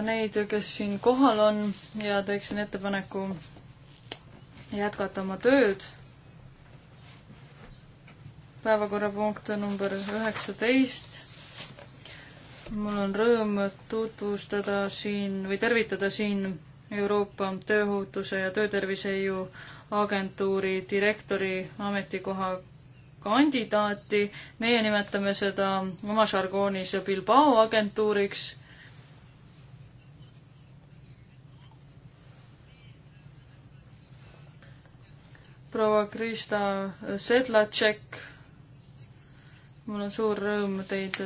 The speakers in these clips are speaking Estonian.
neid, kes siin kohal on ja teeksin ettepaneku jätkata oma tööd. päevakorrapunkt number üheksateist. mul on rõõm tutvustada siin või tervitada siin Euroopa Tööohutuse ja Töötervishoiu Agentuuri direktori ametikoha kandidaati. meie nimetame seda oma žargoonis Bilbao agentuuriks proua Krista Sedlatšek. mul on suur rõõm teid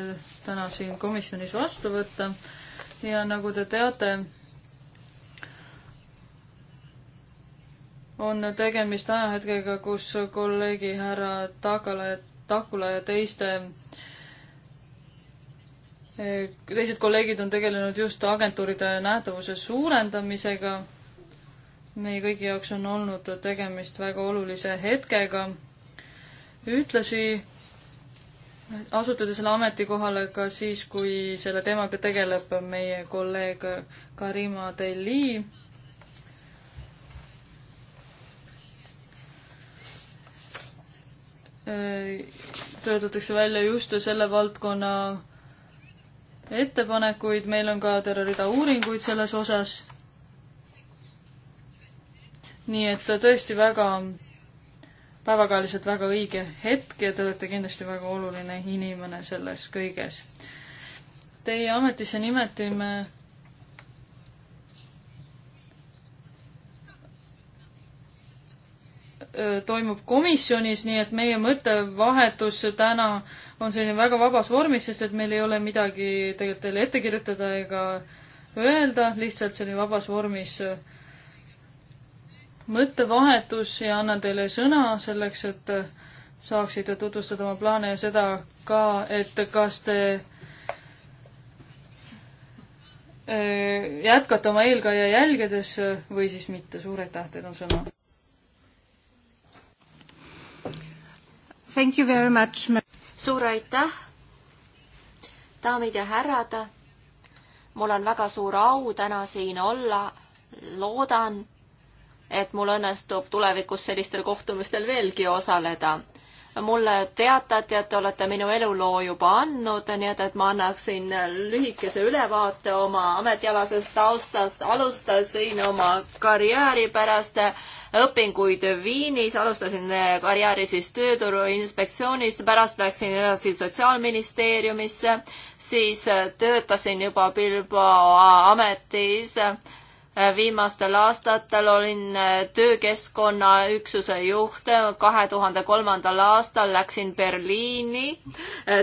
täna siin komisjonis vastu võtta ja nagu te teate, on tegemist ajahetkega, kus kolleegi härra Takala ja Takula ja teiste eh, teised kolleegid on tegelenud just agentuuride nähtavuse suurendamisega meie kõigi jaoks on olnud tegemist väga olulise hetkega. ühtlasi asutada selle ametikohale ka siis, kui selle teemaga tegeleb meie kolleeg Karima Deli. töötatakse välja just selle valdkonna ettepanekuid, meil on ka terve rida uuringuid selles osas nii et tõesti väga päevakajaliselt väga õige hetk ja te olete kindlasti väga oluline inimene selles kõiges. Teie ametisse nimetame toimub komisjonis, nii et meie mõttevahetus täna on selline väga vabas vormis, sest et meil ei ole midagi tegelikult teile ette kirjutada ega öelda, lihtsalt selline vabas vormis äh, mõttevahetus ja annan teile sõna selleks, et saaksite tutvustada oma plaane ja seda ka, et kas te eh, jätkate oma eelkäija jälgedes või siis mitte, suur aitäh, teil on sõna. Thank you very much. suur aitäh, daamid ja härrad. mul on väga suur au täna siin olla. loodan, et mul õnnestub tulevikus sellistel kohtumistel veelgi osaleda. mulle teatati, et te olete minu eluloo juba andnud, nii et, et ma annaksin lühikese ülevaate oma ametialasest taustast. alustasin oma karjääri pärast õpinguid Viinis, alustasin karjääri siis Tööturuinspektsioonist, pärast läksin edasi Sotsiaalministeeriumisse, siis töötasin juba Bilbao ametis Äh, viimastel aastatel olin äh, töökeskkonna üksuse juht, äh, kahe tuhande kolmandal aastal läksin Berliini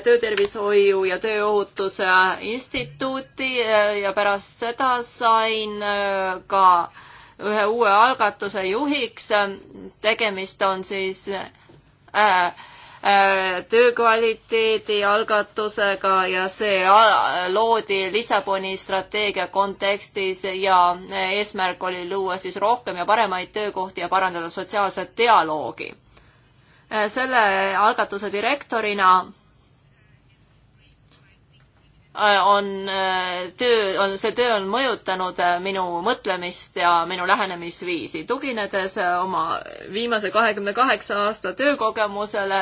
Töötervishoiu ja Tööohutuse Instituuti ja pärast seda sain ka ühe uue algatuse juhiks. tegemist on siis äh, Äh, töö kvaliteedi algatusega ja see loodi Lissaboni strateegia kontekstis ja äh, eesmärk oli luua siis rohkem ja paremaid töökohti ja parandada sotsiaalset dialoogi. Äh, selle algatuse direktorina Äh, on äh, töö, on, see töö on mõjutanud äh, minu mõtlemist ja minu lähenemisviisi. tuginedes oma viimase kahekümne kaheksa aasta töökogemusele,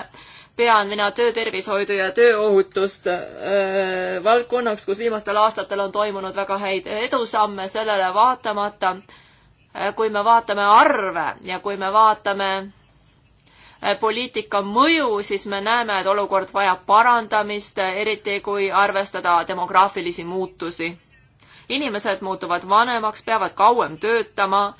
pean mina töötervishoidu ja tööohutust öö, valdkonnaks, kus viimastel aastatel on toimunud väga häid edusamme, sellele vaatamata, kui me vaatame arve ja kui me vaatame poliitika mõju, siis me näeme, et olukord vajab parandamist, eriti kui arvestada demograafilisi muutusi. inimesed muutuvad vanemaks, peavad kauem töötama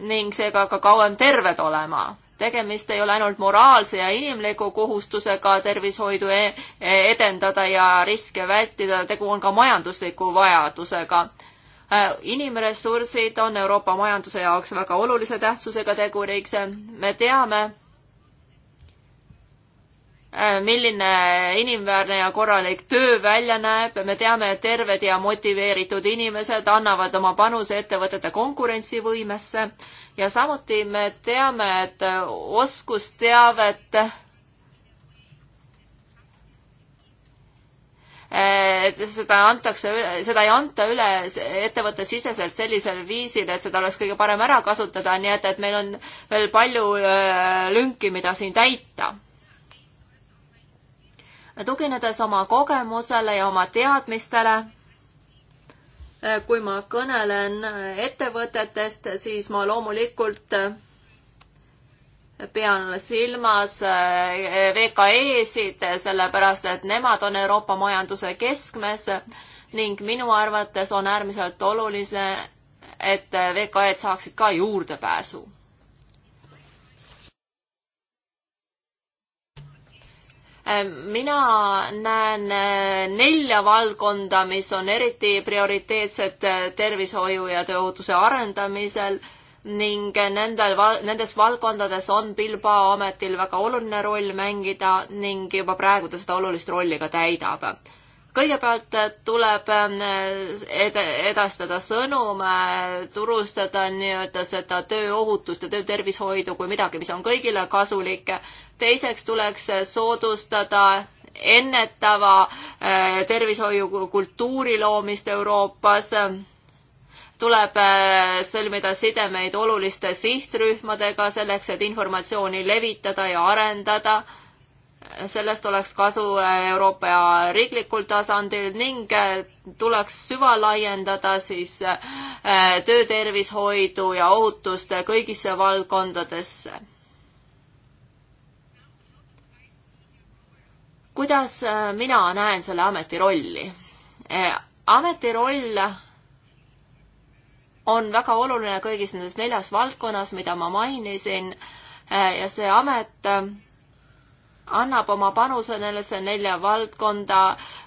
ning seega ka kauem terved olema tegemist ei ole ainult moraalse ja inimliku kohustusega tervishoidu e-, edendada ja riske vältida, tegu on ka majandusliku vajadusega. inimressursid on Euroopa majanduse jaoks väga olulise tähtsusega teguriks. me teame, Äh, milline inimväärne ja korralik töö välja näeb, me teame, et terved ja motiveeritud inimesed annavad oma panuse ettevõtete konkurentsivõimesse ja samuti me teame, et oskusteavet seda antakse, seda ei anta üle ettevõtte siseselt sellisel viisil, et seda oleks kõige parem ära kasutada, nii et, et meil on veel palju äh, lünki, mida siin täita tuginedes oma kogemusele ja oma teadmistele, kui ma kõnelen ettevõtetest, siis ma loomulikult pean silmas eh, VKE-sid, sellepärast et nemad on Euroopa majanduse keskmes ning minu arvates on äärmiselt oluline, et VKE-d saaksid ka juurdepääsu Äh, mina näen äh, nelja valdkonda, mis on eriti prioriteetsed äh, tervishoiu ja tööohutuse arendamisel ning nendel, nendes valdkondades on Bilbao ametil väga oluline roll mängida ning juba praegu ta seda olulist rolli ka täidab kõigepealt äh, tuleb ähm, ed-, edastada sõnum, äh, turustada nii-öelda seda tööohutust ja töötervishoidu kui midagi, mis on kõigile kasulik. teiseks tuleks äh, soodustada ennetava tervishoiukultuuri loomist Euroopas tuleb sõlmida sidemeid oluliste sihtrühmadega selleks, et informatsiooni levitada ja arendada sellest oleks kasu äh, Euroopa riiklikul tasandil ning äh, tuleks süvalaiendada siis äh, töötervishoidu ja ohutust kõigisse valdkondadesse. kuidas mina näen selle ameti rolli? ameti roll on väga oluline kõigis nendes neljas valdkonnas, mida ma mainisin ja see amet annab oma panuse nendesse nelja valdkonda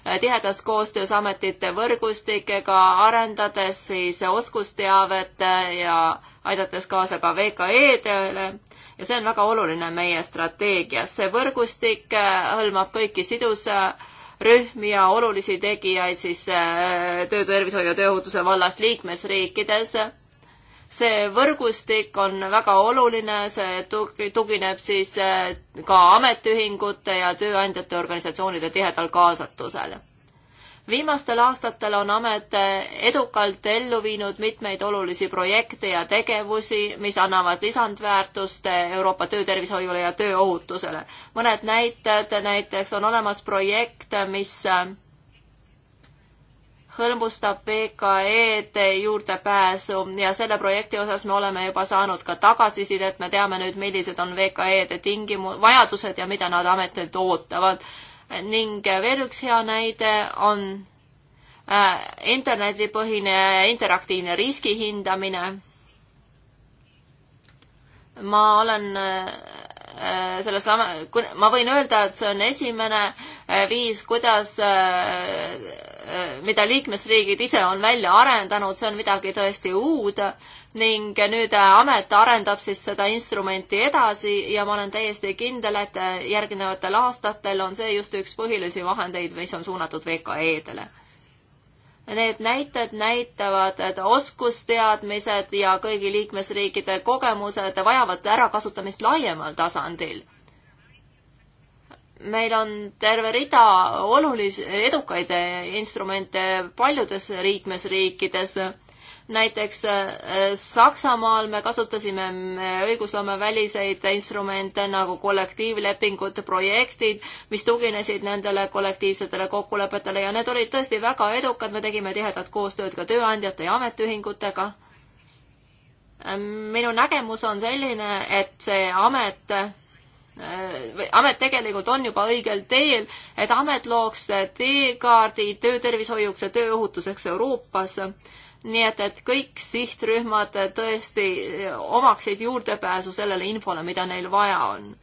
eh, tihedas koostöös ametite võrgustikega, arendades siis oskusteavet eh, ja aidates kaasa ka VKE-dele ja see on väga oluline meie strateegias. see võrgustik eh, hõlmab kõiki sidusrühmi ja olulisi tegijaid siis töötervishoiu ja tööohutuse vallas liikmesriikides see võrgustik on väga oluline, see tugineb siis äh, ka ametiühingute ja tööandjate organisatsioonide tihedal kaasatusel. viimastel aastatel on amet äh, edukalt ellu viinud mitmeid olulisi projekte ja tegevusi, mis annavad lisandväärtust äh, Euroopa töötervishoiule ja tööohutusele. mõned näited, näiteks on olemas projekt, mis hõlmustab VKE-de juurdepääsu ja selle projekti osas me oleme juba saanud ka tagasisidet, me teame nüüd, millised on VKE-de tingimu-, vajadused ja mida nad ametilt ootavad. ning veel üks hea näide on äh, internetipõhine interaktiivne riski hindamine. ma olen äh, Äh, sellesama, ma võin öelda, et see on esimene äh, viis, kuidas, äh, mida liikmesriigid ise on välja arendanud, see on midagi tõesti uud ning nüüd amet arendab siis seda instrumenti edasi ja ma olen täiesti kindel, et järgnevatel aastatel on see just üks põhilisi vahendeid, mis on suunatud VKE-dele Need näited näitavad, et oskusteadmised ja kõigi liikmesriikide kogemused vajavad ärakasutamist laiemal tasandil. meil on terve rida olulisi, edukaid instrumente paljudes liikmesriikides näiteks äh, äh, Saksamaal me kasutasime äh, õigusloome väliseid instrumente nagu kollektiivlepingud, projektid, mis tuginesid nendele kollektiivsetele kokkulepetele ja need olid tõesti väga edukad, me tegime tihedat koostööd ka tööandjate ja ametiühingutega. minu nägemus on selline, et see amet amet tegelikult on juba õigel teel, et amet looks teekaardi töötervishoiuks ja tööohutuseks Euroopas nii et, et kõik sihtrühmad tõesti eh, omaksid juurdepääsu sellele infole, mida neil vaja on.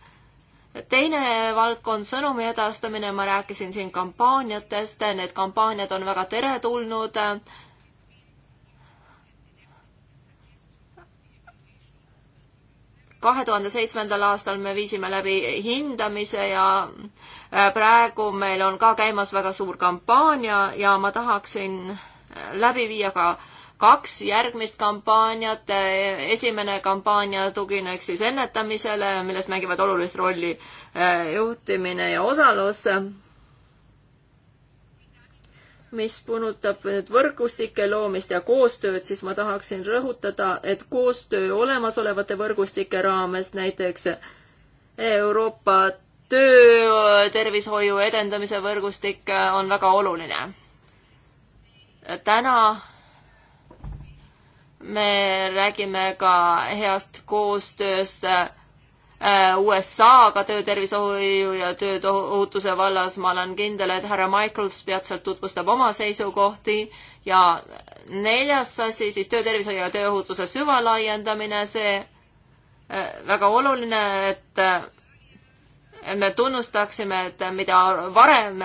teine valdkond, sõnumi edastamine, ma rääkisin siin kampaaniatest, need kampaaniad on väga teretulnud kahe tuhande seitsmendal aastal me viisime läbi hindamise ja eh, praegu meil on ka käimas väga suur kampaania ja ma tahaksin eh, läbi viia ka kaks järgmist kampaaniat, esimene kampaania tugineks siis ennetamisele, milles mängivad olulist rolli eh, juhtimine ja osalus. mis puudutab nüüd võrgustike loomist ja koostööd, siis ma tahaksin rõhutada, et koostöö olemasolevate võrgustike raames, näiteks Euroopa töötervishoiu edendamise võrgustik eh, on väga oluline. täna me räägime ka heast koostööst äh, USA-ga töötervishoiu ja tööohutuse vallas. ma olen kindel, et härra Michaels peatselt tutvustab oma seisukohti ja neljas asi siis töötervishoiu ja tööohutuse süvalaiendamine, see äh, väga oluline, et äh, me tunnustaksime, et mida varem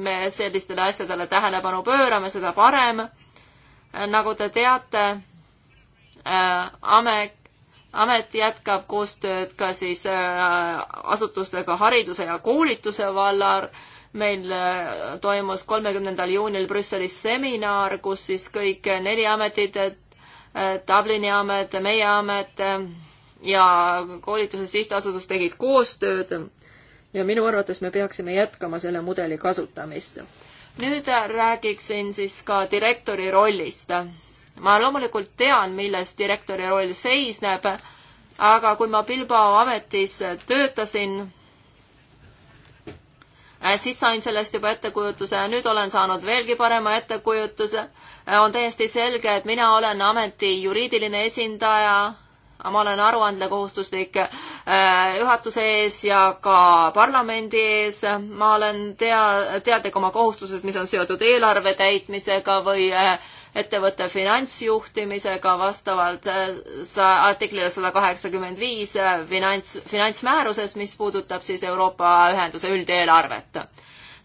me sellistele asjadele tähelepanu pöörame, seda parem. nagu te teate Äh, amet, amet jätkab koostööd ka siis äh, asutustega hariduse ja koolituse vallal. meil äh, toimus kolmekümnendal juunil Brüsselis seminar, kus siis kõik neli ametit, Dublini amet, meie amet ja koolituse sihtasutus tegid koostööd ja minu arvates me peaksime jätkama selle mudeli kasutamist. nüüd räägiksin siis ka direktori rollist ma loomulikult tean, milles direktori roll seisneb, aga kui ma Bilbao ametis töötasin, äh, siis sain sellest juba ettekujutuse, nüüd olen saanud veelgi parema ettekujutuse. Äh, on täiesti selge, et mina olen ameti juriidiline esindaja, ma olen aruandekohustuslik äh, juhatuse ees ja ka parlamendi ees. ma olen tea, teadlik oma kohustusest, mis on seotud eelarve täitmisega või äh, ettevõtte finantsjuhtimisega vastavalt äh, artiklile sada kaheksakümmend viis äh, finants, finantsmääruses, mis puudutab siis Euroopa Ühenduse üldeelarvet.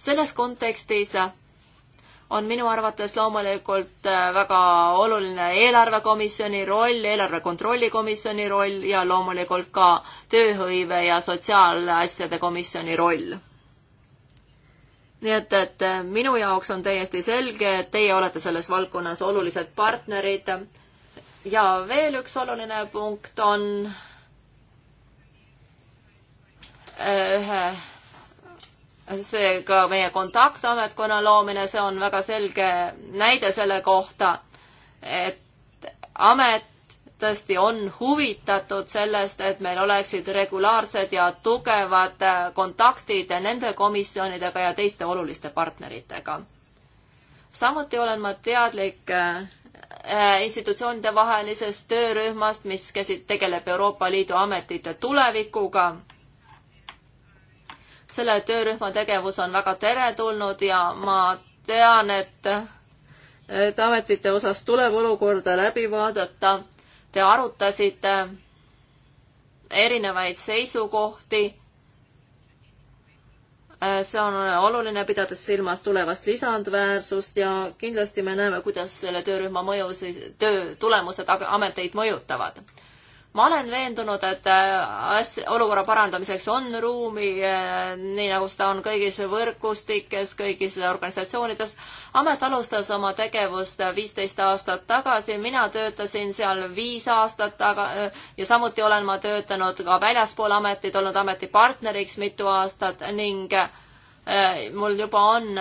selles kontekstis on minu arvates loomulikult äh, väga oluline eelarvekomisjoni roll, eelarve kontrolli komisjoni roll ja loomulikult ka tööhõive ja sotsiaalasjade komisjoni roll nii et, et äh, minu jaoks on täiesti selge, et teie olete selles valdkonnas olulised partnerid. ja veel üks oluline punkt on äh, ühe seega meie kontaktametkonna loomine, see on väga selge näide selle kohta, et amet tõesti on huvitatud sellest, et meil oleksid regulaarsed ja tugevad äh, kontaktid nende komisjonidega ja teiste oluliste partneritega. samuti olen ma teadlik äh, äh, institutsioonide vahelisest töörühmast, mis käsit-, tegeleb Euroopa Liidu ametite tulevikuga selle töörühma tegevus on väga teretulnud ja ma tean, et, et ametite osas tuleb olukorda läbi vaadata Te arutasite äh, erinevaid seisukohti. Äh, see on oluline, pidades silmas tulevast lisandväärsust ja kindlasti me näeme, kuidas selle töörühma mõju, töö tulemused ameteid mõjutavad ma olen veendunud, et äh, as-, olukorra parandamiseks on ruumi, äh, nii nagu seda on kõigis võrgustikes, kõigis organisatsioonides. amet alustas oma tegevust äh, viisteist aastat tagasi, mina töötasin seal viis aastat taga ja samuti olen ma töötanud ka väljaspool ametit, olnud ametipartneriks mitu aastat ning mul juba on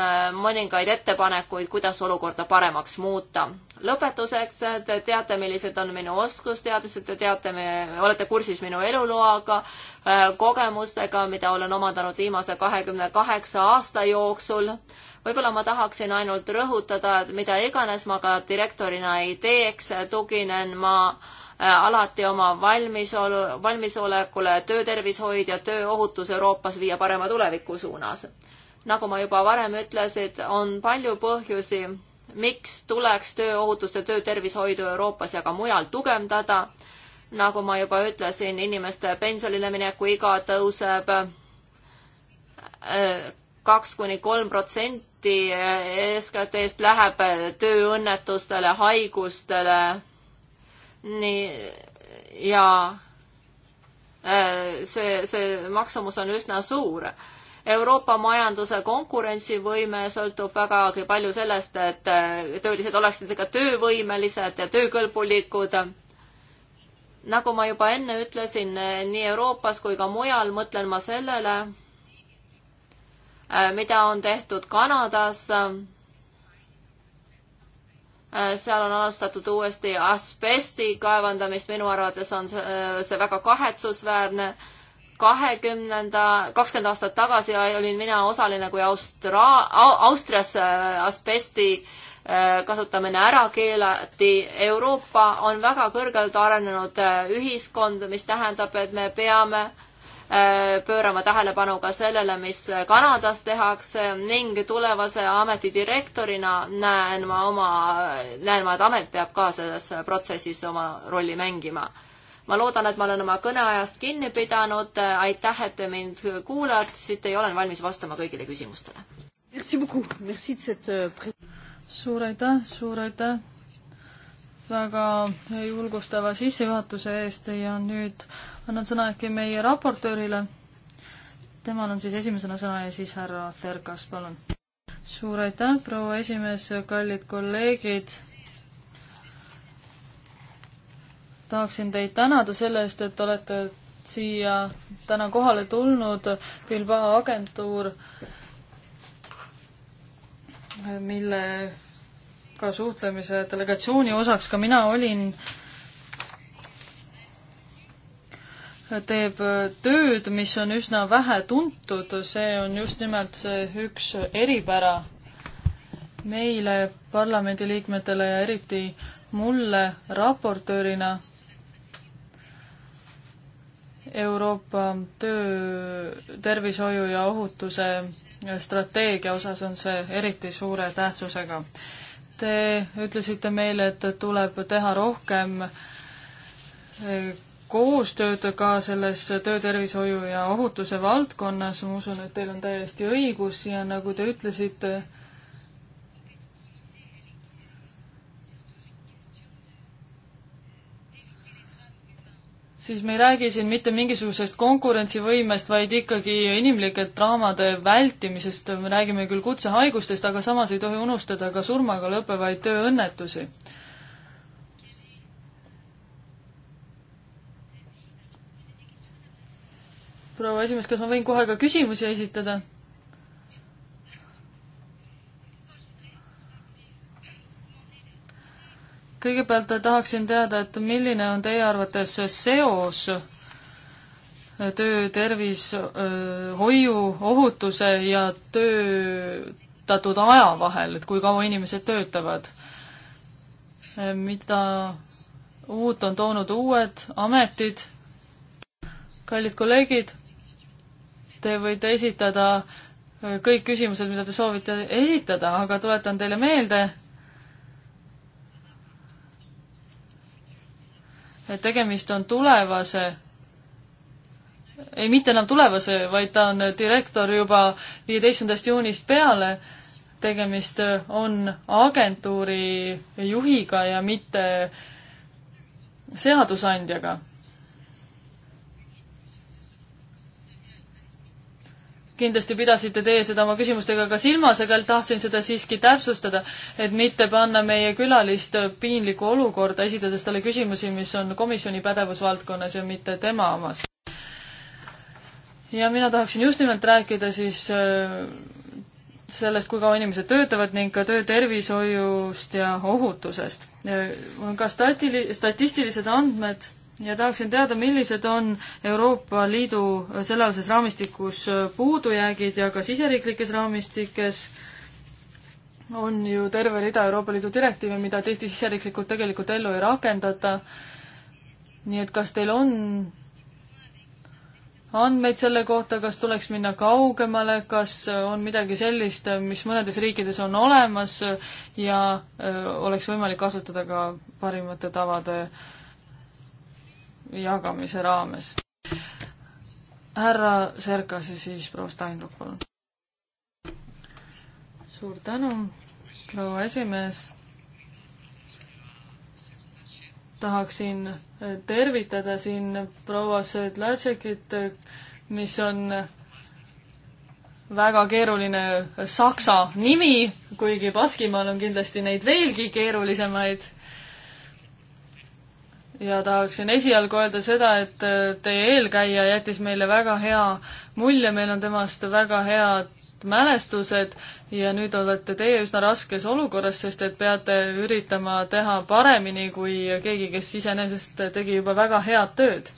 mõningaid ettepanekuid, kuidas olukorda paremaks muuta lõpetuseks, te teate, millised on minu oskusteadmised, te teate, olete kursis minu eluloaga, äh, kogemustega, mida olen omandanud viimase kahekümne kaheksa aasta jooksul. võib-olla ma tahaksin ainult rõhutada, et mida iganes ma ka direktorina ei teeks, tuginen ma äh, alati oma valmisolu, valmisolekule töötervishoid ja tööohutus Euroopas viia parema tuleviku suunas. nagu ma juba varem ütlesin, on palju põhjusi miks tuleks tööohutust ja töötervishoidu Euroopas ja ka mujal tugevdada. nagu ma juba ütlesin, inimeste pensionile mineku iga tõuseb äh, kaks kuni kolm protsenti SKT-st läheb tööõnnetustele, haigustele. nii ja äh, see, see maksumus on üsna suur Euroopa majanduse konkurentsivõime sõltub vägagi palju sellest, et töölised oleksid ikka töövõimelised ja töökõlbulikud. nagu ma juba enne ütlesin, nii Euroopas kui ka mujal mõtlen ma sellele, äh, mida on tehtud Kanadas äh, seal on alustatud uuesti asbesti kaevandamist, minu arvates on see äh, väga kahetsusväärne kahekümnenda, kakskümmend aastat tagasi olin mina osaline, kui Austra-, Austrias äh, asbesti äh, kasutamine ära keelati. Euroopa on väga kõrgelt arenenud äh, ühiskond, mis tähendab, et me peame pöörama tähelepanu ka sellele, mis Kanadas tehakse ning tulevase ameti direktorina näen ma oma, näen ma, et amet peab ka selles protsessis oma rolli mängima ma loodan, et ma olen oma kõneajast kinni pidanud, aitäh, et te mind kuulasite ja olen valmis vastama kõigile küsimustele. Euh, suur aitäh, suur aitäh väga julgustava sissejuhatuse eest ja nüüd annan sõna äkki meie raportöörile. temal on siis esimesena sõna ja siis härra Therkas, palun. suur aitäh, proua esimees, kallid kolleegid tahaksin teid tänada selle eest, et olete siia täna kohale tulnud, Bilbao agentuur, millega suhtlemise delegatsiooni osaks ka mina olin, teeb tööd, mis on üsna vähe tuntud, see on just nimelt see üks eripära meile, parlamendiliikmetele ja eriti mulle raportöörina Euroopa töö, tervishoiu ja ohutuse strateegia osas on see eriti suure tähtsusega. Te ütlesite meile, et tuleb teha rohkem eh, koostööd ka selles töötervishoiu ja ohutuse valdkonnas, ma usun, et teil on täiesti õigus ja nagu te ütlesite, siis me ei räägi siin mitte mingisugusest konkurentsivõimest, vaid ikkagi inimlike draamade vältimisest, me räägime küll kutsehaigustest, aga samas ei tohi unustada ka surmaga lõppevaid tööõnnetusi. proua esimees, kas ma võin kohe ka küsimusi esitada? kõigepealt tahaksin teada, et milline on teie arvates seos töö, tervis, hoiu, ohutuse ja töötatud aja vahel, et kui kaua inimesed töötavad? mida uut on toonud uued ametid? kallid kolleegid, te võite esitada kõik küsimused, mida te soovite esitada, aga tuletan teile meelde, tegemist on tulevase ei, mitte enam tulevase, vaid ta on direktor juba viieteistkümnendast juunist peale. tegemist on agentuuri juhiga ja mitte seadusandjaga kindlasti pidasite teie seda oma küsimustega ka silmas, aga tahtsin seda siiski täpsustada, et mitte panna meie külalist piinlikku olukorda, esitades talle küsimusi, mis on komisjoni pädevusvaldkonnas ja mitte tema omas. ja mina tahaksin just nimelt rääkida siis äh, sellest, kui kaua inimesed töötavad ning ka töötervishoiust ja ohutusest. Äh, ka stati-, statistilised andmed ja tahaksin teada, millised on Euroopa Liidu sellealases raamistikus puudujäägid ja ka siseriiklikes raamistikes on ju terve rida Euroopa Liidu direktiive, mida tihti siseriiklikult tegelikult ellu ei rakendata. nii et kas teil on andmeid selle kohta, kas tuleks minna kaugemale, kas on midagi sellist, mis mõnedes riikides on olemas ja öö, äh, oleks võimalik kasutada ka parimate tavade öö, jagamise raames. härra Serkas ja siis proua Steinruck, palun. suur tänu, proua esimees. tahaksin tervitada siin proua Sedlatšekit, mis on väga keeruline saksa nimi, kuigi Baskimaal on kindlasti neid veelgi keerulisemaid ja tahaksin esialgu öelda seda, et äh, teie eelkäija jättis meile väga hea mulje, meil on temast väga head mälestused ja nüüd olete teie üsna raskes olukorras, sest et peate üritama teha paremini kui keegi, kes iseenesest tegi juba väga head tööd.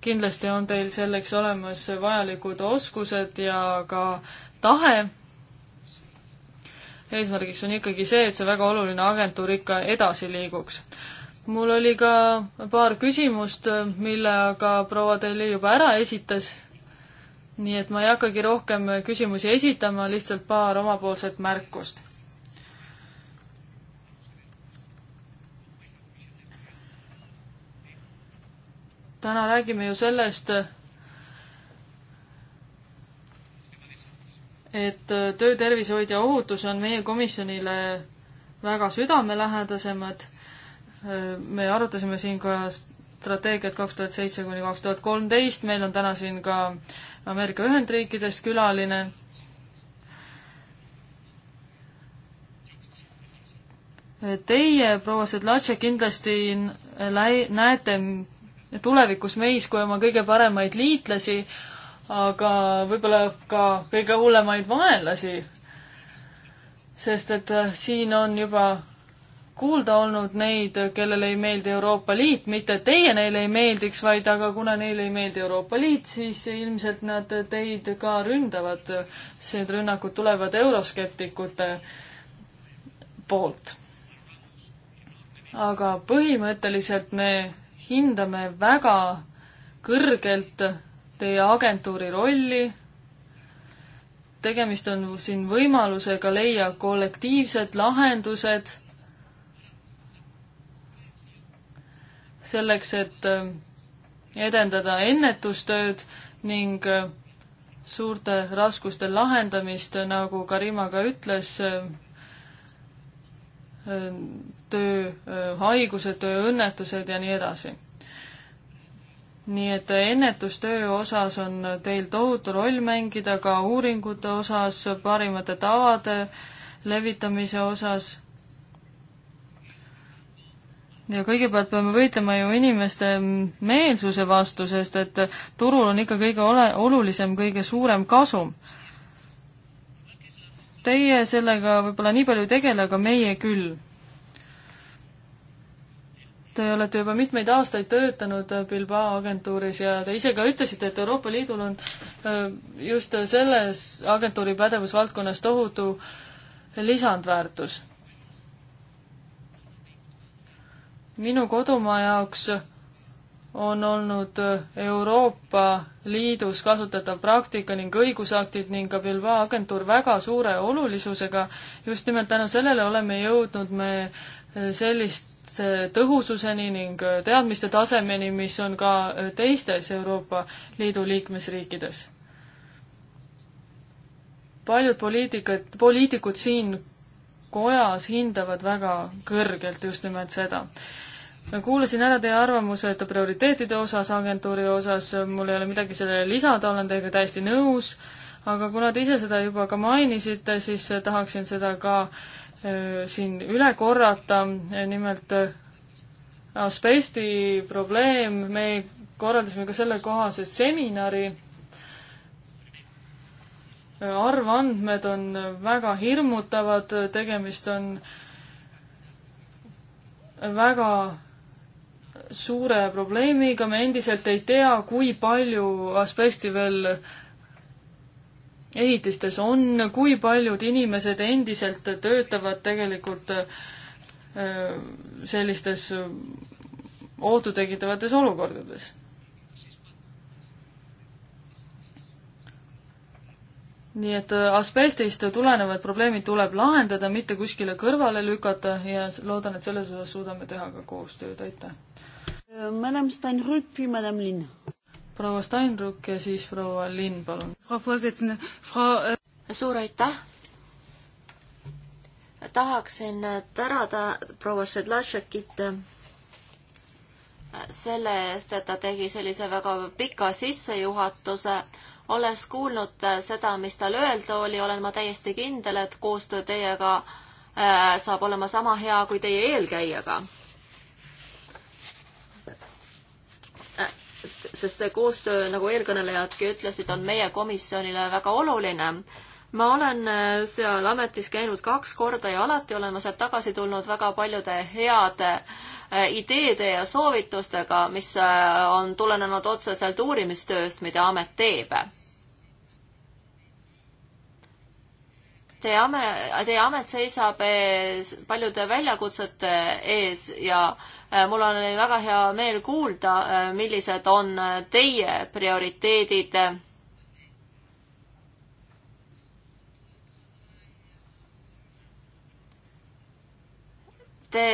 kindlasti on teil selleks olemas vajalikud oskused ja ka tahe. eesmärgiks on ikkagi see, et see väga oluline agentuur ikka edasi liiguks mul oli ka paar küsimust, mille aga proua Telli juba ära esitas. nii et ma ei hakkagi rohkem küsimusi esitama, lihtsalt paar omapoolset märkust. täna räägime ju sellest, et töötervishoid ja ohutus on meie komisjonile väga südamelähedasemad me arutasime siin ka strateegiat kaks tuhat seitse kuni kaks tuhat kolmteist, meil on täna siin ka Ameerika Ühendriikidest külaline Teie, proua Sedlatše, kindlasti läi-, näete tulevikus meis kui oma kõige paremaid liitlasi, aga võib-olla ka kõige hullemaid vaenlasi. sest et äh, siin on juba kuulda olnud neid, kellele ei meeldi Euroopa Liit, mitte teie neile ei meeldiks, vaid aga kuna neile ei meeldi Euroopa Liit, siis ilmselt nad teid ka ründavad. Need rünnakud tulevad euroskeptikute poolt. aga põhimõtteliselt me hindame väga kõrgelt teie agentuuri rolli tegemist on siin võimalusega leia kollektiivsed lahendused selleks, et äh, edendada ennetustööd ning äh, suurte raskuste lahendamist, nagu Karima ka ütles, äh, tööhaigused, tööõnnetused ja nii edasi. nii et ennetustöö osas on teil tohutu roll mängida ka uuringute osas, parimate tavade levitamise osas ja kõigepealt peame võitlema ju inimeste meelsuse vastu, sest et turul on ikka kõige ole-, olulisem, kõige suurem kasum. Teie sellega võib-olla nii palju ei tegele, aga meie küll. Te olete juba mitmeid aastaid töötanud Bilbao agentuuris ja te ise ka ütlesite, et Euroopa Liidul on just selles agentuuri pädevusvaldkonnas tohutu lisandväärtus minu kodumaa jaoks on olnud Euroopa Liidus kasutatav praktika ning õigusaktid ning ka Bilbao agentuur väga suure olulisusega. just nimelt tänu sellele oleme jõudnud me selliste tõhususeni ning teadmiste tasemeni, mis on ka teistes Euroopa Liidu liikmesriikides. paljud poliitikad, poliitikud siin kojas hindavad väga kõrgelt just nimelt seda kuulasin ära teie arvamused prioriteetide osas, agentuuri osas, mul ei ole midagi sellele lisada, olen teiega täiesti nõus, aga kuna te ise seda juba ka mainisite, siis tahaksin seda ka äh, siin üle korrata, nimelt äh, asbesti probleem, me korraldasime ka sellekohase seminari äh,, arvandmed on väga hirmutavad, tegemist on väga suure probleemiga, me endiselt ei tea, kui palju asbesti veel ehitistes on, kui paljud inimesed endiselt töötavad tegelikult äh, sellistes äh, ohtu tekitavates olukordades. nii et äh, asbestist tulenevad probleemid tuleb lahendada, mitte kuskile kõrvale lükata ja loodan, et selles osas suudame teha ka koostööd, aitäh! Äh, Madame Steinrück, puis Madame Linn. proua Steinrück ja siis proua Linn, palun. Äh, suur aitäh. tahaksin äh, tänada proua Šedlašekit selle eest, et ta tegi sellise väga pika sissejuhatuse. olles kuulnud seda, mis tal öelda oli, olen ma täiesti kindel, et koostöö teiega saab olema sama hea kui teie eelkäijaga sest see koostöö, nagu eelkõnelejadki ütlesid, on meie komisjonile väga oluline. ma olen äh, seal ametis käinud kaks korda ja alati olen ma sealt tagasi tulnud väga paljude heade äh, ideede ja soovitustega, mis äh, on tulenenud otseselt uurimistööst, mida amet teeb Teie amet, teie amet seisab ees paljude väljakutsete ees ja äh, mul on väga hea meel kuulda, äh, millised on äh, teie prioriteedid. Te,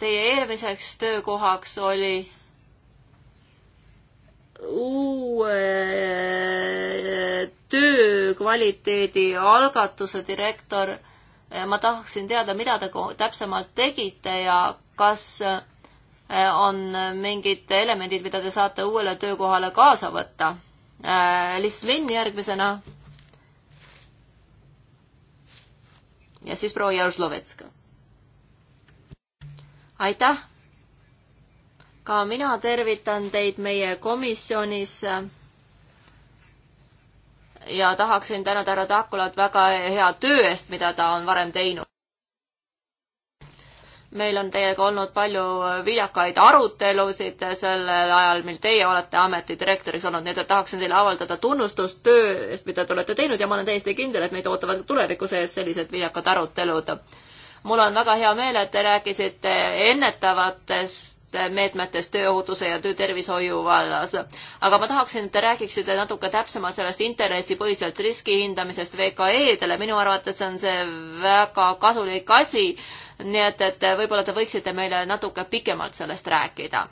teie eelmiseks töökohaks oli uue töö kvaliteedi algatuse direktor. ma tahaksin teada, mida te täpsemalt tegite ja kas äh, on mingid elemendid, mida te saate uuele töökohale kaasa võtta. Liis äh, Linn järgmisena. ja siis proua Jažlovetska. aitäh! ka mina tervitan teid meie komisjonis ja tahaksin tänada härra Takulat väga hea töö eest, mida ta on varem teinud. meil on teiega olnud palju viljakaid arutelusid sellel ajal, mil teie olete ametidirektoriks olnud, nii et tahaksin teile avaldada tunnustust töö eest, mida te olete teinud ja ma olen täiesti kindel, et meid ootavad tulevikus ees sellised viljakad arutelud mul on väga hea meel, et te rääkisite ennetavatest meetmetest tööohutuse ja töötervishoiu vallas. aga ma tahaksin, et te räägiksite natuke täpsemalt sellest internetipõhiselt riski hindamisest VKE-dele, minu arvates on see väga kasulik asi, nii et, et võib-olla te võiksite meile natuke pikemalt sellest rääkida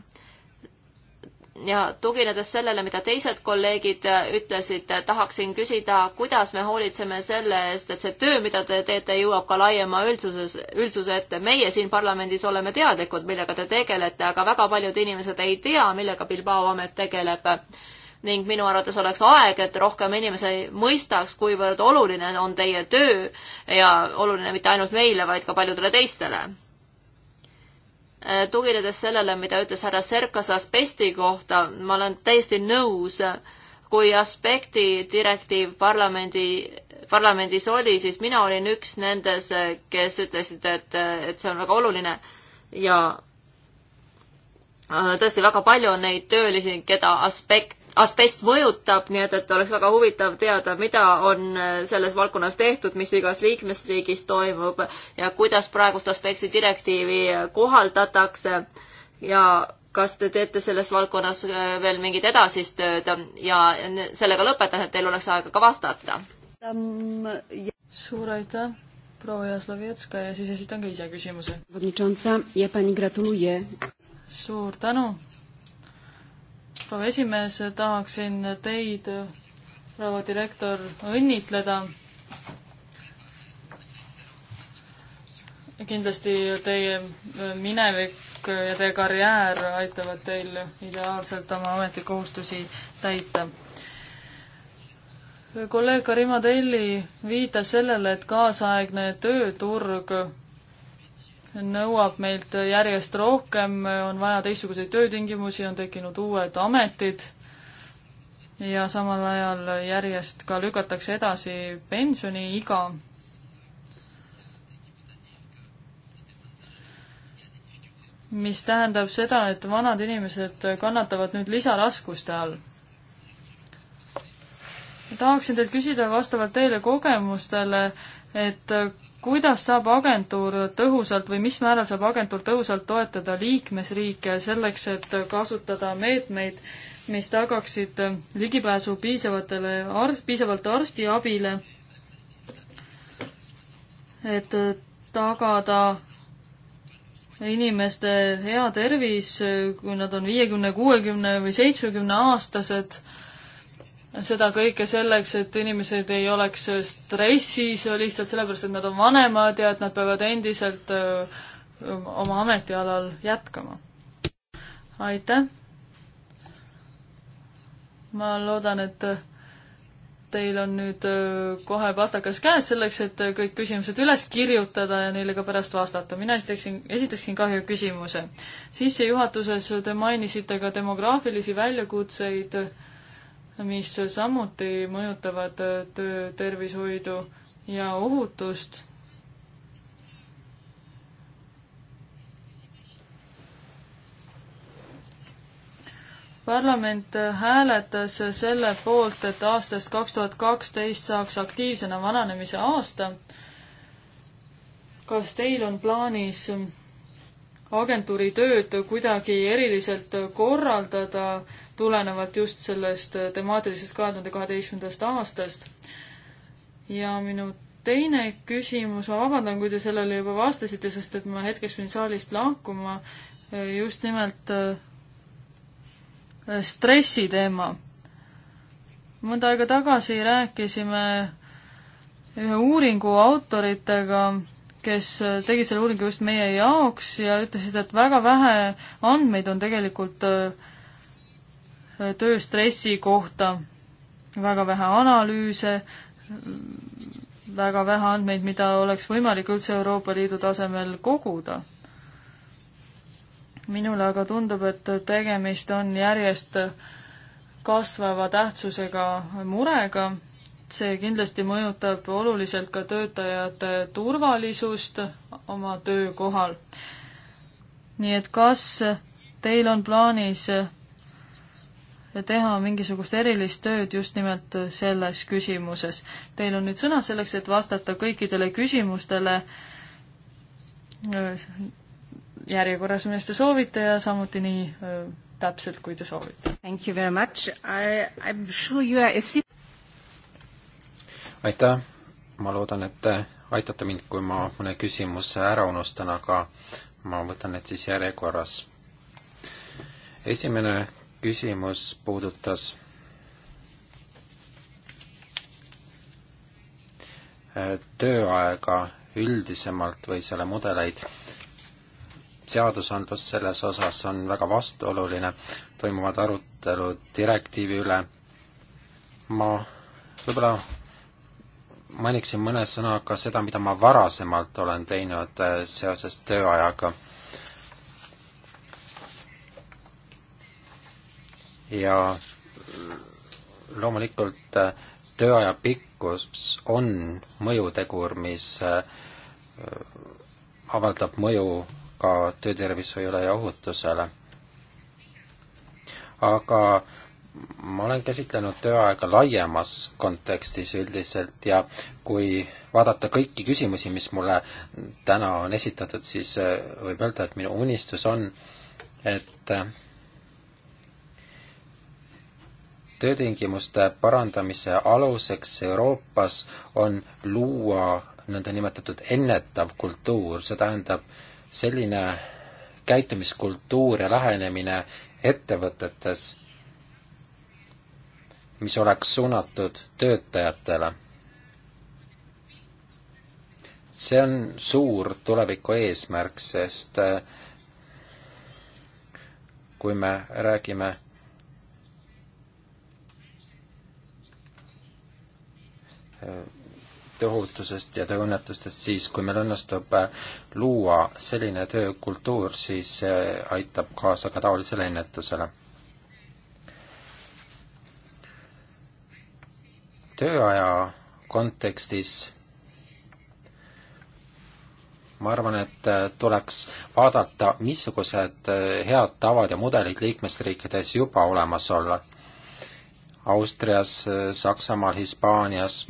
ja tuginedes sellele, mida teised kolleegid äh, ütlesid, äh, tahaksin küsida, kuidas me hoolitseme selle eest, et see töö, mida te teete, jõuab ka laiema üldsuses, üldsuse ette. meie siin parlamendis oleme teadlikud, millega te tegelete, aga väga paljud inimesed ei tea, millega Bilbao amet tegeleb. ning minu arvates oleks aeg, et rohkem inimesi mõistaks, kuivõrd oluline on teie töö ja oluline mitte ainult meile, vaid ka paljudele teistele Äh, tuginedes sellele, mida ütles härra Serkas asbesti kohta, ma olen täiesti nõus, kui aspekti direktiiv parlamendi, parlamendis oli, siis mina olin üks nendes, kes ütlesid, et, et see on väga oluline ja äh, tõesti väga palju on neid töölisi, keda aspekt asbest mõjutab, nii et, et oleks väga huvitav teada, mida on äh, selles valdkonnas tehtud, mis igas liikmesriigis toimub ja kuidas praegust aspekti direktiivi kohaldatakse ja kas te teete selles valdkonnas äh, veel mingit edasist tööd ja sellega lõpetan, et teil oleks aega ka vastata. suur aitäh, proua Jaslovetska ja siis esitan ka ise küsimuse. suur tänu proua esimees, tahaksin teid, proua direktor, õnnitleda. kindlasti teie äh, minevik ja teie karjäär aitavad teil ideaalselt oma ametikohustusi täita. kolleeg Karima Telli viitas sellele, et kaasaegne tööturg nõuab meilt järjest rohkem, on vaja teistsuguseid töötingimusi, on tekkinud uued ametid ja samal ajal järjest ka lükatakse edasi pensioniiga mis tähendab seda, et vanad inimesed kannatavad nüüd lisaraskuste all. tahaksin teilt küsida vastavalt teile kogemustele, et kuidas saab agentuur tõhusalt või mis määral saab agentuur tõhusalt toetada liikmesriike selleks, et kasutada meetmeid, mis tagaksid ligipääsu piisavatele arst, piisavalt arstiabile, et tagada inimeste hea tervis, kui nad on viiekümne, kuuekümne või seitsmekümne aastased seda kõike selleks, et inimesed ei oleks stressis lihtsalt sellepärast, et nad on vanemad ja et nad peavad endiselt öö, oma ametialal jätkama. aitäh! ma loodan, et teil on nüüd kohe pastakas käes selleks, et kõik küsimused üles kirjutada ja neile ka pärast vastata. mina esitaksin, esitaksin kahju küsimuse. sissejuhatuses te mainisite ka demograafilisi väljakutseid mis samuti mõjutavad äh, töötervishoidu ja ohutust. parlament äh, hääletas selle poolt, et aastast kaks tuhat kaksteist saaks aktiivsena vananemise aasta. kas teil on plaanis äh, agentuuri tööd kuidagi eriliselt korraldada tulenevad just sellest äh, temaatilisest kahe tuhande kaheteistkümnendast aastast. ja minu teine küsimus, ma vabandan, kui te sellele juba vastasite, sest et ma hetkeks pidin saalist lahkuma, äh, just nimelt äh, stressi teema. mõnda aega tagasi rääkisime ühe uuringu autoritega, kes tegid selle uuringu just meie jaoks ja ütlesid, et väga vähe andmeid on tegelikult äh, tööstressi kohta väga vähe analüüse, väga vähe andmeid, mida oleks võimalik üldse Euroopa Liidu tasemel koguda. minule aga tundub, et tegemist on järjest kasvava tähtsusega murega, see kindlasti mõjutab oluliselt ka töötajate turvalisust oma töökohal. nii et kas teil on plaanis teha mingisugust erilist tööd just nimelt selles küsimuses. Teil on nüüd sõna selleks, et vastata kõikidele küsimustele äh, järjekorras, milles te soovite ja samuti nii äh, täpselt, kui te soovite. Thank you very much, I, I am sure you are a aitäh, ma loodan, et te aitate mind, kui ma mõne küsimuse ära unustan, aga ma võtan need siis järjekorras. esimene küsimus puudutas tööaega üldisemalt või selle mudeleid. seadusandlus selles osas on väga vastuoluline, toimuvad arutelud direktiivi üle. ma võib-olla mainiksin mõne sõnaga seda, mida ma varasemalt olen teinud äh, seoses tööajaga ja loomulikult äh, tööaja pikkus on mõjutegur, mis äh, avaldab mõju ka töötervishoiule ja ohutusele. aga ma olen käsitlenud tööaega laiemas kontekstis üldiselt ja kui vaadata kõiki küsimusi, mis mulle täna on esitatud, siis äh, võib öelda, et minu unistus on, et töötingimuste parandamise aluseks Euroopas on luua nõndanimetatud ennetav kultuur, see tähendab selline käitumiskultuur ja lähenemine ettevõtetes, mis oleks suunatud töötajatele. see on suur tuleviku eesmärk, sest äh, kui me räägime tööohutusest ja tööõnnetustest, siis kui meil õnnestub äh, luua selline töökultuur, siis see äh, aitab kaasa ka taolisele ennetusele. tööaja kontekstis ma arvan, et äh, tuleks vaadata, missugused head tavad ja mudelid liikmesriikides juba olemas olla Austrias, Saksamaal, Hispaanias,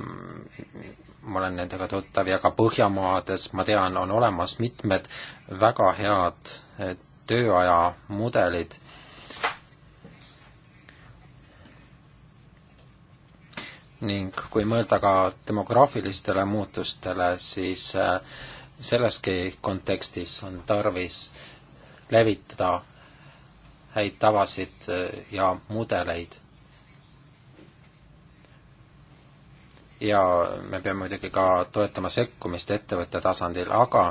ma olen nendega tuttav ja ka Põhjamaades, ma tean, on olemas mitmed väga head eh, tööaja mudelid. ning kui mõelda ka demograafilistele muutustele, siis eh, selleski kontekstis on tarvis levitada häid tavasid eh, ja mudeleid ja me peame muidugi ka toetama sekkumist ettevõtte tasandil, aga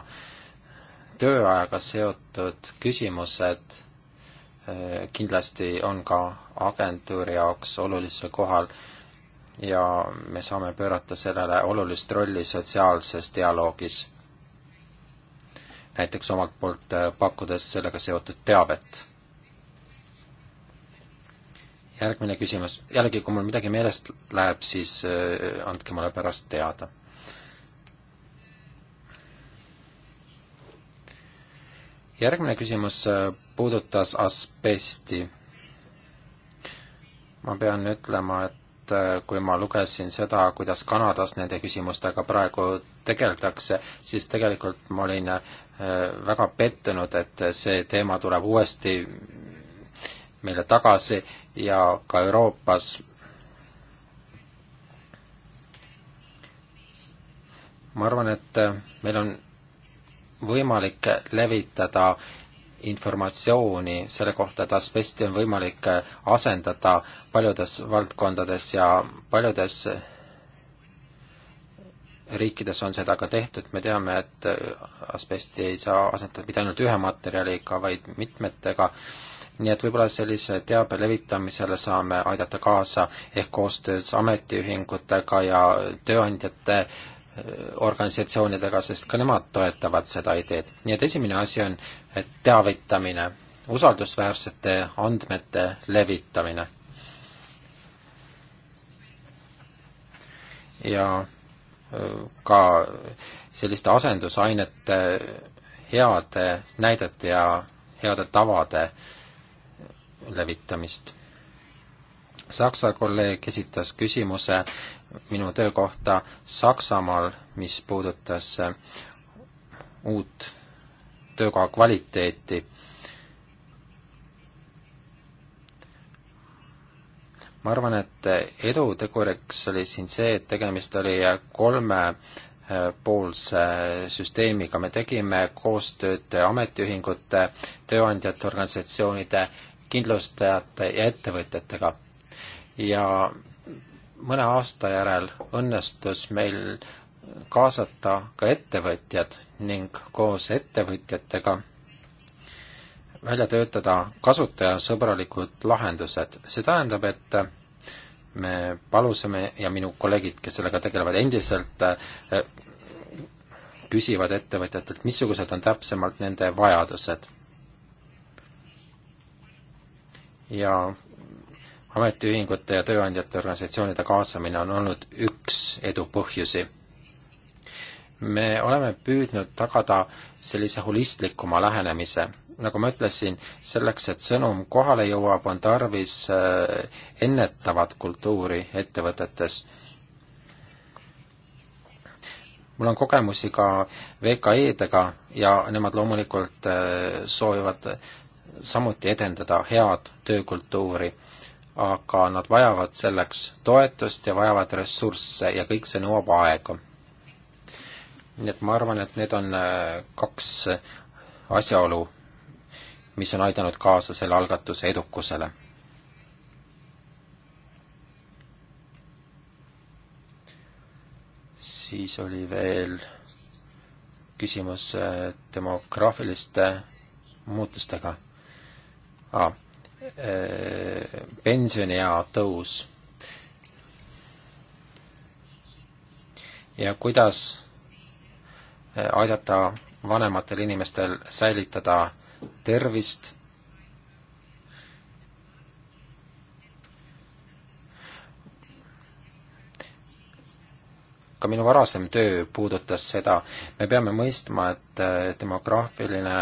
tööajaga seotud küsimused eh, kindlasti on ka agentuuri jaoks olulisel kohal ja me saame pöörata sellele olulist rolli sotsiaalses dialoogis. näiteks omalt poolt eh, pakkudes sellega seotud teavet järgmine küsimus, jällegi kui mul midagi meelest läheb, siis äh, andke mulle pärast teada. järgmine küsimus äh, puudutas asbesti. ma pean ütlema, et äh, kui ma lugesin seda, kuidas Kanadas nende küsimustega praegu tegeldakse, siis tegelikult ma olin väga pettunud, et see teema tuleb uuesti meile tagasi ja ka Euroopas ma arvan, et meil on võimalik levitada informatsiooni selle kohta, et asbesti on võimalik asendada paljudes valdkondades ja paljudes riikides on seda ka tehtud, me teame, et asbesti ei saa asendada mitte ainult ühe materjaliga, vaid mitmetega äh, nii et võib-olla sellise teabe levitamisele saame aidata kaasa ehk koostöös ametiühingutega ja tööandjate äh, organisatsioonidega, sest ka nemad toetavad seda ideed. nii et esimene asi on teavitamine, usaldusväärsete andmete levitamine. ja äh, ka selliste asendusainete heade näidete ja heade tavade äh, levitamist. Saksa kolleeg esitas küsimuse minu töö kohta Saksamaal, mis puudutas äh, uut töökoha kvaliteeti. ma arvan, et eduteguriks oli siin see, et tegemist oli kolme äh, poolse süsteemiga, me tegime koostööd ametiühingute, tööandjate organisatsioonide kindlustajate ja ettevõtjatega. ja mõne aasta järel õnnestus meil kaasata ka ettevõtjad ning koos ettevõtjatega välja töötada kasutajasõbralikud lahendused. see tähendab, et me palusime ja minu kolleegid, kes sellega tegelevad endiselt, küsivad ettevõtjatelt, missugused on täpsemalt nende vajadused ja ametiühingute ja tööandjate organisatsioonide kaasamine on olnud üks edu põhjusi. me oleme püüdnud tagada sellise holistlikuma lähenemise. nagu ma ütlesin, selleks, et sõnum kohale jõuab, on tarvis äh, ennetavat kultuuri ettevõtetes. mul on kogemusi ka VKE-dega ja nemad loomulikult äh, soovivad samuti edendada head töökultuuri, aga nad vajavad selleks toetust ja vajavad ressursse ja kõik see nõuab aega. nii et ma arvan, et need on äh, kaks asjaolu, mis on aidanud kaasa selle algatuse edukusele. siis oli veel küsimus äh, demograafiliste muutustega ah,, pensioniea tõus. ja kuidas äh, aidata vanematel inimestel säilitada tervist ka minu varasem töö puudutas seda, me peame mõistma, et äh, demograafiline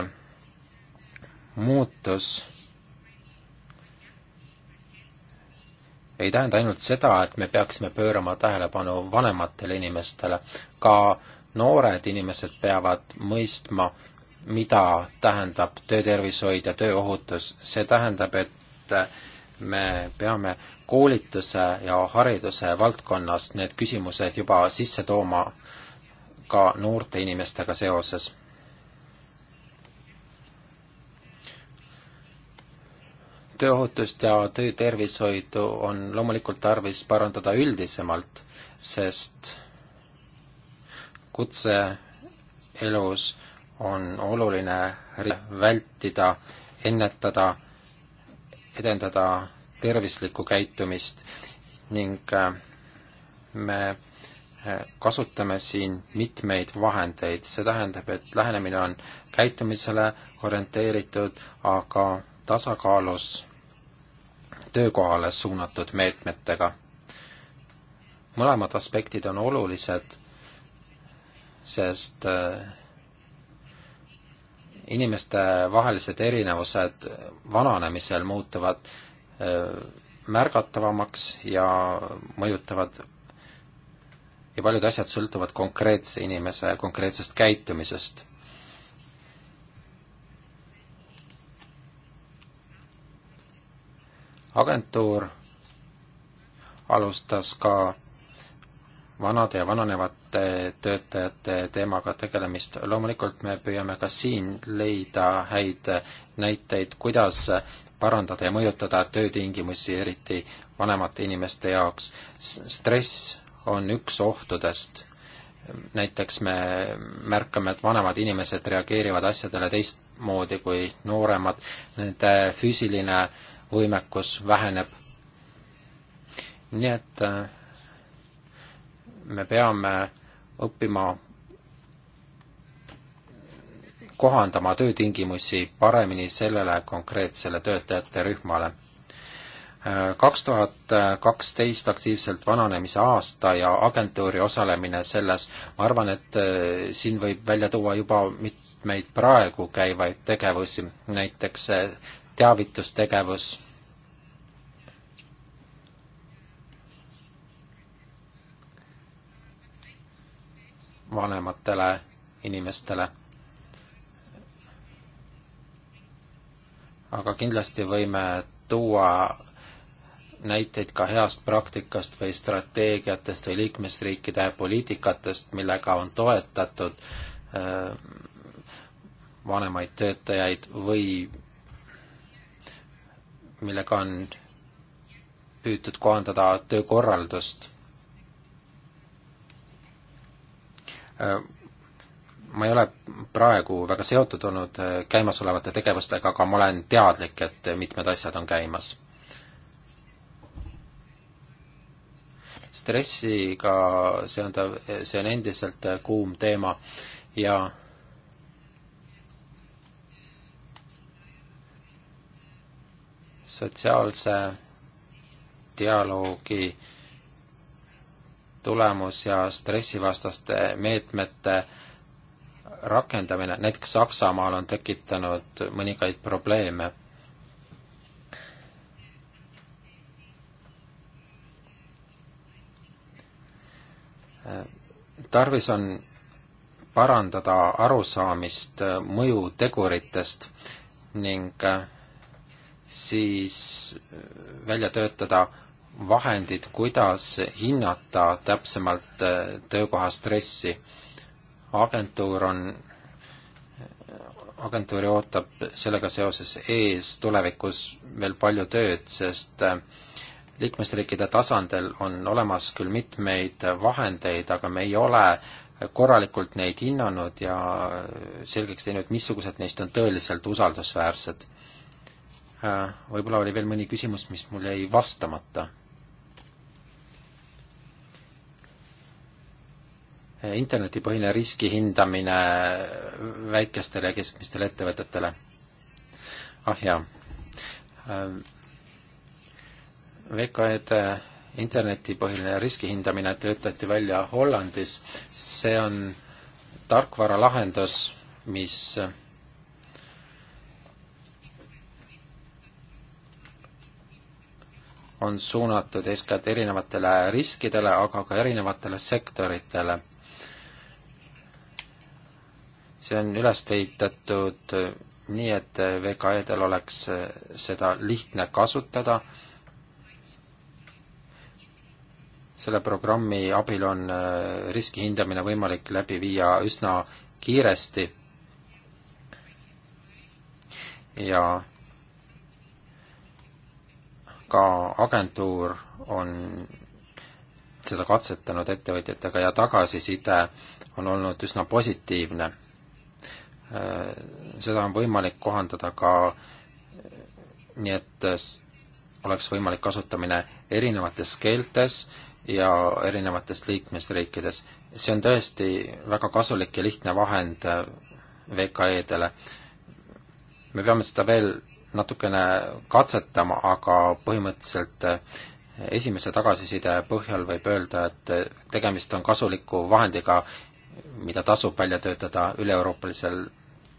muutus ei tähenda ainult seda, et me peaksime pöörama tähelepanu vanematele inimestele, ka noored inimesed peavad mõistma, mida tähendab töötervishoid ja tööohutus. see tähendab, et me peame koolituse ja hariduse valdkonnas need küsimused juba sisse tooma ka noorte inimestega seoses tööohutust ja töötervishoidu on loomulikult tarvis parandada üldisemalt, sest kutseelus on oluline vältida, ennetada, edendada tervislikku käitumist ning äh, me äh, kasutame siin mitmeid vahendeid, see tähendab, et lähenemine on käitumisele orienteeritud, aga tasakaalus töökohale suunatud meetmetega. mõlemad aspektid on olulised, sest äh, inimeste vahelised erinevused vananemisel muutuvad äh, märgatavamaks ja mõjutavad ja paljud asjad sõltuvad konkreetse inimese konkreetsest käitumisest. agentuur alustas ka vanade ja vananevate töötajate teemaga tegelemist. loomulikult me püüame ka siin leida häid näiteid, kuidas parandada ja mõjutada töötingimusi, eriti vanemate inimeste jaoks. stress on üks ohtudest. näiteks me märkame, et vanemad inimesed reageerivad asjadele teistmoodi kui nooremad, nende füüsiline äh, võimekus väheneb. nii et äh, me peame õppima kohandama töötingimusi paremini sellele konkreetsele töötajate rühmale. Äh, kaks tuhat kaksteist aktiivselt vananemise aasta ja agentuuri osalemine selles, ma arvan, et äh, siin võib välja tuua juba mitmeid praegu käivaid tegevusi, näiteks teavitustegevus. vanematele inimestele. aga kindlasti võime tuua näiteid ka heast praktikast või strateegiatest või liikmesriikide poliitikatest, millega on toetatud äh, vanemaid töötajaid või millega on püütud kohandada töökorraldust. ma ei ole praegu väga seotud olnud äh, käimasolevate tegevustega, aga ma olen teadlik, et mitmed asjad on käimas. stressiga seonduv, see on endiselt äh, kuum teema ja sotsiaalse dialoogi tulemus ja stressivastaste meetmete rakendamine, näiteks Saksamaal on tekitanud mõningaid probleeme. tarvis on parandada arusaamist mõjuteguritest ning siis äh, välja töötada vahendid, kuidas hinnata täpsemalt äh, töökoha stressi. agentuur on, agentuuri ootab sellega seoses ees tulevikus veel palju tööd, sest äh, liikmesriikide tasandil on olemas küll mitmeid vahendeid, aga me ei ole korralikult neid hinnanud ja selgeks teinud, missugused neist on tõeliselt usaldusväärsed Äh, võib-olla oli veel mõni küsimus, mis mul jäi vastamata. Äh, internetipõhine riski hindamine väikestele ja keskmistele ettevõtetele. ah jaa. Äh, VKE-de internetipõhiline riski hindamine töötati välja Hollandis, see on tarkvaralahendus, mis on suunatud eeskätt erinevatele riskidele, aga ka erinevatele sektoritele. see on üles ehitatud nii, et VKE-del oleks seda lihtne kasutada. selle programmi abil on riski hindamine võimalik läbi viia üsna kiiresti ja ka agentuur on seda katsetanud ettevõtjatega ja tagasiside on olnud üsna positiivne. Äh, seda on võimalik kohandada ka nii, et oleks võimalik kasutamine erinevates keeltes ja erinevatest liikmesriikides. see on tõesti väga kasulik ja lihtne vahend äh, VKE-dele. me peame seda veel natukene katsetama, aga põhimõtteliselt eh, esimese tagasiside põhjal võib öelda, et eh, tegemist on kasuliku vahendiga, mida tasub välja töötada üle-euroopalisel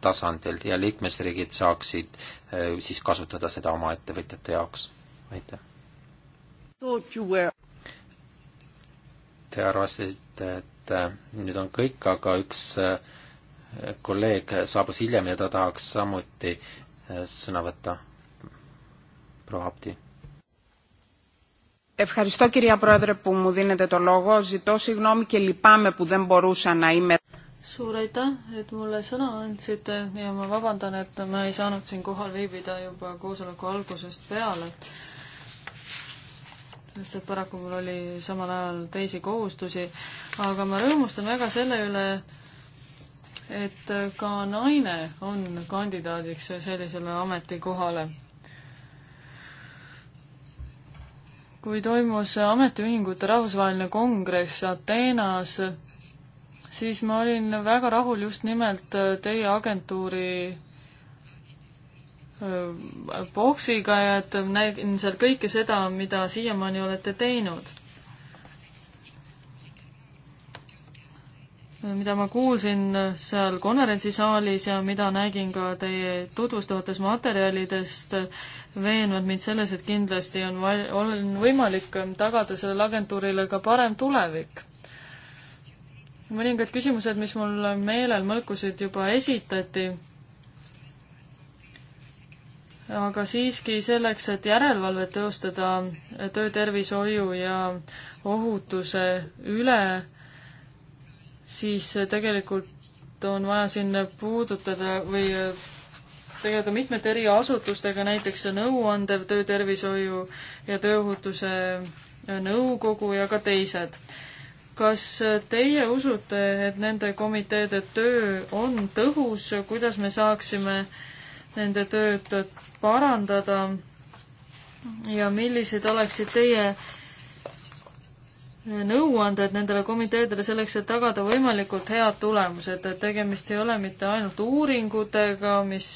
tasandil ja liikmesriigid saaksid eh, siis kasutada seda oma ettevõtjate jaoks. aitäh! Te arvasite, et nüüd on kõik, aga üks kolleeg saabus hiljem ja ta tahaks samuti Äh, sõna võtta. proua Abdi. Ευχαριστώ κυρία Πρόεδρε που μου δίνετε το λόγο. Ζητώ συγγνώμη και λυπάμαι που δεν μπορούσα να είμαι. Suur aitäh, et mulle sõna andsite ja ma vabandan, et ma ei saanud siin kohal viibida juba koosoleku algusest peale sest et paraku mul oli samal ajal teisi kohustusi, aga ma rõõmustan väga selle üle, et ka naine on kandidaadiks sellisele ametikohale. kui toimus ametiühingute rahvusvaheline kongress Ateenas, siis ma olin väga rahul just nimelt teie agentuuri äh, boksiga ja et nägin seal kõike seda, mida siiamaani olete teinud mida ma kuulsin seal konverentsisaalis ja mida nägin ka teie tutvustavates materjalidest, veenvad mind selles, et kindlasti on val-, on võimalik tagada sellele agentuurile ka parem tulevik. mõningad küsimused, mis mul meelel mõlkusid, juba esitati, aga siiski selleks, et järelevalvet teostada töötervishoiu ja ohutuse üle, siis äh, tegelikult on vaja siin puudutada või äh, tegeleda mitmete eriasutustega, näiteks nõuandev töötervishoiu ja tööohutuse äh, nõukogu ja ka teised. kas teie usute, et nende komiteede töö on tõhus, kuidas me saaksime nende tööd parandada ja millised oleksid teie nõuanded nendele komiteedele selleks, et tagada võimalikult head tulemused, et tegemist ei ole mitte ainult uuringutega, mis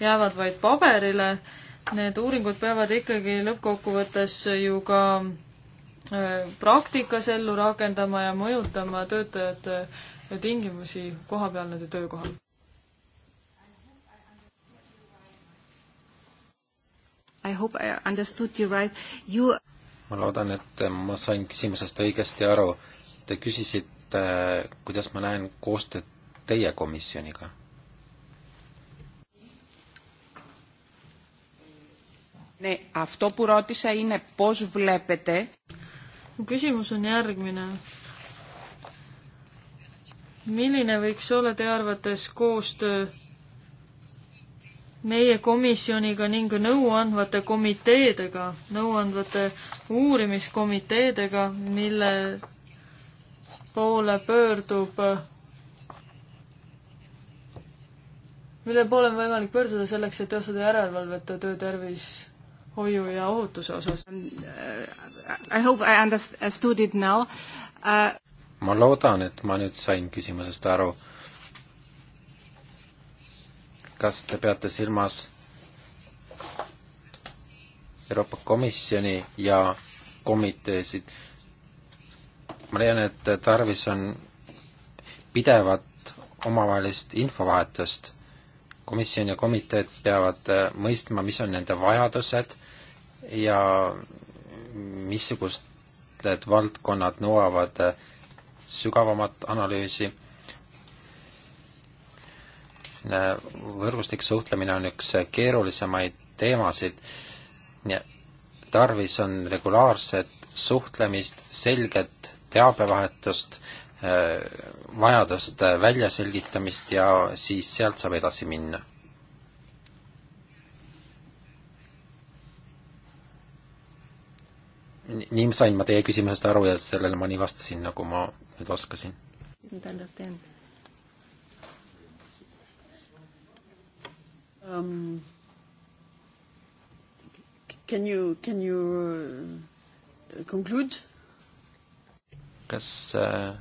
jäävad vaid paberile, need uuringud peavad ikkagi lõppkokkuvõttes ju ka äh, praktikas ellu rakendama ja mõjutama töötajate tingimusi koha peal nende töökohal. I hope I understood you right. You ma loodan, et ma sain küsimusest õigesti aru. Te küsisite, kuidas ma näen koostööd teie komisjoniga? Ναι, αυτό που ρώτησα είναι πώς βλέπετε. Μου küsimus on järgmine. Milline võiks olla te arvates koostöö meie komisjoniga ning nõuandvate komiteedega, nõuandvate uurimiskomiteedega, mille poole pöördub, mille poole on võimalik pöörduda selleks, et teostada järelevalvet töötervishoiu ja ohutuse osas. Um, uh, I hope I understood it now uh.... ma loodan, et ma nüüd sain küsimusest aru. kas te peate silmas Euroopa Komisjoni ja komiteesid. ma leian, et tarvis on pidevat omavahelist infovahetust. komisjon ja komiteed peavad mõistma, mis on nende vajadused ja missugused valdkonnad nõuavad sügavamat analüüsi võrgustik suhtlemine on üks keerulisemaid teemasid tarvis on regulaarset suhtlemist, selget teabevahetust, äh, vajaduste väljaselgitamist ja siis sealt saab edasi minna. nii sain ma teie küsimusest aru ja sellele ma nii vastasin, nagu ma nüüd oskasin. Um, Can you, can you uh, conclude? kas uh,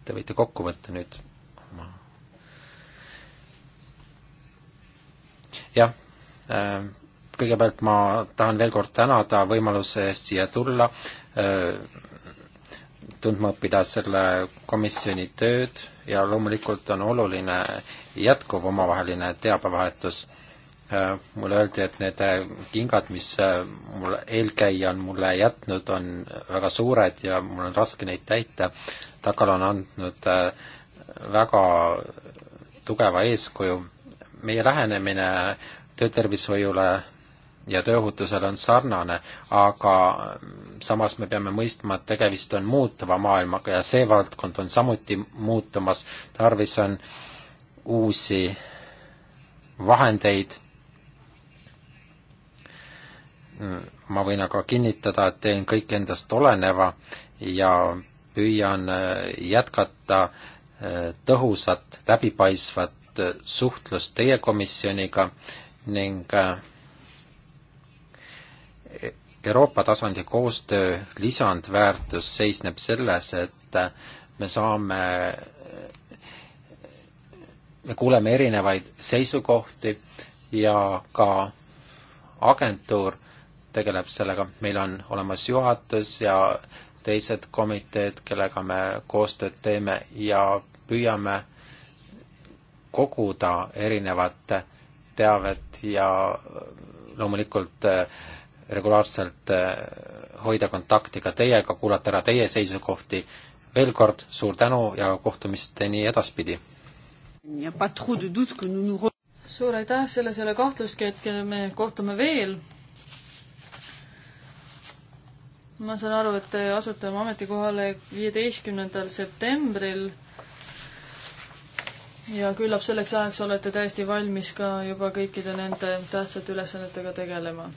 te võite kokku võtta nüüd oma jah uh,, kõigepealt ma tahan veel kord tänada võimaluse eest siia tulla uh,, tundma õppida selle komisjoni tööd ja loomulikult on oluline jätkuv omavaheline teabevahetus uh, Äh, mulle öeldi, et need äh, kingad, mis äh, mul eelkäija on mulle jätnud, on väga suured ja mul on raske neid täita. Takal on andnud väga tugeva eeskuju. meie lähenemine töötervishoiule ja tööohutusele on sarnane, aga samas me peame mõistma, et tegemist on muutuva maailmaga ja see valdkond on samuti muutumas, tarvis on uusi vahendeid Mm, ma võin aga kinnitada, et teen kõik endast oleneva ja püüan äh, jätkata äh, tõhusat, läbipaistvat äh, suhtlust teie komisjoniga ning Euroopa tasandi koostöö lisandväärtus seisneb selles, et me saame, me kuuleme erinevaid seisukohti ja ka agentuur tegeleb sellega, meil on olemas juhatus ja teised komiteed, kellega me koostööd teeme ja püüame koguda erinevat teavet ja loomulikult äh, regulaarselt äh, hoida kontakti ka teiega, kuulata ära teie seisukohti. veel kord suur tänu ja kohtumisteni edaspidi! suur aitäh, selles ei ole kahtlustki, et me kohtume veel ma saan aru, et te asute oma ametikohale viieteistkümnendal septembril ja küllap selleks ajaks olete täiesti valmis ka juba kõikide nende tähtsate ülesannetega tegelema.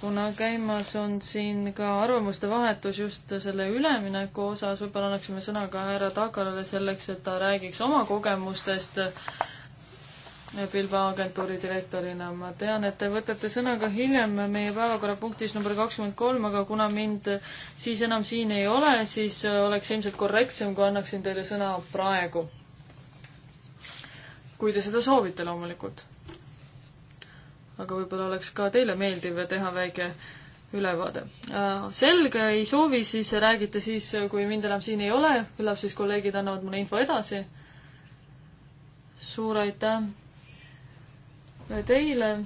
kuna käimas on siin ka arvamuste vahetus just selle ülemineku osas, võib-olla annaksime sõna ka härra Takalale selleks, et ta räägiks oma kogemustest Bilbao agentuuri direktorina. ma tean, et te võtate sõna ka hiljem meie päevakorrapunktis number kakskümmend kolm, aga kuna mind siis enam siin ei ole, siis oleks ilmselt korrektsem, kui annaksin teile sõna praegu. kui te seda soovite loomulikult. aga võib-olla oleks ka teile meeldiv teha väike ülevaade. Äh, selge, ei soovi, siis räägite siis, kui mind enam siin ei ole, küllap siis kolleegid annavad mulle info edasi. suur aitäh teile,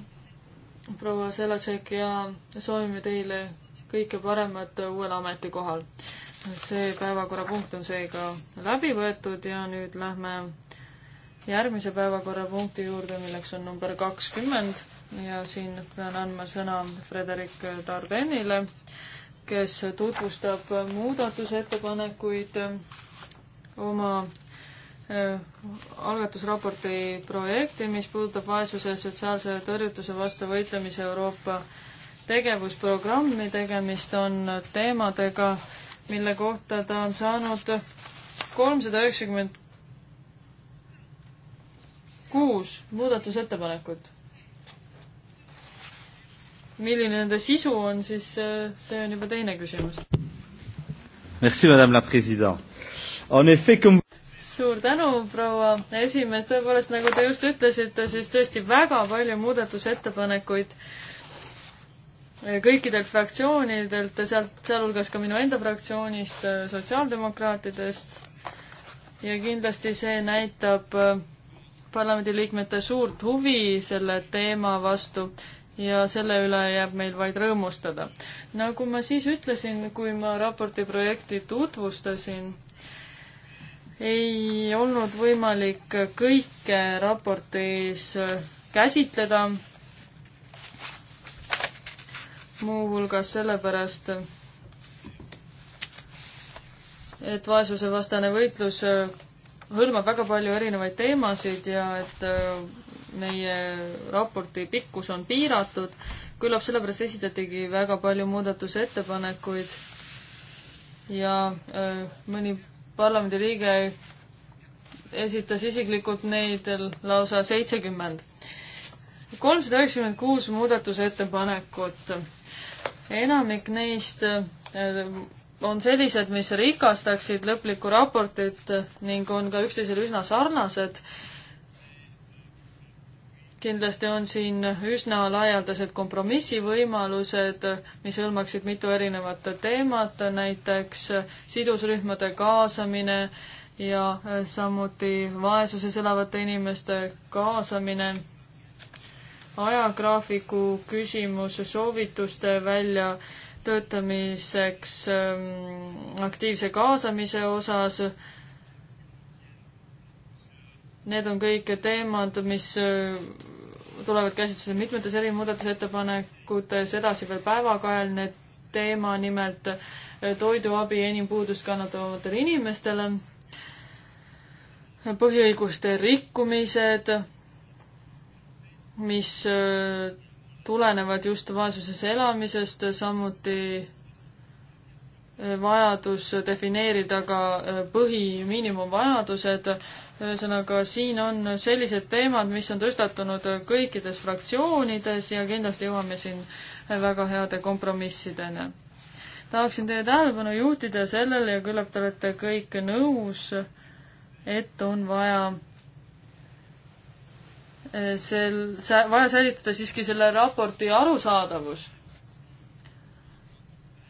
proua Selatšek ja soovime teile kõike paremat uuel ametikohal. see päevakorrapunkt on seega läbi võetud ja nüüd lähme järgmise päevakorrapunkti juurde, milleks on number kakskümmend ja siin pean andma sõna Frederik Dardenile, kes tutvustab muudatusettepanekuid oma Äh, algatusraporti projekti, mis puudutab vaesuse ja sotsiaalse tõrjutuse vastu võitlemise Euroopa tegevusprogrammi. tegemist on teemadega, mille kohta ta on saanud kolmsada üheksakümmend kuus muudatusettepanekut. milline nende sisu on, siis äh, see on juba teine küsimus. Merci, madame la president. En effet, comme suur tänu, proua esimees, tõepoolest, nagu te just ütlesite, siis tõesti väga palju muudatusettepanekuid kõikidelt fraktsioonidelt, sealt, sealhulgas ka minu enda fraktsioonist, sotsiaaldemokraatidest. ja kindlasti see näitab äh, parlamendiliikmete suurt huvi selle teema vastu ja selle üle jääb meil vaid rõõmustada. nagu ma siis ütlesin, kui ma raporti projekti tutvustasin ei olnud võimalik kõike raportis äh, käsitleda, muuhulgas sellepärast, et vaesusevastane võitlus äh, hõlmab väga palju erinevaid teemasid ja et äh, meie raporti pikkus on piiratud. küllap sellepärast esitatigi väga palju muudatusettepanekuid ja öö, mõni parlamendiliige esitas isiklikult neid lausa seitsekümmend. kolmsada üheksakümmend kuus muudatusettepanekut. enamik neist äh, on sellised, mis rikastaksid lõplikku raportit ning on ka üksteisele üsna sarnased kindlasti on siin üsna laialdased kompromissivõimalused, mis hõlmaksid mitu erinevat teemat, näiteks sidusrühmade kaasamine ja samuti vaesuses elavate inimeste kaasamine, ajagraafiku küsimus soovituste väljatöötamiseks mm, aktiivse kaasamise osas need on kõik teemad, mis tulevad käsitlused mitmetes eri muudatusettepanekutes edasi veel päevakajaline teema, nimelt eh, toiduabi enim puudust kannatavatele inimestele, põhiõiguste rikkumised, mis eh, tulenevad just vaesuses elamisest, samuti eh, vajadus defineerida ka põhi- ja miinimumvajadused ühesõnaga, siin on sellised teemad, mis on tõstatunud kõikides fraktsioonides ja kindlasti jõuame siin väga heade kompromissideni. tahaksin teie tähelepanu juhtida sellele ja küllap te olete kõik nõus, et on vaja eh, sel-, vaja säilitada siiski selle raporti arusaadavus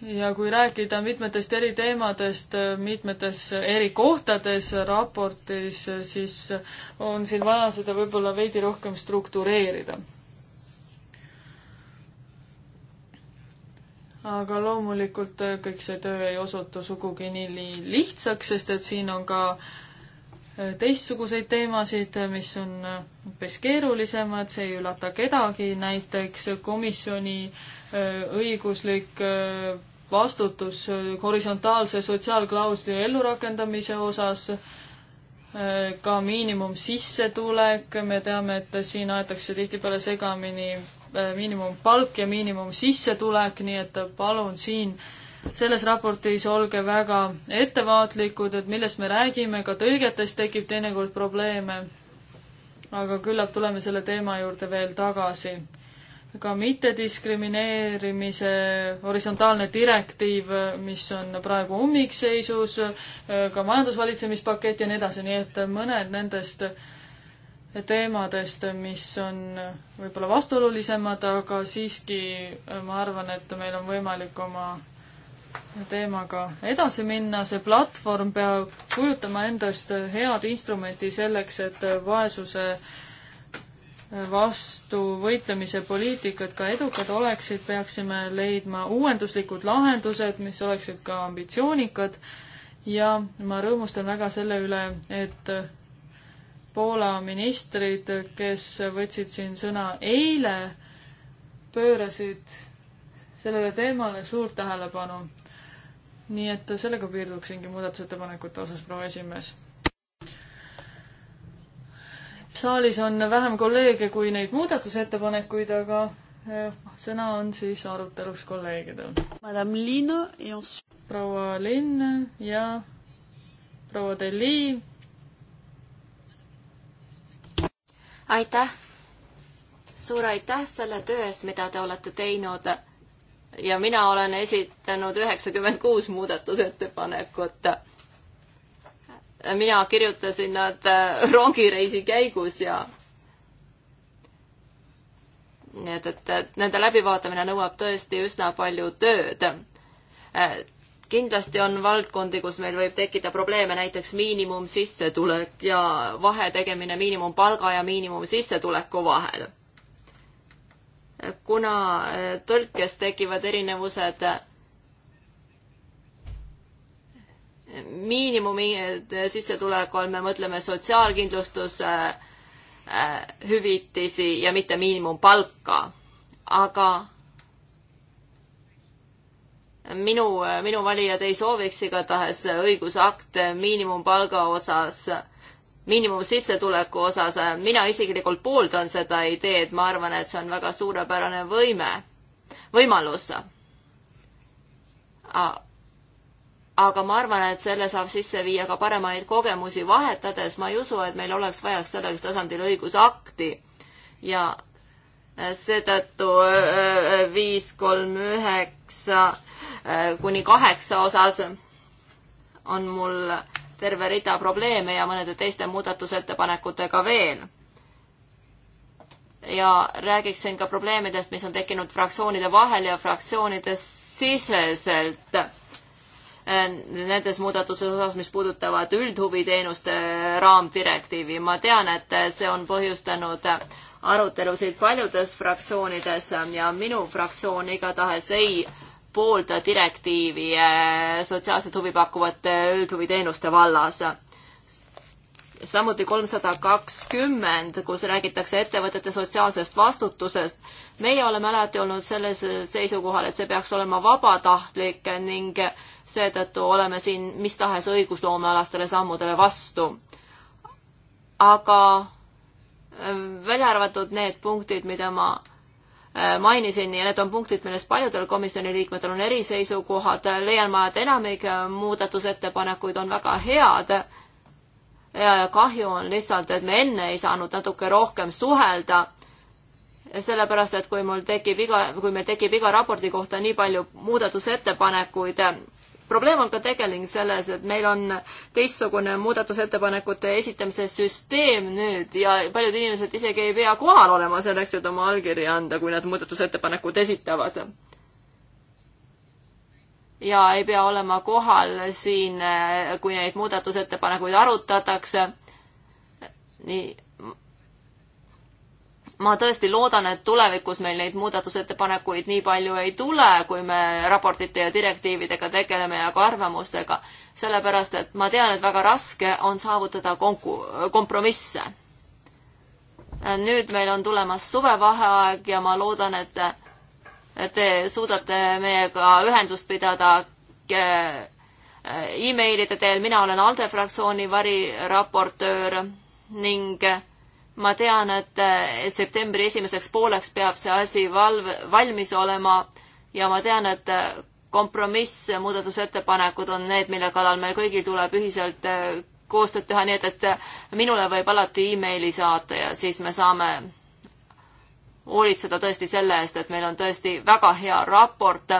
ja kui rääkida mitmetest eri teemadest mitmetes eri kohtades raportis, siis on siin vaja seda võib-olla veidi rohkem struktureerida. aga loomulikult kõik see töö ei osutu sugugi nii lihtsaks, sest et siin on ka teistsuguseid teemasid, mis on hoopis keerulisemad, see ei ülata kedagi, näiteks komisjoni äh, õiguslik äh, vastutus äh, horisontaalse sotsiaalklausli ellurakendamise osas, äh, ka miinimumsissetulek, me teame, et siin aetakse tihtipeale segamini äh, miinimumpalk ja miinimumsissetulek, nii et palun siin selles raportis olge väga ettevaatlikud, et millest me räägime, ka tõigetes tekib teinekord probleeme. aga küllap tuleme selle teema juurde veel tagasi ka mittediskrimineerimise horisontaalne direktiiv, mis on praegu ummikseisus, ka majandusvalitsemispakett ja nii edasi, nii et mõned nendest teemadest, mis on võib-olla vastuolulisemad, aga siiski ma arvan, et meil on võimalik oma teemaga edasi minna, see platvorm peab kujutama endast head instrumenti selleks, et vaesuse äh, vastu võitlemise poliitikad ka edukad oleksid, peaksime leidma uuenduslikud lahendused, mis oleksid ka ambitsioonikad ja ma rõõmustan väga selle üle, et Poola ministrid, kes võtsid siin sõna eile, pöörasid sellele teemale suurt tähelepanu. nii et sellega piirduksingi muudatusettepanekute osas, proua esimees saalis on vähem kolleege kui neid muudatusettepanekuid, aga eh, sõna on siis aruteluks kolleegidel. proua Linn ja proua Deli. aitäh! suur aitäh selle töö eest, mida te olete teinud ja mina olen esitanud üheksakümmend kuus muudatusettepanekut mina kirjutasin nad äh, rongireisi käigus ja nii et, et, et nende läbivaatamine nõuab tõesti üsna palju tööd. Äh, kindlasti on valdkondi, kus meil võib tekkida probleeme, näiteks miinimumsissetulek ja vahe tegemine miinimumpalga ja miinimumsissetuleku vahel. Äh, kuna tõlkes tekivad erinevused miinimumi eh, sissetulekul me mõtleme sotsiaalkindlustuse eh, hüvitisi ja mitte miinimumpalka. aga minu, minu valijad ei sooviks igatahes õigusakte miinimumpalga osas, miinimumsissetuleku osas. mina isiklikult pooldan seda ideed, ma arvan, et see on väga suurepärane võime, võimalus aga ma arvan, et selle saab sisse viia ka paremaid kogemusi vahetades, ma ei usu, et meil oleks vaja selleks tasandil õigusakti ja seetõttu äh, äh, viis, kolm, üheksa äh, kuni kaheksa osas on mul terve rida probleeme ja mõnede teiste muudatusettepanekutega veel. ja räägiksin ka probleemidest, mis on tekkinud fraktsioonide vahel ja fraktsioonide siseselt nendes muudatuses osas, mis puudutavad üldhuviteenuste raamdirektiivi. ma tean, et see on põhjustanud arutelusid paljudes fraktsioonides ja minu fraktsioon igatahes ei poolda direktiivi eh, sotsiaalselt huvipakkuvate eh, üldhuviteenuste vallas samuti kolmsada kakskümmend, kus räägitakse ettevõtete sotsiaalsest vastutusest. meie oleme alati olnud selles seisukohal, et see peaks olema vabatahtlik ning seetõttu oleme siin mis tahes õigusloomealastele sammudele vastu. aga äh, välja arvatud need punktid, mida ma äh, mainisin ja need on punktid, millest paljudel komisjoni liikmetel on eriseisukohad, leian ma, et enamik äh, muudatusettepanekuid on väga head ja kahju on lihtsalt, et me enne ei saanud natuke rohkem suhelda. sellepärast, et kui mul tekib iga, kui meil tekib iga raporti kohta nii palju muudatusettepanekuid, probleem on ka tegelikult selles, et meil on teistsugune muudatusettepanekute esitamise süsteem nüüd ja paljud inimesed isegi ei pea kohal olema selleks, et oma allkirja anda, kui nad muudatusettepanekud esitavad. ja ei pea olema kohal siin, kui neid muudatusettepanekuid arutatakse. nii ma tõesti loodan, et tulevikus meil neid muudatusettepanekuid nii palju ei tule, kui me raportite ja direktiividega tegeleme ja ka arvamustega, sellepärast et ma tean, et väga raske on saavutada konku-, kompromisse. nüüd meil on tulemas suvevaheaeg ja ma loodan, et te suudate meiega ühendust pidada emailide teel, mina olen ALDE fraktsiooni variraportöör ning ma tean, et eh, septembri esimeseks pooleks peab see asi valv-, valmis olema ja ma tean, et eh, kompromiss, muudatusettepanekud on need, mille kallal meil kõigil tuleb ühiselt eh, koostööd teha, nii et, et minule võib alati emaili saata ja siis me saame hoolitseda tõesti selle eest, et meil on tõesti väga hea raport.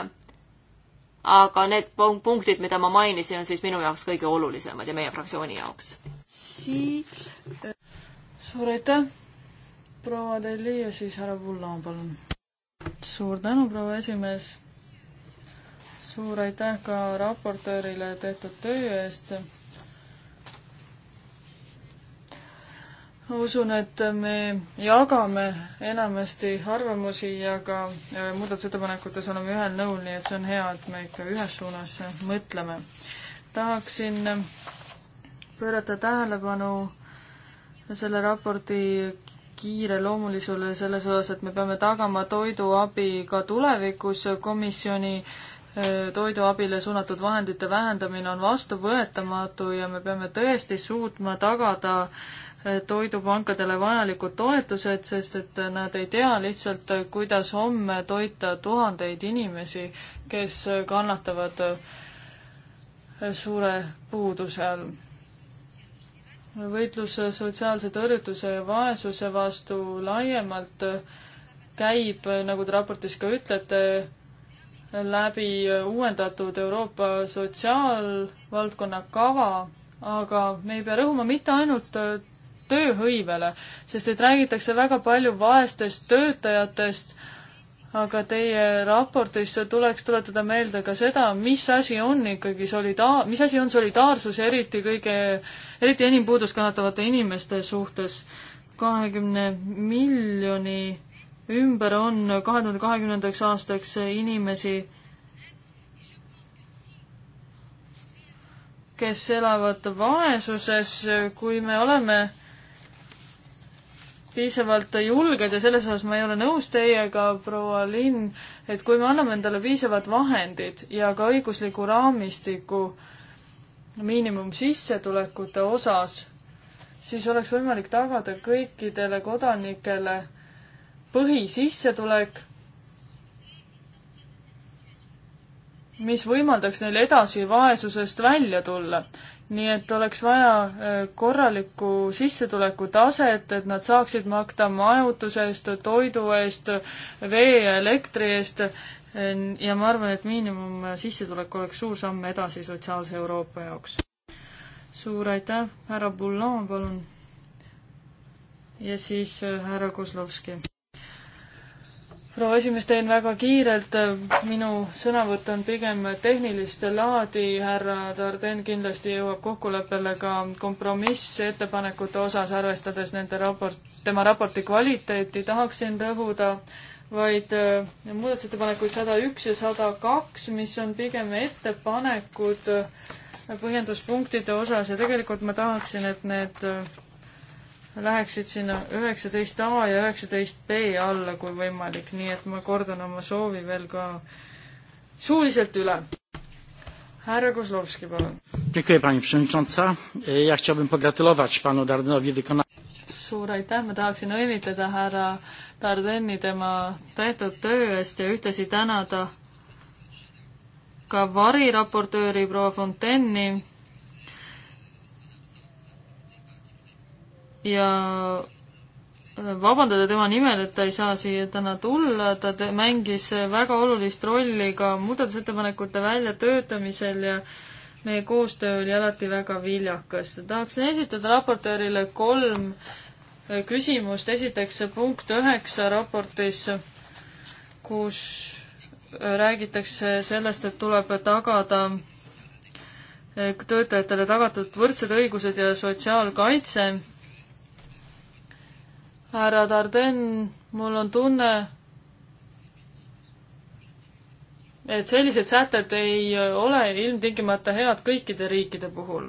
aga need punktid, mida ma mainisin, on siis minu jaoks kõige olulisemad ja meie fraktsiooni jaoks. Äh, suur aitäh, proua Deli ja siis härra Pullaan, palun. suur tänu, proua esimees. suur aitäh ka raportöörile tehtud töö eest. ma usun, et me jagame enamasti arvamusi ja ka äh, muudatusettepanekutes oleme ühel nõul, nii et see on hea, et me ikka ühes suunas mõtleme. tahaksin pöörata tähelepanu selle raporti kiireloomulisusele selles osas, et me peame tagama toiduabi ka tulevikus, komisjoni äh, toiduabile suunatud vahendite vähendamine on vastuvõetamatu ja me peame tõesti suutma tagada äh, toidupankadele vajalikud toetused, sest et nad ei tea lihtsalt, äh, kuidas homme toita tuhandeid inimesi, kes kannatavad suure puuduse all võitlus sotsiaalse tõrjutuse ja vaesuse vastu laiemalt käib, nagu te raportis ka ütlete, läbi uuendatud Euroopa sotsiaalvaldkonna kava, aga me ei pea rõhuma mitte ainult tööhõivele, sest et räägitakse väga palju vaestest töötajatest, aga teie raportis tuleks tuletada meelde ka seda, mis asi on ikkagi solidaar-, mis asi on solidaarsus ja eriti kõige, eriti enim puudust kannatavate inimeste suhtes. kahekümne miljoni ümber on kahe tuhande kahekümnendaks aastaks inimesi, kes elavad vaesuses, kui me oleme piisavalt julged ja selles osas ma ei ole nõus teiega, proua Linn, et kui me anname endale piisavad vahendid ja ka õigusliku raamistiku miinimumsissetulekute osas, siis oleks võimalik tagada kõikidele kodanikele põhisissetulek, mis võimaldaks neil edasi vaesusest välja tulla nii et oleks vaja äh, korralikku sissetulekutaset, et nad saaksid maksta majutuse eest, toidu eest, vee ja elektri eest ja ma arvan, et miinimumsissetulek oleks suur samm edasi sotsiaalse Euroopa jaoks. suur aitäh, härra Boulan, palun. ja siis äh, härra Kozlovski proua esimees, teen väga kiirelt, minu sõnavõtt on pigem tehnilist laadi, härra Tarden kindlasti jõuab kokkuleppele ka kompromissettepanekute osas, arvestades nende raport, tema raporti kvaliteeti, tahaksin rõhuda vaid äh, muudatusettepanekuid sada üks ja sada kaks, mis on pigem ettepanekud äh, põhjenduspunktide osas ja tegelikult ma tahaksin, et need äh, läheksid sinna üheksateist A ja üheksateist B alla, kui võimalik, nii et ma kordan oma soovi veel ka suuliselt üle. härra Kozlovski, palun. suur aitäh, ma tahaksin õnnitleda härra Tardenni tema tehtud töö eest ja ühtlasi tänada ka variraportööri proua Fontaine'i ja äh, vabandada tema nimel, et ta ei saa siia täna tulla, ta mängis väga olulist rolli ka muudatusettepanekute väljatöötamisel ja meie koostöö oli alati väga viljakas. tahaksin esitada raportöörile kolm äh, küsimust. esiteks punkt üheksa raportis, kus äh, räägitakse sellest, et tuleb tagada töötajatele tagatud võrdsed õigused ja sotsiaalkaitse härra Darden, mul on tunne, et sellised sätted ei ole ilmtingimata head kõikide riikide puhul.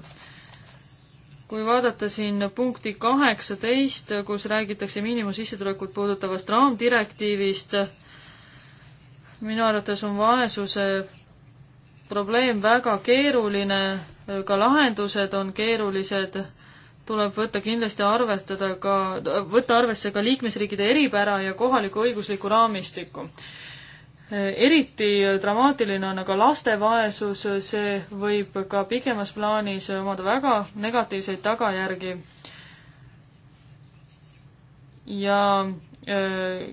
kui vaadata siin punkti kaheksateist, kus räägitakse miinimumsissetulekut puudutavast raamdirektiivist, minu arvates on vaesuse probleem väga keeruline, ka lahendused on keerulised tuleb võtta kindlasti arvestada ka, võtta arvesse ka liikmesriikide eripära ja kohaliku õigusliku raamistiku. eriti dramaatiline on aga laste vaesus, see võib ka pikemas plaanis omada väga negatiivseid tagajärgi. ja äh,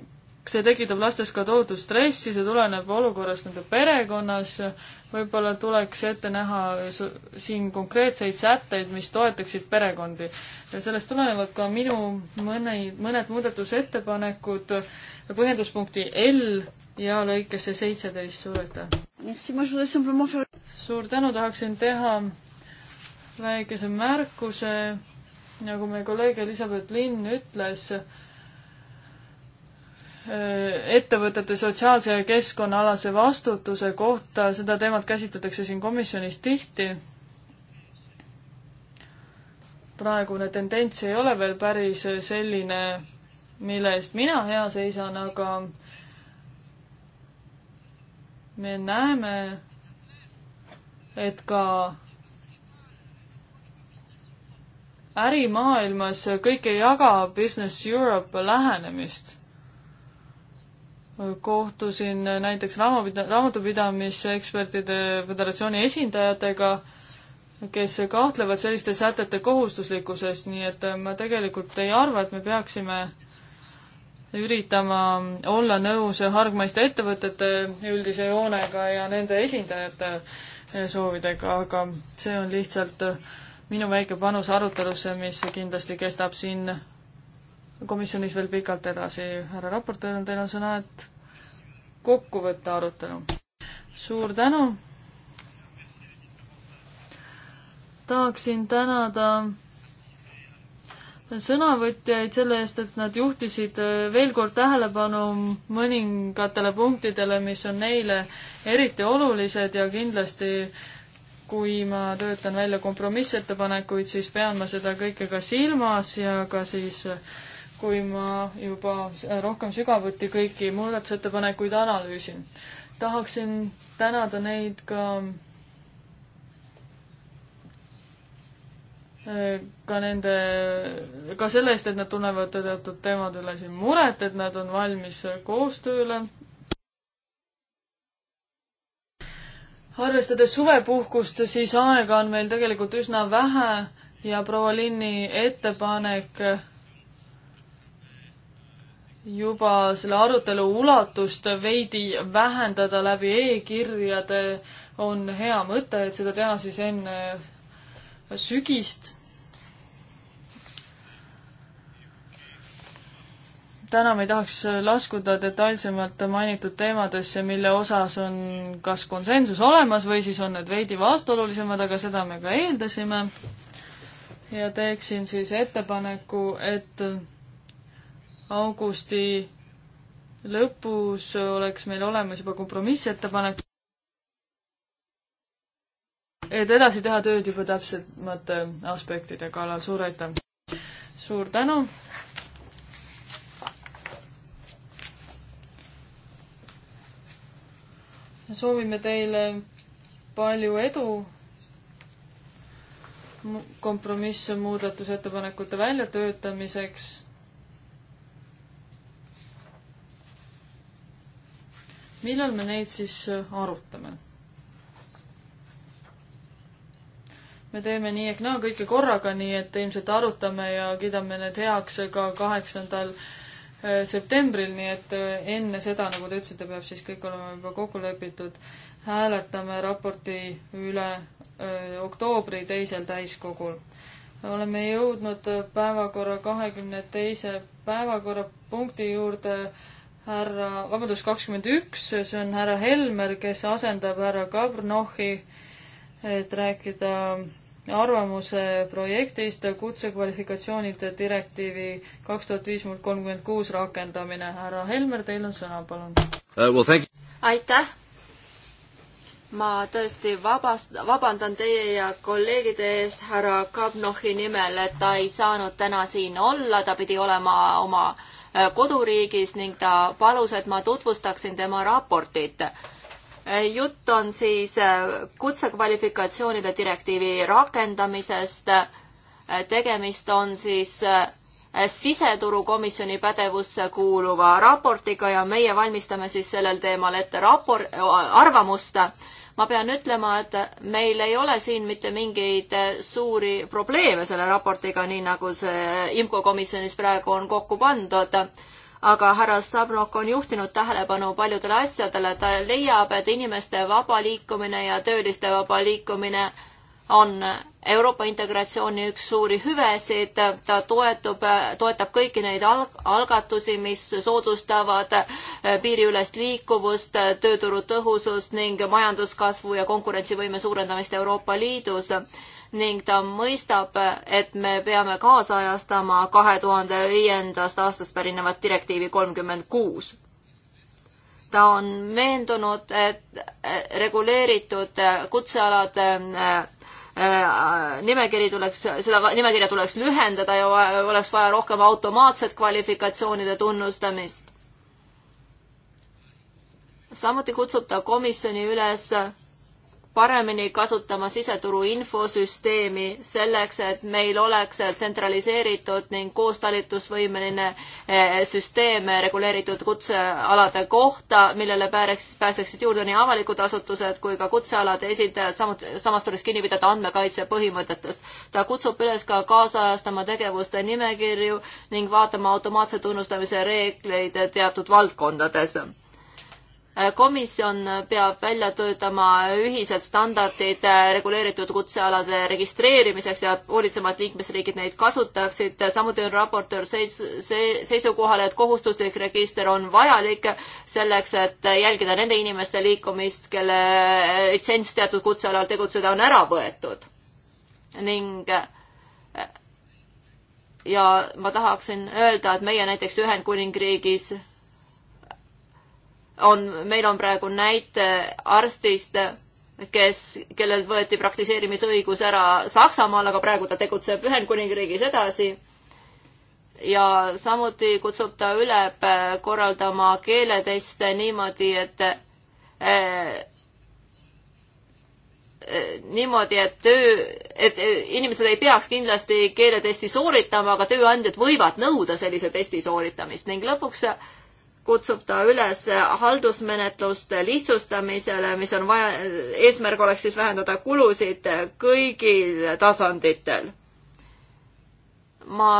see tekitab lastes ka tohutu stressi, see tuleneb olukorrast nende perekonnas, võib-olla tuleks ette näha siin konkreetseid sätteid, mis toetaksid perekondi. ja sellest tulenevad ka minu mõni, mõned muudatusettepanekud põhjenduspunkti L ja lõikesse seitseteist, suur aitäh! suur tänu, tahaksin teha väikese märkuse, nagu meie kolleeg Elizabeth Linn ütles, ettevõtete sotsiaalse ja keskkonnaalase vastutuse kohta, seda teemat käsitletakse siin komisjonis tihti. praegune tendents ei ole veel päris selline, mille eest mina hea seisan, aga me näeme, et ka ärimaailmas kõik ei jaga Business Europe lähenemist kohtusin näiteks raamapida-, raamatupidamisekspertide föderatsiooni esindajatega, kes kahtlevad selliste sätete kohustuslikkuses, nii et ma tegelikult ei arva, et me peaksime üritama olla nõus hargmaiste ettevõtete üldise joonega ja nende esindajate soovidega, aga see on lihtsalt minu väike panus arutelusse, mis kindlasti kestab siin komisjonis veel pikalt edasi. härra raportöör, teil on sõna, et kokku võtta arutelu. suur tänu! tahaksin tänada sõnavõtjaid selle eest, et nad juhtisid veel kord tähelepanu mõningatele punktidele, mis on neile eriti olulised ja kindlasti kui ma töötan välja kompromissettepanekuid, siis pean ma seda kõike ka silmas ja ka siis äh, kui ma juba rohkem sügavuti kõiki muudatusettepanekuid analüüsin. tahaksin tänada neid ka ka nende, ka selle eest, et nad tunnevad teatud teemade üle siin muret, et nad on valmis koostööle. arvestades suvepuhkust, siis aega on meil tegelikult üsna vähe ja proua Linni ettepanek juba selle arutelu ulatust veidi vähendada läbi e-kirjade on hea mõte, et seda teha siis enne sügist. täna me ei tahaks laskuda detailsemalt mainitud teemadesse, mille osas on kas konsensus olemas või siis on need veidi vastuolulisemad, aga seda me ka eeldasime. ja teeksin siis ettepaneku, et augusti lõpus oleks meil olemas juba kompromissettepanek, et edasi teha tööd juba täpsemate aspektide kallal, suur aitäh! suur tänu! soovime teile palju edu kompromissmuudatusettepanekute väljatöötamiseks millal me neid siis äh, arutame? me teeme nii ehk naa no, kõike korraga, nii et ilmselt arutame ja kiidame need heaks ka kaheksandal äh, septembril, nii et äh, enne seda, nagu te ütlesite, peab siis kõik olema juba kokku lepitud. hääletame raporti üle öö, oktoobri teisel täiskogul. oleme jõudnud päevakorra kahekümne teise päevakorrapunkti juurde härra, vabandust, kakskümmend üks, see on härra Helmer, kes asendab härra Kabrnohhi, et rääkida arvamuse projektist kutsekvalifikatsioonide direktiivi kaks tuhat viis murd kolmkümmend kuus rakendamine. härra Helmer, teil on sõna, palun uh,. Well, aitäh! ma tõesti vabast-, vabandan teie ja kolleegide ees härra Kabnohi nimel, et ta ei saanud täna siin olla, ta pidi olema oma äh, Äh, koduriigis ning ta palus, et ma tutvustaksin tema raportit. Äh, jutt on siis äh, kutsekvalifikatsioonide direktiivi rakendamisest. tegemist on siis siseturukomisjoni pädevusse kuuluva raportiga ja meie valmistame siis sellel teemal ette rapor-, arvamust ma pean ütlema, et meil ei ole siin mitte mingeid eh, suuri probleeme selle raportiga, nii nagu see IMCO komisjonis praegu on kokku pandud aga härra Sabrok on juhtinud tähelepanu paljudele asjadele, ta leiab, et inimeste vaba liikumine ja tööliste vaba liikumine on Euroopa integratsiooni üks suuri hüvesid, ta toetub, toetab kõiki neid alg-, algatusi, mis soodustavad äh, piiriülest liikuvust, tööturu tõhusust ning majanduskasvu ja konkurentsivõime suurendamist Euroopa Liidus ning ta mõistab, et me peame kaasajastama kahe tuhande viiendast aastast pärinevat direktiivi kolmkümmend kuus ta on veendunud, et äh, reguleeritud kutsealade äh, Äh, nimekiri tuleks, seda nimekirja tuleks lühendada ja oleks vaja rohkem automaatset kvalifikatsioonide tunnustamist. samuti kutsub ta komisjoni üles paremini kasutama siseturu infosüsteemi selleks, et meil oleks tsentraliseeritud ning koostalitusvõimeline eh, süsteem reguleeritud kutsealade kohta, millele pääseks, pääseksid juurde nii avalikud asutused kui ka kutsealade esindajad, samuti, samas tuleks kinni pidada andmekaitse põhimõtetest. ta kutsub üles ka kaasajastama tegevuste nimekirju ning vaatama automaatse tunnustamise reegleid teatud valdkondades komisjon peab välja töötama ühised standardid reguleeritud kutsealade registreerimiseks ja hoolitsema, et liikmesriigid neid kasutaksid. samuti on raportöör seis-, seisukohal, et kohustuslik register on vajalik selleks, et jälgida nende inimeste liikumist, kelle litsents teatud kutsealal tegutseda on ära võetud. ning ja ma tahaksin öelda, et meie näiteks Ühendkuningriigis on, meil on praegu näite arstist, kes, kellelt võeti praktiseerimisõigus ära Saksamaal, aga praegu ta tegutseb Ühendkuningriigis edasi. ja samuti kutsub ta üle äh, korraldama keeleteste niimoodi, et eh, niimoodi, et töö, et inimesed ei peaks kindlasti keeletesti sooritama, aga tööandjad võivad nõuda sellise testi sooritamist ning lõpuks kutsub ta üles haldusmenetluste lihtsustamisele, mis on vaja, eesmärk oleks siis vähendada kulusid kõigil tasanditel. ma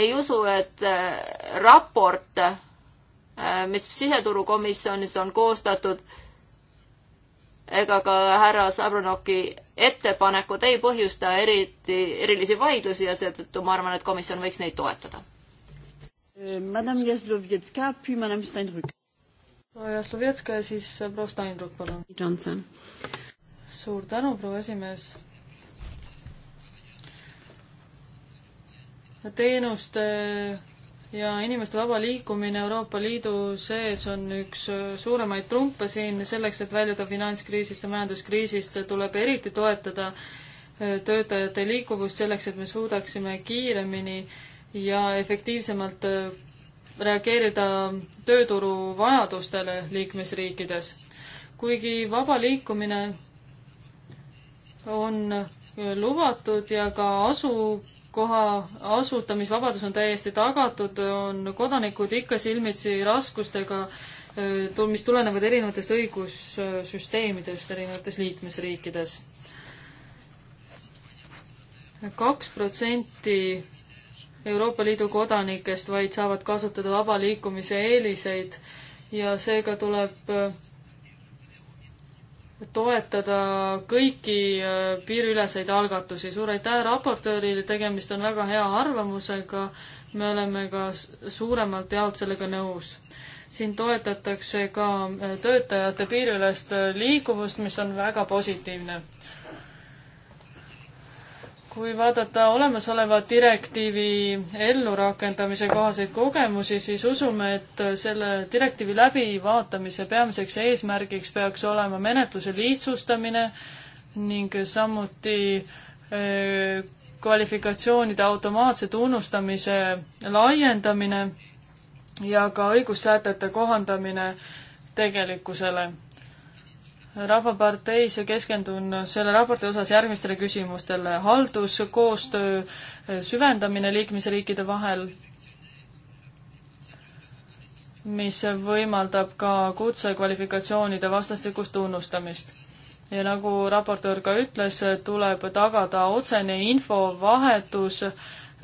ei usu, et äh, raport, äh, mis siseturukomisjonis on koostatud, ega ka härra Sabrunoki ettepanekud ei põhjusta eriti, erilisi vaidlusi ja seetõttu ma arvan, et komisjon võiks neid toetada Euh, madame Jaslowiecka, puis Madame Steinrück. Jaslowiecka ja siis äh, proua Steinrück, palun. Johnson. suur tänu, proua esimees. teenuste äh, ja inimeste vaba liikumine Euroopa Liidu sees on üks äh, suuremaid trumpe siin, selleks et väljuda finantskriisist ja majanduskriisist, tuleb eriti toetada töötajate liikuvust selleks, et me suudaksime kiiremini äh, ja efektiivsemalt äh, reageerida tööturu vajadustele liikmesriikides. kuigi vaba liikumine on äh, lubatud ja ka asukoha asutamisvabadus on täiesti tagatud, on kodanikud ikka silmitsi raskustega, äh, mis tulenevad erinevatest õigussüsteemidest erinevates liikmesriikides. kaks protsenti Euroopa Liidu kodanikest, vaid saavad kasutada vaba liikumise eeliseid ja seega tuleb äh, toetada kõiki äh, piiriüleseid algatusi. suur aitäh raportöörile, tegemist on väga hea arvamusega, me oleme ka suuremalt jaolt sellega nõus. siin toetatakse ka äh, töötajate piiriülest liikuvust, mis on väga positiivne kui vaadata olemasoleva direktiivi ellurakendamise kohaseid kogemusi, siis usume, et selle direktiivi läbivaatamise peamiseks eesmärgiks peaks olema menetluse lihtsustamine ning samuti äh, kvalifikatsioonide automaatse tunnustamise laiendamine ja ka õigussäätete kohandamine tegelikkusele rahvaparteis keskendun selle raporti osas järgmistele küsimustele. halduskoostöö eh, süvendamine liikmesriikide vahel, mis võimaldab ka kutsekvalifikatsioonide vastastikust tunnustamist. ja nagu raportöör ka ütles, tuleb tagada otsene infovahetus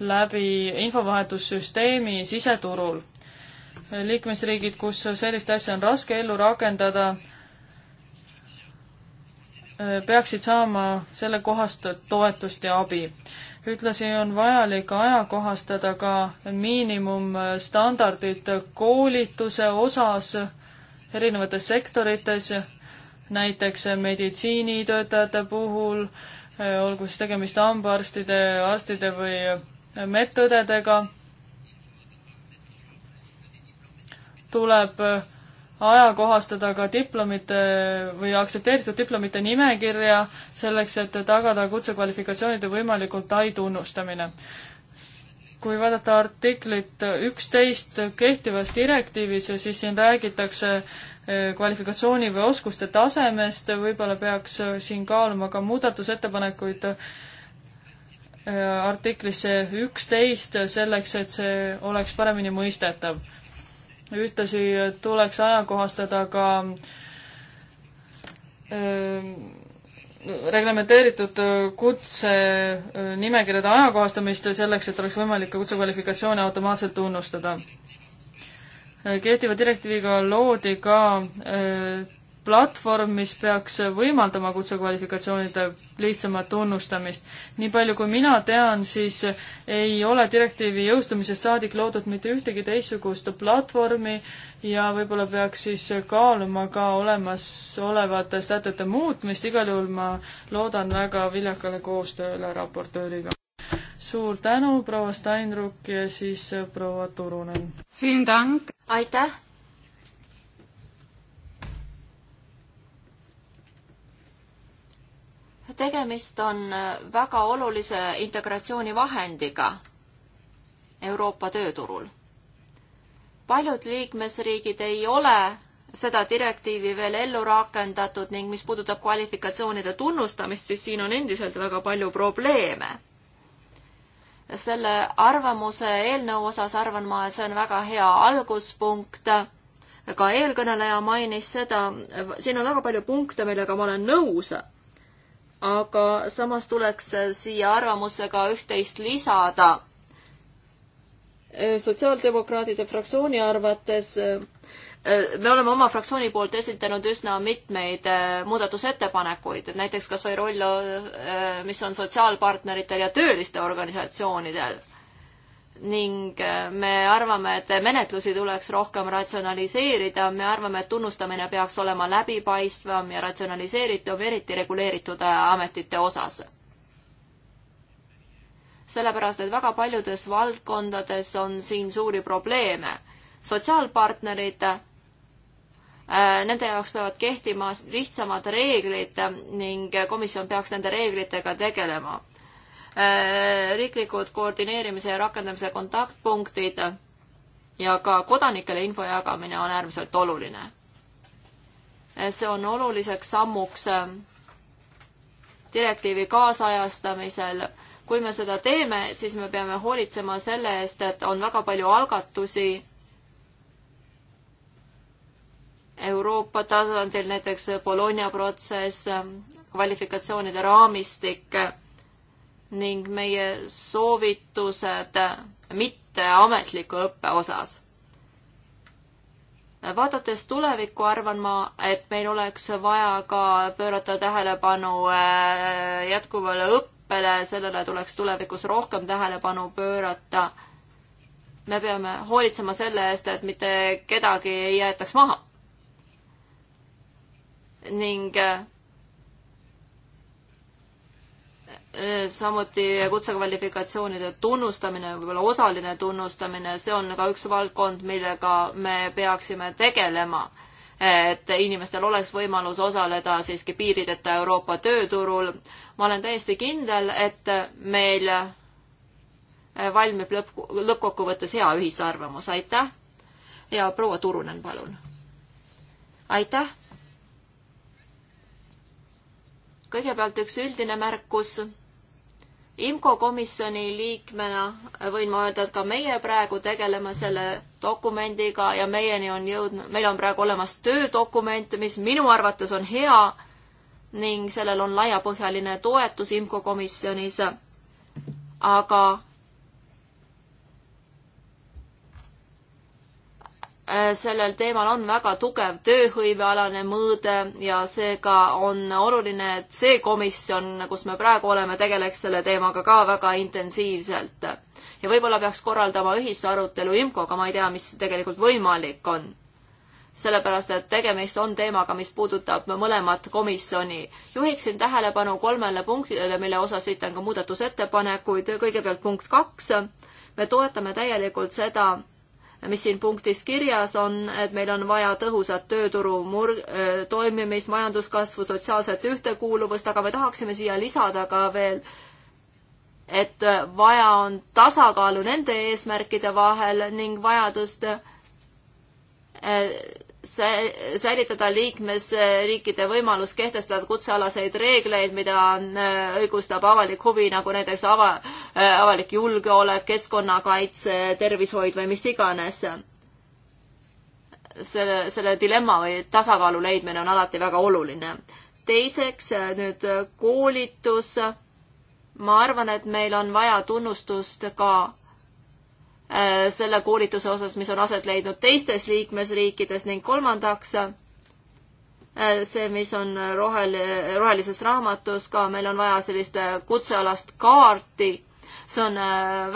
läbi infovahetussüsteemi siseturul. liikmesriigid, kus sellist asja on raske ellu rakendada, Äh, peaksid saama sellekohast toetust ja abi. ühtlasi on vajalik ajakohastada ka miinimumstandardid koolituse osas erinevates sektorites, näiteks meditsiinitöötajate puhul, äh, olgu siis tegemist hambaarstide, arstide või medõdedega, tuleb ajakohastada ka diplomite või aktsepteeritud diplomite nimekirja selleks, et tagada kutsekvalifikatsioonide võimalikult lai tunnustamine. kui vaadata artiklit üksteist kehtivas direktiivis, siis siin räägitakse eh, kvalifikatsiooni või oskuste tasemest, võib-olla peaks eh, siin kaaluma ka muudatusettepanekuid eh, artiklisse üksteist selleks, et see oleks paremini mõistetav ühtlasi tuleks ajakohastada ka ähm, äh, reglementeeritud kutsenimekirjade ajakohastamist selleks, et oleks võimalik ka kutsekvalifikatsioone automaatselt tunnustada. Äh, kehtiva direktiiviga loodi ka äh, platvorm, mis peaks võimaldama kutsekvalifikatsioonide lihtsamat tunnustamist. nii palju kui mina tean, siis ei ole direktiivi jõustumisest saadik loodud mitte ühtegi teistsugust platvormi ja võib-olla peaks siis kaaluma ka olemasolevate sätete muutmist, igal juhul ma loodan väga viljakale koostööle raportööriga. suur tänu, proua Steinruck ja siis proua Turunen. aitäh! tegemist on äh, väga olulise integratsioonivahendiga Euroopa tööturul. paljud liikmesriigid ei ole seda direktiivi veel ellu rakendatud ning mis puudutab kvalifikatsioonide tunnustamist, siis siin on endiselt väga palju probleeme. selle arvamuse eelnõu osas arvan ma, et see on väga hea alguspunkt. ka eelkõneleja mainis seda, siin on väga palju punkte, millega ma olen nõus aga samas tuleks siia arvamusega üht-teist lisada. sotsiaaldemokraatide fraktsiooni arvates me oleme oma fraktsiooni poolt esitanud üsna mitmeid äh, muudatusettepanekuid, et näiteks kas või roll, äh, mis on sotsiaalpartneritel ja tööliste organisatsioonidel ning äh, me arvame, et menetlusi tuleks rohkem ratsionaliseerida, me arvame, et tunnustamine peaks olema läbipaistvam ja ratsionaliseeritum, eriti reguleeritud äh, ametite osas. sellepärast, et väga paljudes valdkondades on siin suuri probleeme. sotsiaalpartnerid, äh, nende jaoks peavad kehtima lihtsamad reeglid ning komisjon peaks nende reeglitega tegelema Äh, riiklikud koordineerimise ja rakendamise kontaktpunktid ja ka kodanikele info jagamine on äärmiselt oluline. Äh, see on oluliseks sammuks äh, direktiivi kaasajastamisel. kui me seda teeme, siis me peame hoolitsema selle eest, et on väga palju algatusi Euroopa tasandil, näiteks Bologna protsess, kvalifikatsioonide raamistik ning meie soovitused mitteametliku õppe osas. vaadates tulevikku, arvan ma, et meil oleks vaja ka pöörata tähelepanu äh, jätkuvale õppele, sellele tuleks tulevikus rohkem tähelepanu pöörata. me peame hoolitsema selle eest, et mitte kedagi ei jäetaks maha. ning äh, Äh, samuti kutsekvalifikatsioonide tunnustamine, võib-olla osaline tunnustamine, see on ka üks valdkond, millega me peaksime tegelema. et inimestel oleks võimalus osaleda siiski piirideta Euroopa tööturul. ma olen täiesti kindel, et meil valmib lõpp, lõppkokkuvõttes hea ühisarvamus, aitäh. ja proua Turunen, palun. aitäh. kõigepealt üks üldine märkus IMCO komisjoni liikmena võin ma öelda, et ka meie praegu tegeleme selle dokumendiga ja meieni on jõudnud, meil on praegu olemas töödokument, mis minu arvates on hea ning sellel on laiapõhjaline toetus IMCO komisjonis. aga Äh, sellel teemal on väga tugev tööhõivealane mõõde ja seega on oluline, et see komisjon, kus me praegu oleme, tegeleks selle teemaga ka väga intensiivselt. ja võib-olla peaks korraldama ühisarutelu IMCO-ga, ma ei tea, mis tegelikult võimalik on sellepärast et tegemist on teemaga, mis puudutab mõlemat komisjoni. juhiksin tähelepanu kolmele punktile, mille osas esitan ka muudatusettepanekuid. kõigepealt punkt kaks. me toetame täielikult seda, mis siin punktis kirjas on, et meil on vaja tõhusat tööturu mur-, äh, toimimist, majanduskasvu, sotsiaalset ühtekuuluvust, aga me tahaksime siia lisada ka veel et äh, vaja on tasakaalu nende eesmärkide vahel ning vajadust äh, säilitada liikmesriikide võimalus kehtestada kutsealaseid reegleid, mida on, äh, õigustab avalik huvi, nagu näiteks ava, äh, avalik julgeolek, keskkonnakaitse, tervishoid või mis iganes. selle, selle dilemma või tasakaalu leidmine on alati väga oluline. teiseks äh, nüüd koolitus. ma arvan, et meil on vaja tunnustust ka Äh, selle koolituse osas, mis on aset leidnud teistes liikmesriikides ning kolmandaks äh, see, mis on rohel-, rohelises raamatus ka, meil on vaja sellist äh, kutsealast kaarti. see on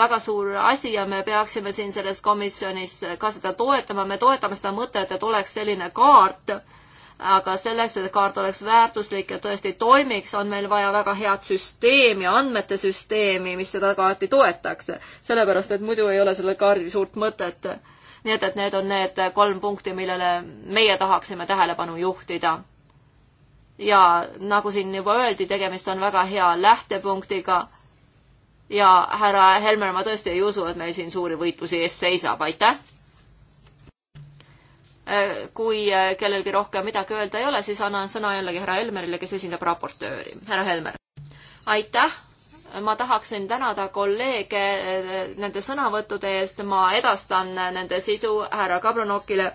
väga suur asi ja me peaksime siin selles komisjonis ka seda toetama, me toetame seda mõtet, et oleks selline kaart aga selleks, et kaart oleks väärtuslik ja tõesti toimiks, on meil vaja väga head süsteemi, andmete süsteemi, mis seda kaarti toetaks. sellepärast, et muidu ei ole sellel kaardil suurt mõtet. nii et, et need on need kolm punkti, millele meie tahaksime tähelepanu juhtida. ja nagu siin juba öeldi, tegemist on väga hea lähtepunktiga ja härra Helmer, ma tõesti ei usu, et meil siin suuri võitlusi ees seisab, aitäh! Äh, kui äh, kellelgi rohkem midagi öelda ei ole, siis annan sõna jällegi härra Helmerile, kes esindab raportööri. härra Helmer. aitäh, ma tahaksin tänada kolleege äh, nende sõnavõttude eest, ma edastan nende sisu härra Kabronokile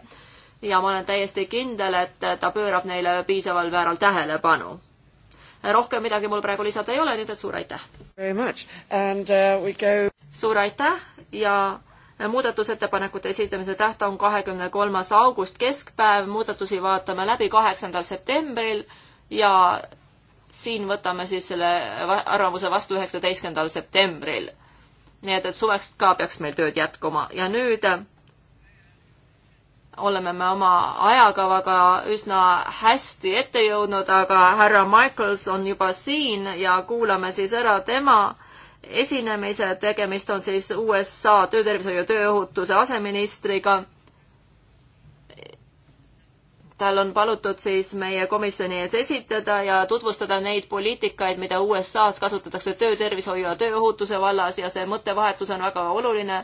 ja ma olen täiesti kindel, et ta pöörab neile piisaval määral tähelepanu rohkem midagi mul praegu lisada ei ole, nii et suur aitäh! Uh, go... suur aitäh ja muudatusettepanekute esitamise tähtaeg on kahekümne kolmas august keskpäev, muudatusi vaatame läbi kaheksandal septembril ja siin võtame siis selle arvamuse vastu üheksateistkümnendal septembril. nii et, et suveks ka peaks meil tööd jätkuma ja nüüd oleme me oma ajakavaga üsna hästi ette jõudnud, aga härra Michaels on juba siin ja kuulame siis ära tema äh, esinemise, tegemist on siis USA töötervishoiu ja tööohutuse aseministriga. tal on palutud siis meie komisjoni ees esitada ja tutvustada neid poliitikaid, mida USA-s kasutatakse töötervishoiu ja tööohutuse vallas ja see mõttevahetus on väga oluline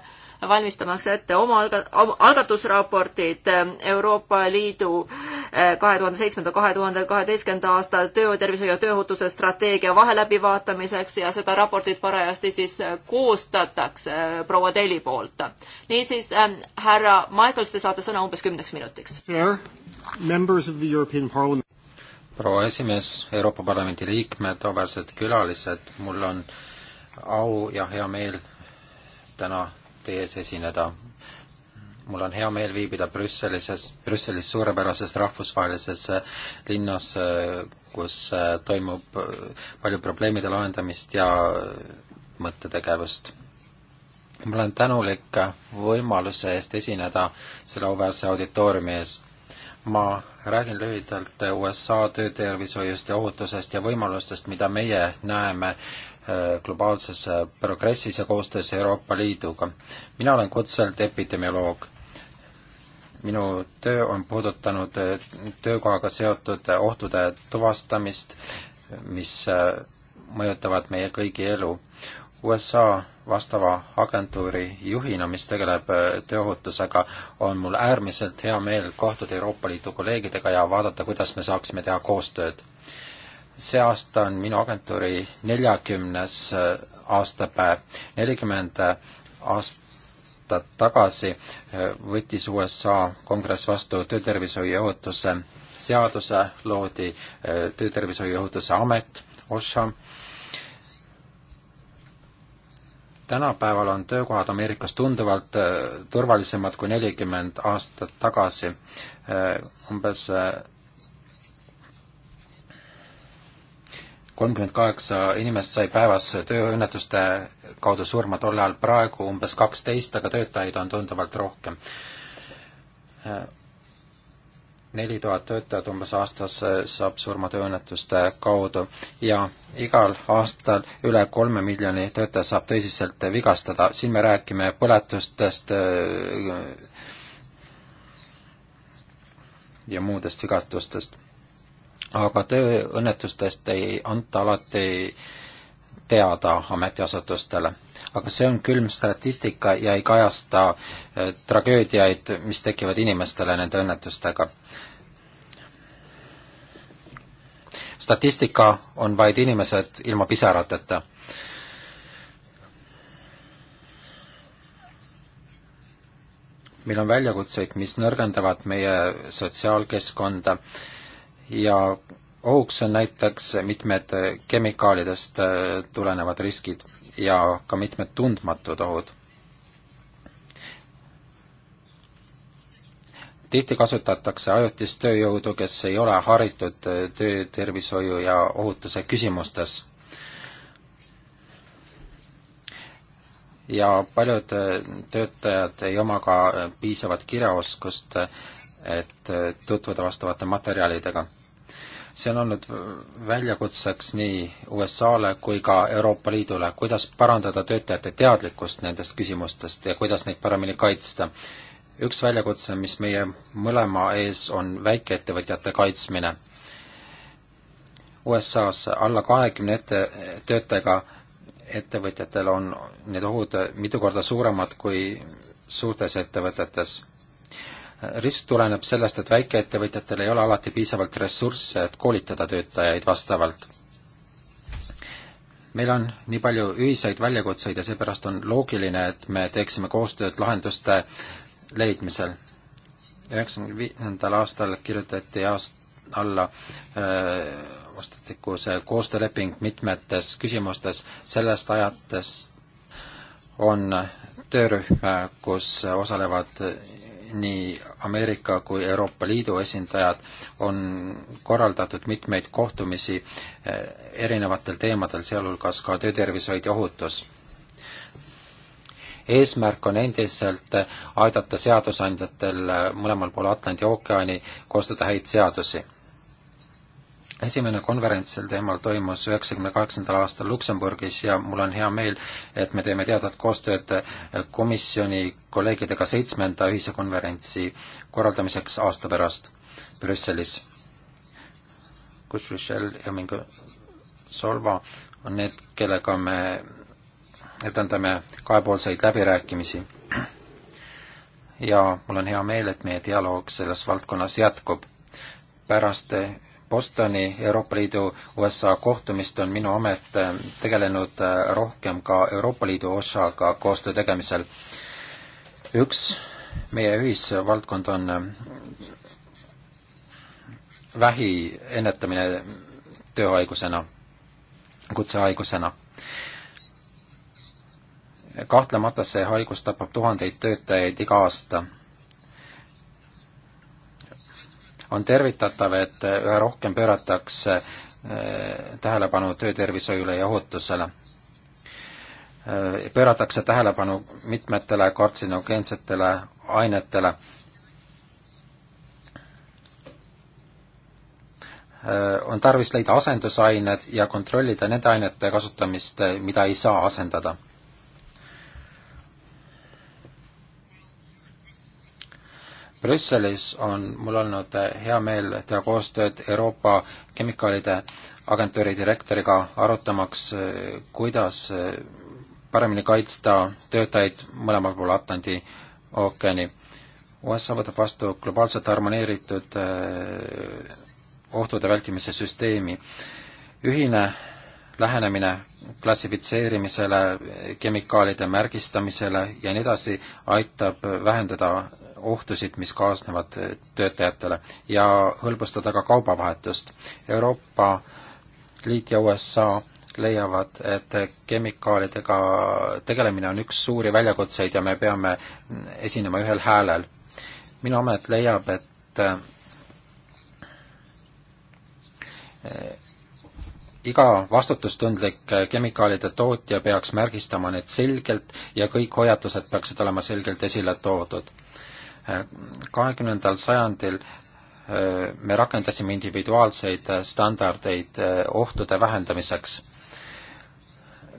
valmistamaks ette oma alga-, algatusraportid ähm, Euroopa Liidu äh, kahe tuhande seitsmenda, kahe tuhande kaheteistkümnenda aasta töötervishoiu ja tööohutuse strateegia vaheläbivaatamiseks ja seda raportit parajasti siis äh, koostatakse äh, proua Teli poolt. niisiis äh,, härra Michaels, te saate sõna umbes kümneks minutiks. proua esimees, Euroopa Parlamendi liikmed, auväärsed külalised, mul on au ja hea meel täna teie ees esineda. mul on hea meel viibida Brüsselises, Brüsselis suurepärases rahvusvahelises äh, linnas, äh, kus äh, toimub palju probleemide lahendamist ja mõttetegevust. ma olen tänulik võimaluse eest esineda selle auväärse auditooriumi ees. ma räägin lühidalt USA töötervishoiust ja ohutusest ja võimalustest, mida meie näeme äh, Äh, globaalses äh, progressis ja koostöös Euroopa Liiduga. mina olen kutselt epidemioloog. minu töö on puudutanud äh, töökohaga seotud ohtude tuvastamist, mis mõjutavad meie kõigi elu. USA vastava agentuuri juhina, mis tegeleb tööohutusega, on mul äärmiselt hea meel kohtuda Euroopa Liidu kolleegidega ja vaadata, kuidas me saaksime teha koostööd see aasta on minu agentuuri neljakümnes äh, aastapäev. nelikümmend äh, aastat tagasi äh, võttis USA kongress vastu töötervishoiu ja ohutuse seaduse, loodi Töötervishoiu ja ohutuse amet, OSHA. tänapäeval on töökohad Ameerikas tunduvalt turvalisemad kui nelikümmend aastat tagasi. umbes kolmkümmend kaheksa inimest sai päevas tööõnnetuste kaudu surma, tol ajal praegu umbes kaksteist, aga töötajaid on tunduvalt rohkem. neli tuhat töötajat umbes aastas äh, saab surma tööõnnetuste kaudu ja igal aastal üle kolme miljoni töötaja saab tõsiselt vigastada, siin me räägime põletustest, äh, ja muudest vigastustest aga tööõnnetustest ei anta alati teada ametiasutustele. aga see on külm statistika ja ei kajasta äh, tragöödiaid, mis tekivad inimestele nende õnnetustega. statistika on vaid inimesed ilma pisarateta meil on väljakutseid, mis nõrgendavad meie sotsiaalkeskkonda ja ohuks on näiteks mitmed kemikaalidest äh, tulenevad riskid ja ka mitmed tundmatud ohud tihti kasutatakse ajutist tööjõudu, kes ei ole haritud äh, töö, tervishoiu ja ohutuse küsimustes. ja paljud äh, töötajad ei oma ka piisavat kirjaoskust, et tutvuda vastavate materjalidega see on olnud väljakutseks nii USA-le kui ka Euroopa Liidule, kuidas parandada töötajate teadlikkust nendest küsimustest ja kuidas neid paremini kaitsta. üks väljakutse, mis meie mõlema ees on väikeettevõtjate kaitsmine. USA-s alla kahekümne ette, töötajaga ettevõtjatel on need ohud mitu korda suuremad kui suurtes ettevõtetes risk tuleneb sellest, et väikeettevõtjatel ei ole alati piisavalt ressursse, et koolitada töötajaid vastavalt. meil on nii palju ühiseid väljakutseid ja seepärast on loogiline, et me teeksime koostööd lahenduste leidmisel. üheksakümne viiendal aastal kirjutati aast-, alla äh, vastastikuse koostööleping mitmetes küsimustes, sellest ajatest on töörühm, kus osalevad nii Ameerika kui Euroopa Liidu esindajad on korraldatud mitmeid kohtumisi eh, erinevatel teemadel, sealhulgas ka töötervishoid ja ohutus. eesmärk on endiselt eh, aidata seadusandjatel eh, mõlemal pool Atlandi ookeani koostada häid seadusi esimene konverents sel teemal toimus üheksakümne kaheksandal aastal Luksemburgis ja mul on hea meel, et me teeme teadvat koostööd komisjoni kolleegidega seitsmenda ühise konverentsi korraldamiseks aasta pärast Brüsselis, kus Michel ja mingi Solva on need, kellega me edendame kahepoolseid läbirääkimisi. ja mul on hea meel, et meie dialoog selles valdkonnas jätkub pärast Bostoni Euroopa Liidu USA kohtumist on minu amet äh, tegelenud äh, rohkem ka Euroopa Liidu osaga koostöö tegemisel. üks meie ühisvaldkond on äh, vähi ennetamine tööhaigusena, kutsehaigusena. kahtlemata see haigus tapab tuhandeid töötajaid iga aasta on tervitatav, et üha rohkem pööratakse eh, tähelepanu töötervishoiule ja ohutusele. Eh, pööratakse tähelepanu mitmetele kartsinogeensetele ainetele. Eh, on tarvis leida asendusained ja kontrollida nende ainete kasutamist, mida ei saa asendada Brüsselis on mul olnud äh, hea meel teha koostööd Euroopa Kemikaalide Agentuuri direktoriga, arutamaks, äh, kuidas äh, paremini kaitsta töötajaid mõlemal pool Atlandi ookeani. USA võtab vastu globaalselt harmoneeritud ohtude vältimise süsteemi. ühine lähenemine klassifitseerimisele, kemikaalide märgistamisele ja nii edasi aitab vähendada ohtusid, mis kaasnevad töötajatele ja hõlbustada ka kaubavahetust. Euroopa Liit ja USA leiavad, et kemikaalidega tegelemine on üks suuri väljakutseid ja me peame esinema ühel häälel. minu amet leiab, et eh, iga vastutustundlik kemikaalide tootja peaks märgistama need selgelt ja kõik hoiatused peaksid olema selgelt esile toodud kahekümnendal sajandil eh, me rakendasime individuaalseid standardeid eh, ohtude vähendamiseks.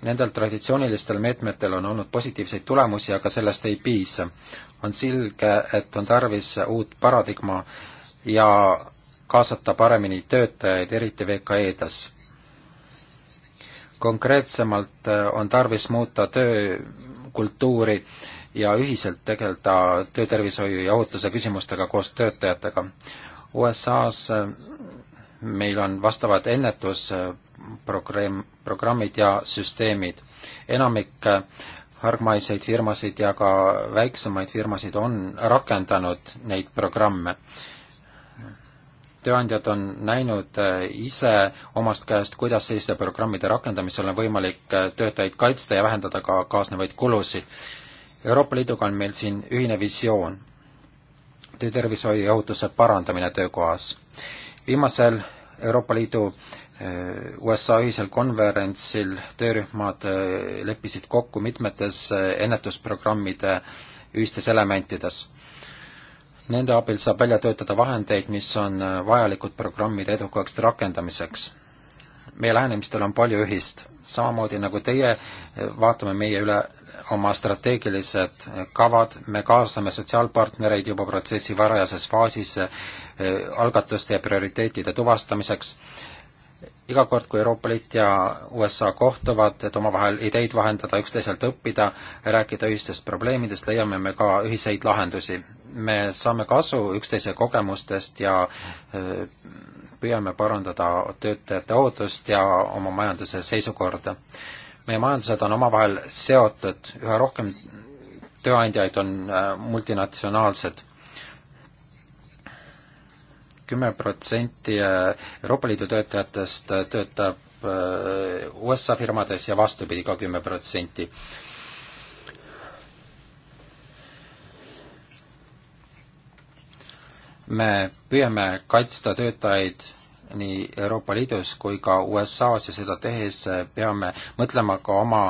Nendel traditsioonilistel meetmetel on olnud positiivseid tulemusi, aga sellest ei piisa. on selge, et on tarvis uut paradigma ja kaasata paremini töötajaid, eriti VKE-des. konkreetsemalt eh, on tarvis muuta töökultuuri äh, ja ühiselt tegeleda töötervishoiu ja ohutuse küsimustega koos töötajatega. USA-s äh, meil on vastavad ennetusprogramm, programmid ja süsteemid. enamik äh, hargmaiseid firmasid ja ka väiksemaid firmasid on rakendanud neid programme. tööandjad on näinud äh, ise omast käest, kuidas selliste programmide rakendamisel on võimalik töötajaid kaitsta ja vähendada ka kaasnevaid kulusid Euroopa Liiduga on meil siin ühine visioon, töötervishoiu ja ohutuse parandamine töökohas. viimasel Euroopa Liidu eh, USA ühisel konverentsil töörühmad eh, leppisid kokku mitmetes eh, ennetusprogrammide ühistes elementides. Nende abil saab välja töötada vahendeid, mis on vajalikud programmide edukaks rakendamiseks. meie lähenemistel on palju ühist, samamoodi nagu teie, vaatame meie üle oma strateegilised kavad, me kaasame sotsiaalpartnereid juba protsessi varajases faasis eh, algatuste ja prioriteetide tuvastamiseks. iga kord, kui Euroopa Liit ja USA kohtuvad, et omavahel ideid vahendada, üksteiselt õppida, rääkida ühistest probleemidest, leiame me ka ühiseid lahendusi. me saame kasu üksteise kogemustest ja eh, püüame parandada töötajate ootust ja oma majanduse seisukorda meie majandused on omavahel seotud, üha rohkem tööandjaid on äh, multinatsionaalsed. kümme protsenti äh, Euroopa Liidu töötajatest äh, töötab USA firmades ja vastupidi ka kümme protsenti. me püüame kaitsta töötajaid nii Euroopa Liidus kui ka USA-s ja seda tehes peame mõtlema ka oma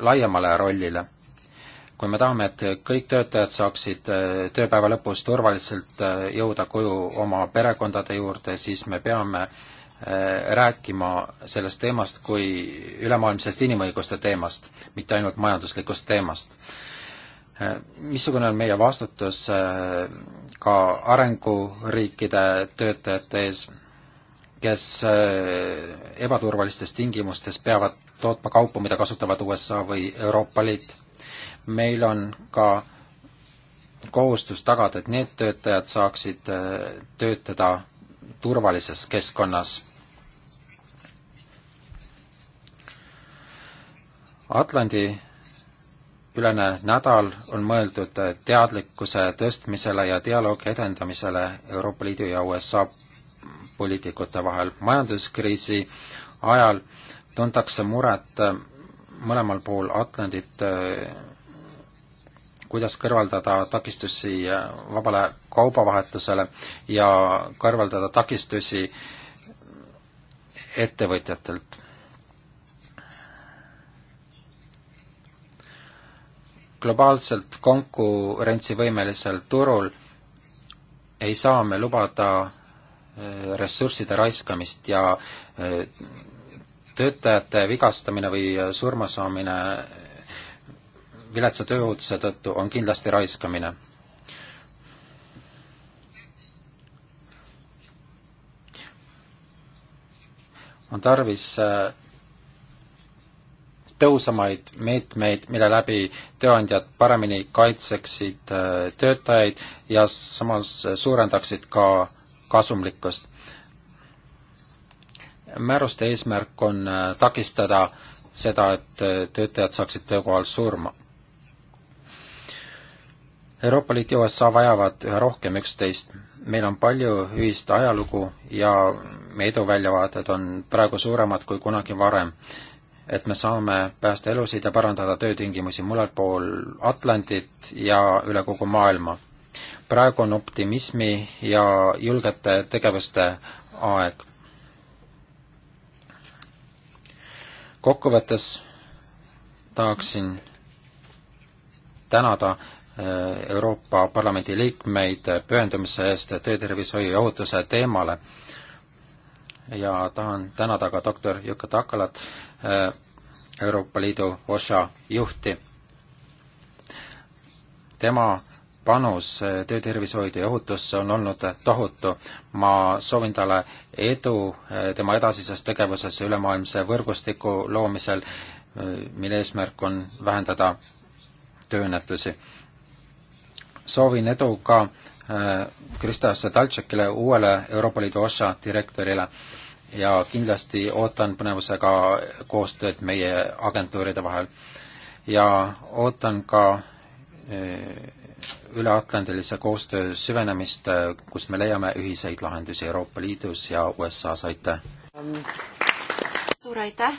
laiemale rollile. kui me tahame, et kõik töötajad saaksid äh, tööpäeva lõpus turvaliselt äh, jõuda koju oma perekondade juurde, siis me peame äh, rääkima sellest teemast kui ülemaailmsest inimõiguste teemast, mitte ainult majanduslikust teemast. missugune on meie vastutus ka arenguriikide töötajate ees, kes äh, ebaturvalistes tingimustes peavad tootma kaupu, mida kasutavad USA või Euroopa Liit. meil on ka kohustus tagada, et need töötajad saaksid äh, töötada turvalises keskkonnas Atlandi ülene nädal on mõeldud teadlikkuse tõstmisele ja dialoogi edendamisele Euroopa Liidu ja USA poliitikute vahel. majanduskriisi ajal tuntakse muret mõlemal pool Atlandit, kuidas kõrvaldada takistusi vabale kaubavahetusele ja kõrvaldada takistusi ettevõtjatelt. globaalselt konkurentsivõimelisel turul ei saa me lubada ressursside raiskamist ja äh, töötajate vigastamine või surmasaamine viletsa tööohutuse tõttu on kindlasti raiskamine. on tarvis äh, tõhusamaid meetmeid, mille läbi tööandjad paremini kaitseksid äh, töötajaid ja samas suurendaksid ka kasumlikkust. määruste eesmärk on äh, takistada seda, et äh, töötajad saaksid töökohal surma. Euroopa Liit ja USA vajavad üha rohkem üksteist. meil on palju ühist ajalugu ja meie eduväljavaated on praegu suuremad kui kunagi varem. et me saame päästa elusid ja parandada töötingimusi mõnel pool Atlandit ja üle kogu maailma praegu on optimismi ja julgete tegevuste aeg. kokkuvõttes tahaksin tänada äh, Euroopa Parlamendi liikmeid pühendumise eest töötervishoiu ja ohutuse teemale ja tahan tänada ka doktor Jukka Takalat, äh, Euroopa Liidu OSHA juhti. tema panus eh, töötervishoidu ja ohutusse on olnud eh, tohutu. ma soovin talle edu eh, tema edasises tegevuses ülemaailmse võrgustiku loomisel, mille eesmärk on vähendada tööõnnetusi. soovin edu ka Krista Sedaltšekile, uuele Euroopa Liidu OSHA direktorile ja kindlasti ootan põnevusega koostööd meie agentuuride vahel. ja ootan ka üleatlandilise koostöö süvenemist, kus me leiame ühiseid lahendusi Euroopa Liidus ja USA-s, aitäh! suur aitäh!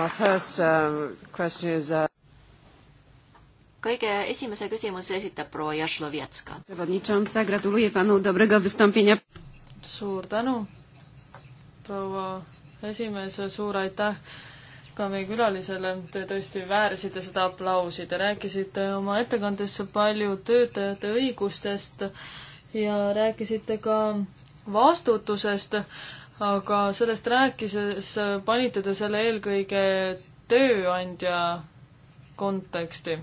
Our first um, question is uh... Kõige esimese küsimuse esitab proua Jašlovetska. suur tänu, proua esimees, suur aitäh ka meie külalisele, te tõesti väärisite seda aplausi, te rääkisite oma ettekandes palju töötajate õigustest ja rääkisite ka vastutusest, aga sellest rääkides panite te selle eelkõige tööandja konteksti.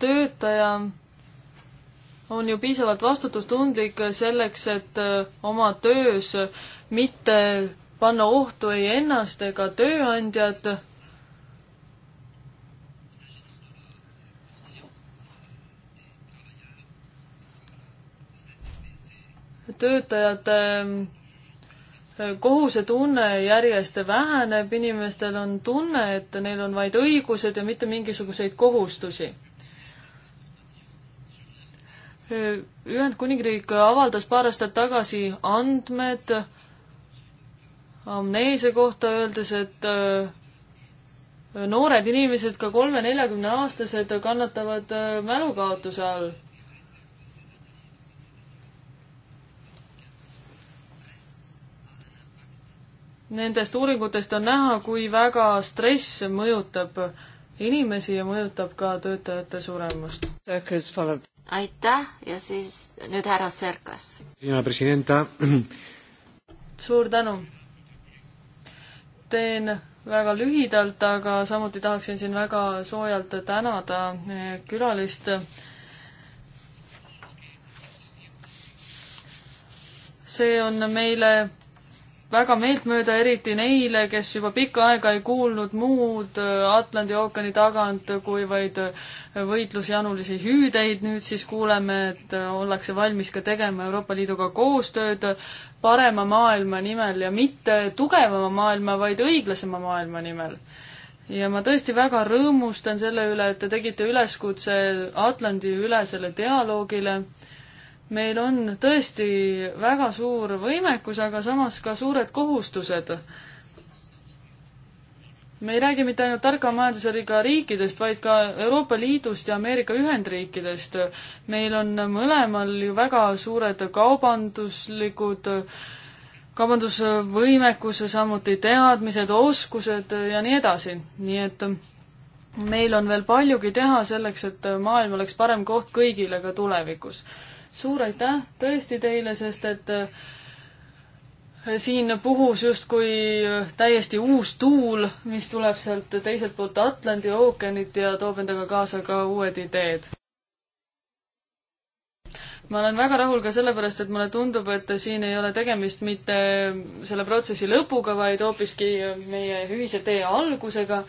töötaja on ju piisavalt vastutustundlik selleks, et äh, oma töös mitte panna ohtu ei ennast ega tööandjad. töötajate äh, kohusetunne järjest väheneb, inimestel on tunne, et neil on vaid õigused ja mitte mingisuguseid kohustusi Ühendkuningriik avaldas paar aastat tagasi andmed amneesia kohta, öeldes, et äh, noored inimesed, ka kolme-neljakümne aastased, kannatavad äh, mälukaotuse all. Nendest uuringutest on näha, kui väga stress mõjutab inimesi ja mõjutab ka töötajate suremust aitäh ja siis nüüd härra Serkas. suur tänu. teen väga lühidalt, aga samuti tahaksin siin väga soojalt tänada eh, külalist. see on meile väga meeltmööda, eriti neile, kes juba pikka aega ei kuulnud muud äh, Atlandi ookeani tagant kui vaid äh, võitlusjanulisi hüüdeid, nüüd siis kuuleme, et äh, ollakse valmis ka tegema Euroopa Liiduga koostööd parema maailma nimel ja mitte tugevama maailma, vaid õiglasema maailma nimel ja ma tõesti väga rõõmustan selle üle, et te tegite üleskutse Atlandi-ülesele dialoogile äh, meil on tõesti väga suur võimekus, aga samas ka suured kohustused. me ei räägi mitte ainult targa majandusega riikidest, vaid ka Euroopa Liidust ja Ameerika Ühendriikidest. meil on mõlemal ju väga suured kaubanduslikud kaubandusvõimekus, samuti teadmised, oskused ja nii edasi, nii et meil on veel paljugi teha selleks, et maailm oleks parem koht kõigile ka tulevikus suur aitäh tõesti teile, sest et eh, siin puhus justkui eh, täiesti uus tuul, mis tuleb sealt teiselt poolt Atlandi ookeanit ja toob endaga kaasa ka uued ideed. ma olen väga rahul ka sellepärast, et mulle tundub, et siin ei ole tegemist mitte selle protsessi lõpuga, vaid hoopiski meie ühise tee algusega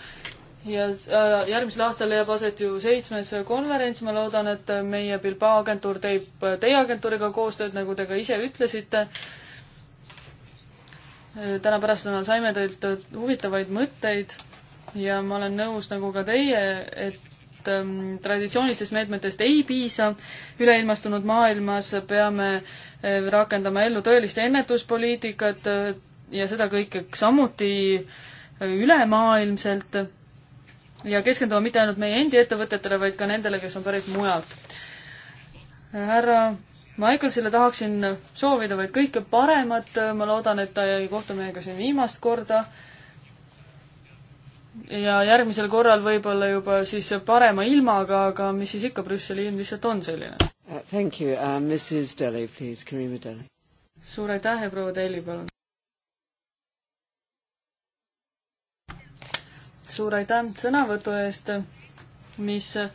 ja äh, järgmisel aastal leiab aset ju seitsmes konverents, ma loodan, et meie Bilbao agentuur teeb äh, teie agentuuriga koostööd, nagu te ka ise ütlesite. Äh, täna pärastlõunal saime teilt huvitavaid mõtteid ja ma olen nõus nagu ka teie, et ähm, traditsioonilistest meetmetest ei piisa. üleilmastunud maailmas peame rakendama ellu tõelist ennetuspoliitikat ja seda kõike samuti ülemaailmselt ja keskenduma mitte ainult meie endi ettevõtetele, vaid ka nendele, kes on pärit mujalt. härra Michaelsile tahaksin soovida vaid kõike paremat, ma loodan, et ta ei kohtu meiega siin viimast korda. ja järgmisel korral võib-olla juba siis parema ilmaga, aga mis siis ikka, Brüsseli ilm lihtsalt on selline uh,. Thank you uh,, Mrs Deli, please, Karima Deli. suur aitäh ja proua Deli, palun. suur aitäh sõnavõtu eest, mis äh,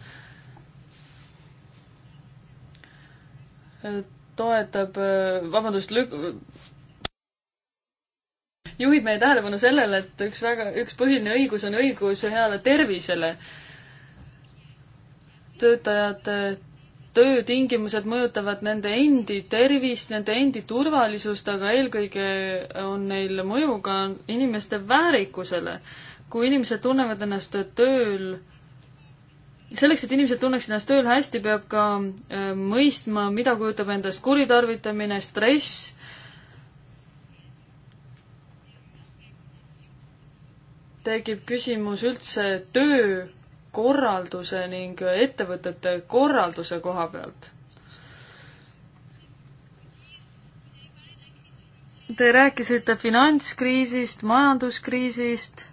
toetab, äh, vabandust, lük-, juhib meie tähelepanu sellele, et üks väga, üks põhiline õigus on õigus heale tervisele. töötajate töötingimused mõjutavad nende endi tervist, nende endi turvalisust, aga eelkõige on neil mõju ka inimeste väärikusele kui inimesed tunnevad ennast tööl, selleks, et inimesed tunneksid ennast tööl hästi, peab ka äh, mõistma, mida kujutab endast kuritarvitamine, stress tekib küsimus üldse töökorralduse ning ettevõtete korralduse koha pealt. Te rääkisite finantskriisist, majanduskriisist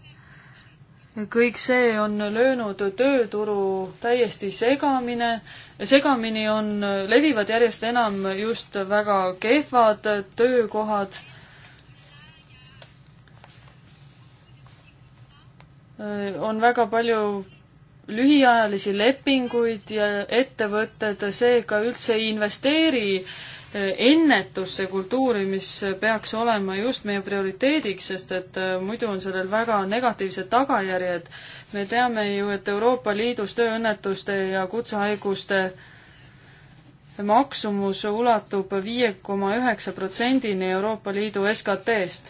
kõik see on löönud tööturu täiesti segamine, segamini on, levivad järjest enam just väga kehvad töökohad. on väga palju lühiajalisi lepinguid ja ettevõtted seega üldse ei investeeri äh, Äh, ennetusse kultuuri, mis peaks olema just meie prioriteediks, sest et äh, muidu on sellel väga negatiivsed tagajärjed. me teame ju, et Euroopa Liidus tööõnnetuste ja kutsehaiguste maksumus ulatub viie koma üheksa protsendini Euroopa Liidu SKT-st.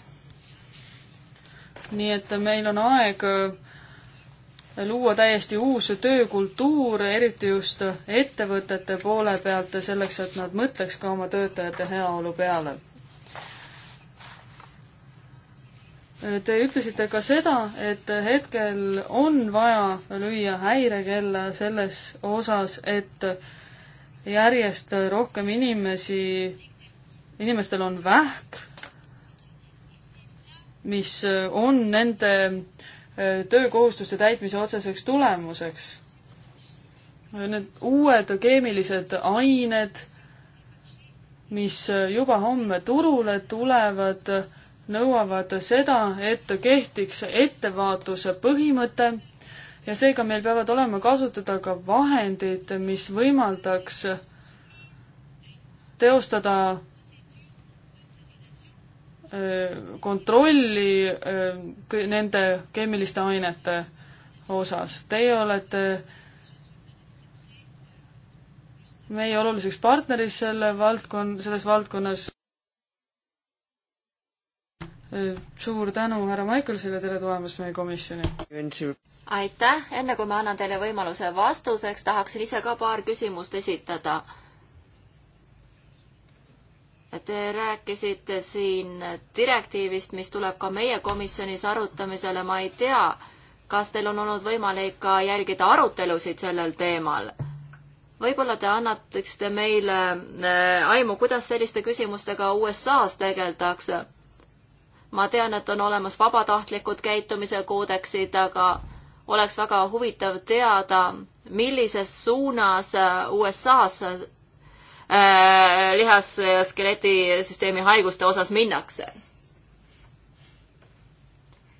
nii et meil on aeg äh, luua täiesti uus töökultuur, eriti just ettevõtete poole pealt ja selleks, et nad mõtleks ka oma töötajate heaolu peale. Te ütlesite ka seda, et hetkel on vaja lüüa häirekella selles osas, et järjest rohkem inimesi, inimestel on vähk, mis on nende töökohustuste täitmise otseseks tulemuseks. Need uued keemilised ained, mis juba homme turule tulevad, nõuavad seda, et kehtiks ettevaatuse põhimõte ja seega meil peavad olema kasutada ka vahendid, mis võimaldaks teostada kontrolli nende keemiliste ainete osas. Teie olete meie oluliseks partneriks selle valdkon-, selles valdkonnas. suur tänu härra Maikelsile, tere tulemast meie komisjoni! aitäh, enne kui ma annan teile võimaluse vastuseks, tahaksin ise ka paar küsimust esitada Te rääkisite siin direktiivist, mis tuleb ka meie komisjonis arutamisele, ma ei tea, kas teil on olnud võimalik ka jälgida arutelusid sellel teemal? võib-olla te annaksite meile äh, aimu, kuidas selliste küsimustega USA-s tegeldakse? ma tean, et on olemas vabatahtlikud käitumise koodeksid, aga oleks väga huvitav teada, millises suunas äh, USA-s Äh, lihas- ja skeletisüsteemi haiguste osas minnakse.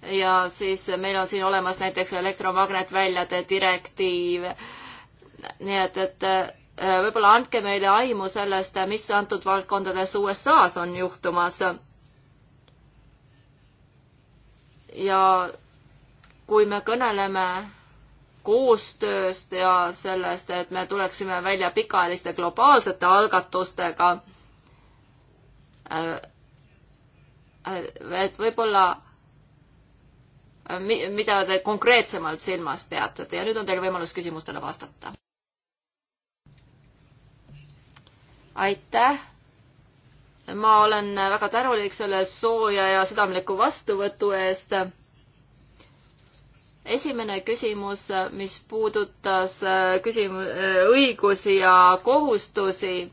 ja siis meil on siin olemas näiteks elektromagnetväljade direktiiv. nii et, et äh, võib-olla andke meile aimu sellest, mis antud valdkondades USA-s on juhtumas. ja kui me kõneleme koostööst ja sellest, et me tuleksime välja pikaajaliste globaalsete algatustega. Äh, äh, et võib-olla, äh, mida te konkreetsemalt silmas peate ja nüüd on teil võimalus küsimustele vastata. aitäh ma olen väga tänulik selle sooja ja südamliku vastuvõtu eest esimene küsimus, mis puudutas äh, küsimus, äh, õigusi ja kohustusi.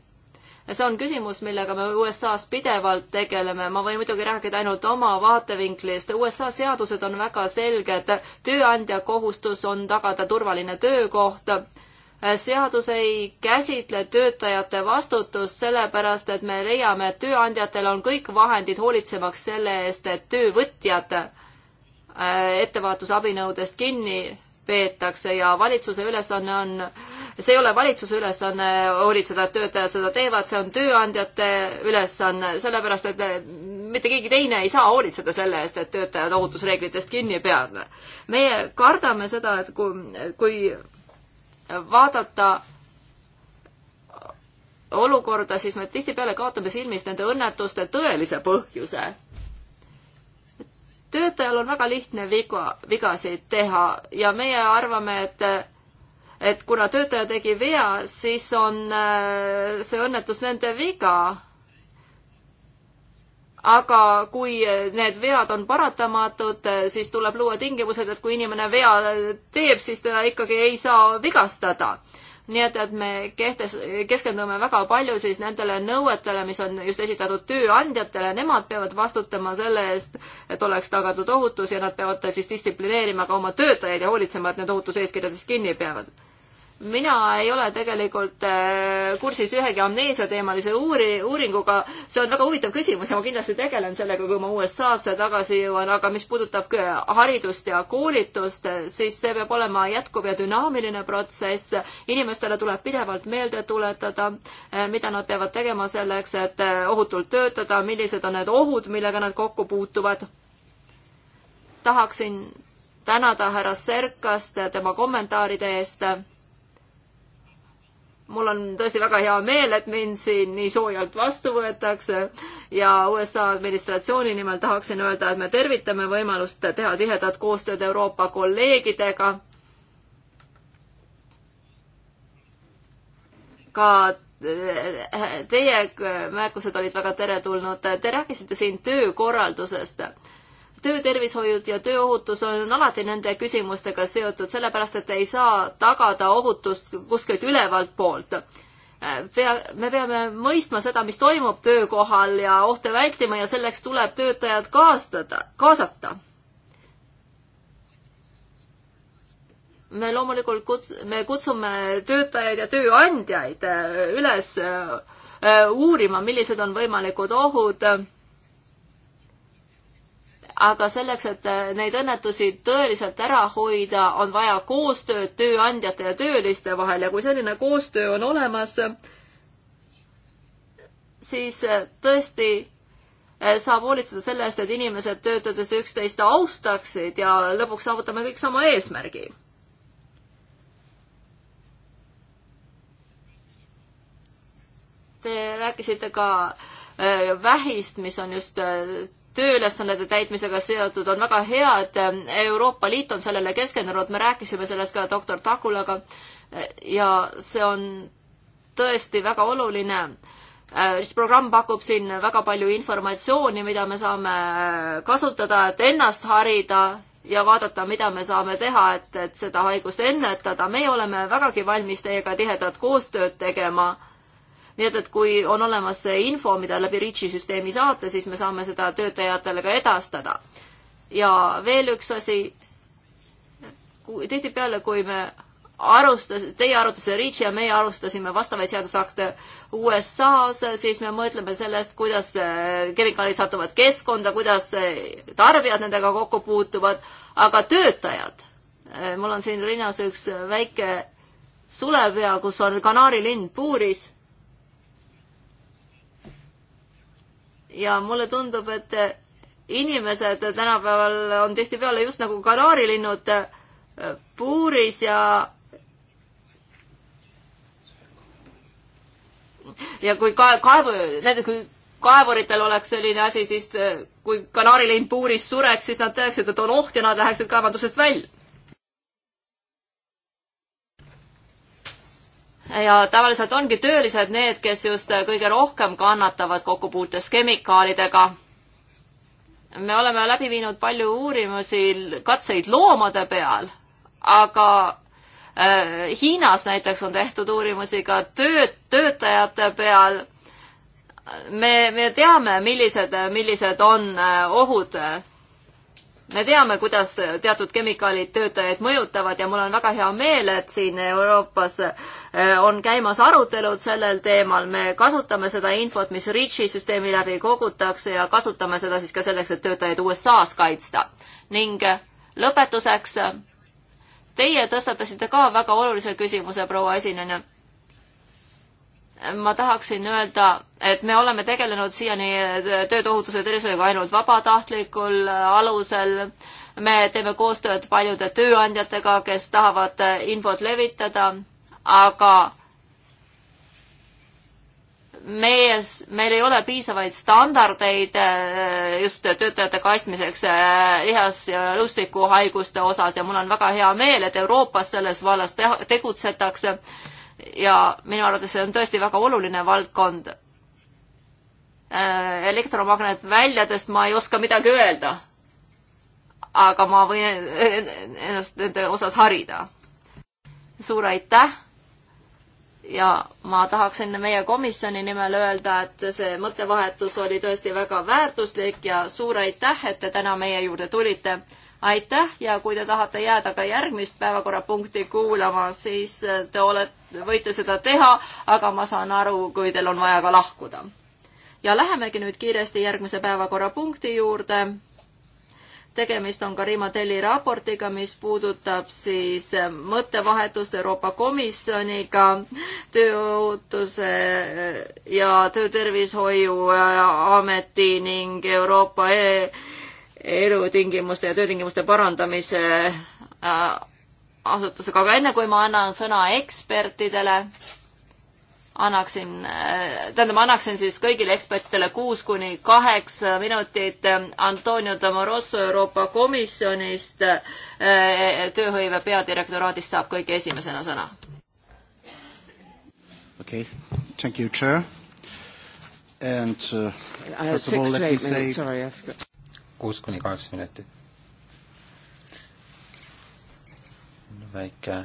see on küsimus, millega me USA-s pidevalt tegeleme. ma võin muidugi rääkida ainult oma vaatevinklist. USA seadused on väga selged. tööandja kohustus on tagada turvaline töökoht. Äh, seadus ei käsitle töötajate vastutust, sellepärast et me leiame, et tööandjatel on kõik vahendid hoolitsemaks selle eest, et töövõtjad Äh, ettevaatusabinõudest kinni peetakse ja valitsuse ülesanne on, see ei ole valitsuse ülesanne hoolitseda, et töötajad seda teevad, see on tööandjate ülesanne, sellepärast et äh, mitte keegi teine ei saa hoolitseda selle eest, et töötajad ohutusreeglitest kinni peavad. meie kardame seda, et kui, kui vaadata olukorda, siis me tihtipeale kaotame silmist nende õnnetuste tõelise põhjuse töötajal on väga lihtne viga, vigasid teha ja meie arvame, et et kuna töötaja tegi vea, siis on äh, see õnnetus nende viga. aga kui need vead on paratamatud, äh, siis tuleb luua tingimused, et kui inimene vea teeb, siis teda ikkagi ei saa vigastada nii et, et me kehtes-, keskendume väga palju siis nendele nõuetele, mis on just esitatud tööandjatele, nemad peavad vastutama selle eest, et oleks tagatud ohutus ja nad peavad siis distsiplineerima ka oma töötajaid ja hoolitsema, et need ohutuseeskirjadest kinni peavad mina ei ole tegelikult äh, kursis ühegi amneesiateemalise uuri-, uuringuga, see on väga huvitav küsimus ja ma kindlasti tegelen sellega, kui ma USA-sse tagasi jõuan, aga mis puudutab haridust ja koolitust, siis see peab olema jätkuv ja dünaamiline protsess, inimestele tuleb pidevalt meelde tuletada, äh, mida nad peavad tegema selleks, et äh, ohutult töötada, millised on need ohud, millega nad kokku puutuvad. tahaksin tänada härra Serkast tema kommentaaride eest mul on tõesti väga hea meel, et mind siin nii soojalt vastu võetakse ja USA administratsiooni nimel tahaksin öelda, et me tervitame võimalust teha tihedat koostööd Euroopa kolleegidega. ka eh, teie märkused olid väga teretulnud. Te rääkisite siin töökorraldusest töötervishoiud ja tööohutus on alati nende küsimustega seotud, sellepärast et ei saa tagada ohutust kuskilt ülevalt poolt. pea, me peame mõistma seda, mis toimub töökohal ja ohte vältima ja selleks tuleb töötajad kaastada, kaasata. me loomulikult kuts-, me kutsume töötajaid ja tööandjaid äh, üles äh, äh, uurima, millised on võimalikud ohud aga selleks, et äh, neid õnnetusi tõeliselt ära hoida, on vaja koostööd tööandjate ja tööliste vahel ja kui selline koostöö on olemas, siis äh, tõesti äh, saab hoolitseda selle eest, et inimesed töötades üksteist austaksid ja lõpuks saavutame kõik sama eesmärgi. Te rääkisite ka vähist, mis on just tööülesannete täitmisega seotud, on väga hea, et Euroopa Liit on sellele keskendunud, me rääkisime sellest ka doktor Takulaga ja see on tõesti väga oluline. Äh, siis programm pakub siin väga palju informatsiooni, mida me saame kasutada, et ennast harida ja vaadata, mida me saame teha, et, et seda haigust ennetada. meie oleme vägagi valmis teiega tihedat koostööd tegema nii et, et kui on olemas see info, mida läbi REACH-i süsteemi saata, siis me saame seda töötajatele ka edastada. ja veel üks asi, tihtipeale, kui me arustas, teie arutasite REACH-i ja meie alustasime vastavaid seadusakte USA-s, siis me mõtleme sellest, kuidas eh, kemikaalid satuvad keskkonda, kuidas eh, tarbijad nendega kokku puutuvad, aga töötajad, eh, mul on siin rinnas üks väike sulepea, kus on kanaarilind puuris ja mulle tundub, et inimesed tänapäeval on tihtipeale just nagu kanaarilinnud äh, puuris ja ja kui ka-, kaevu, näiteks kui kaevuritel oleks selline asi, siis äh, kui kanaarilind puuris sureks, siis nad teaksid, et on oht ja nad läheksid kaevandusest välja ja tavaliselt ongi töölised need, kes just kõige rohkem kannatavad kokkupuutes kemikaalidega. me oleme läbi viinud palju uurimusi, katseid loomade peal, aga äh, Hiinas näiteks on tehtud uurimusi ka tööd, töötajate peal. me, me teame, millised, millised on äh, ohud me teame, kuidas teatud kemikaalid töötajaid mõjutavad ja mul on väga hea meel, et siin Euroopas eh, on käimas arutelud sellel teemal, me kasutame seda infot, mis REACH-i süsteemi läbi kogutakse ja kasutame seda siis ka selleks, et töötajaid USA-s kaitsta. ning lõpetuseks, teie tõstatasite ka väga olulise küsimuse, proua esineja ma tahaksin öelda, et me oleme tegelenud siiani tööohutuse tervishoiuga ainult vabatahtlikul alusel. me teeme koostööd paljude tööandjatega, kes tahavad infot levitada, aga meie, meil ei ole piisavaid standardeid eh, just töötajate kaitsmiseks eh, lihas- ja lõustikuhaiguste osas ja mul on väga hea meel, et Euroopas selles vallas te tegutsetakse ja minu arvates see on tõesti väga oluline valdkond. Äh, elektromagnetväljadest ma ei oska midagi öelda. aga ma võin ennast nende osas harida. suur aitäh! ja ma tahaks enne meie komisjoni nimel öelda, et see mõttevahetus oli tõesti väga väärtuslik ja suur aitäh, et te täna meie juurde tulite aitäh ja kui te tahate jääda ka järgmist päevakorrapunkti kuulama, siis äh, te olete, võite seda teha, aga ma saan aru, kui teil on vaja ka lahkuda. ja lähemegi nüüd kiiresti järgmise päevakorrapunkti juurde tegemist on Karima Telli raportiga, mis puudutab siis äh, mõttevahetust Euroopa Komisjoniga tööohutuse äh, ja töötervishoiu ameti ning Euroopa e elutingimuste ja töötingimuste parandamise äh, asutusega, aga enne kui ma annan sõna ekspertidele, annaksin, äh, tähendab, annaksin siis kõigile ekspertidele kuus kuni kaheksa minutit Antonio Tamorosso Euroopa Komisjonist, äh, tööhõive peadirektoraadist saab kõige esimesena sõna. okei okay., thank you, chair. And uh, first of all, let me say sorry, kuus kuni kaheksa minutit. väike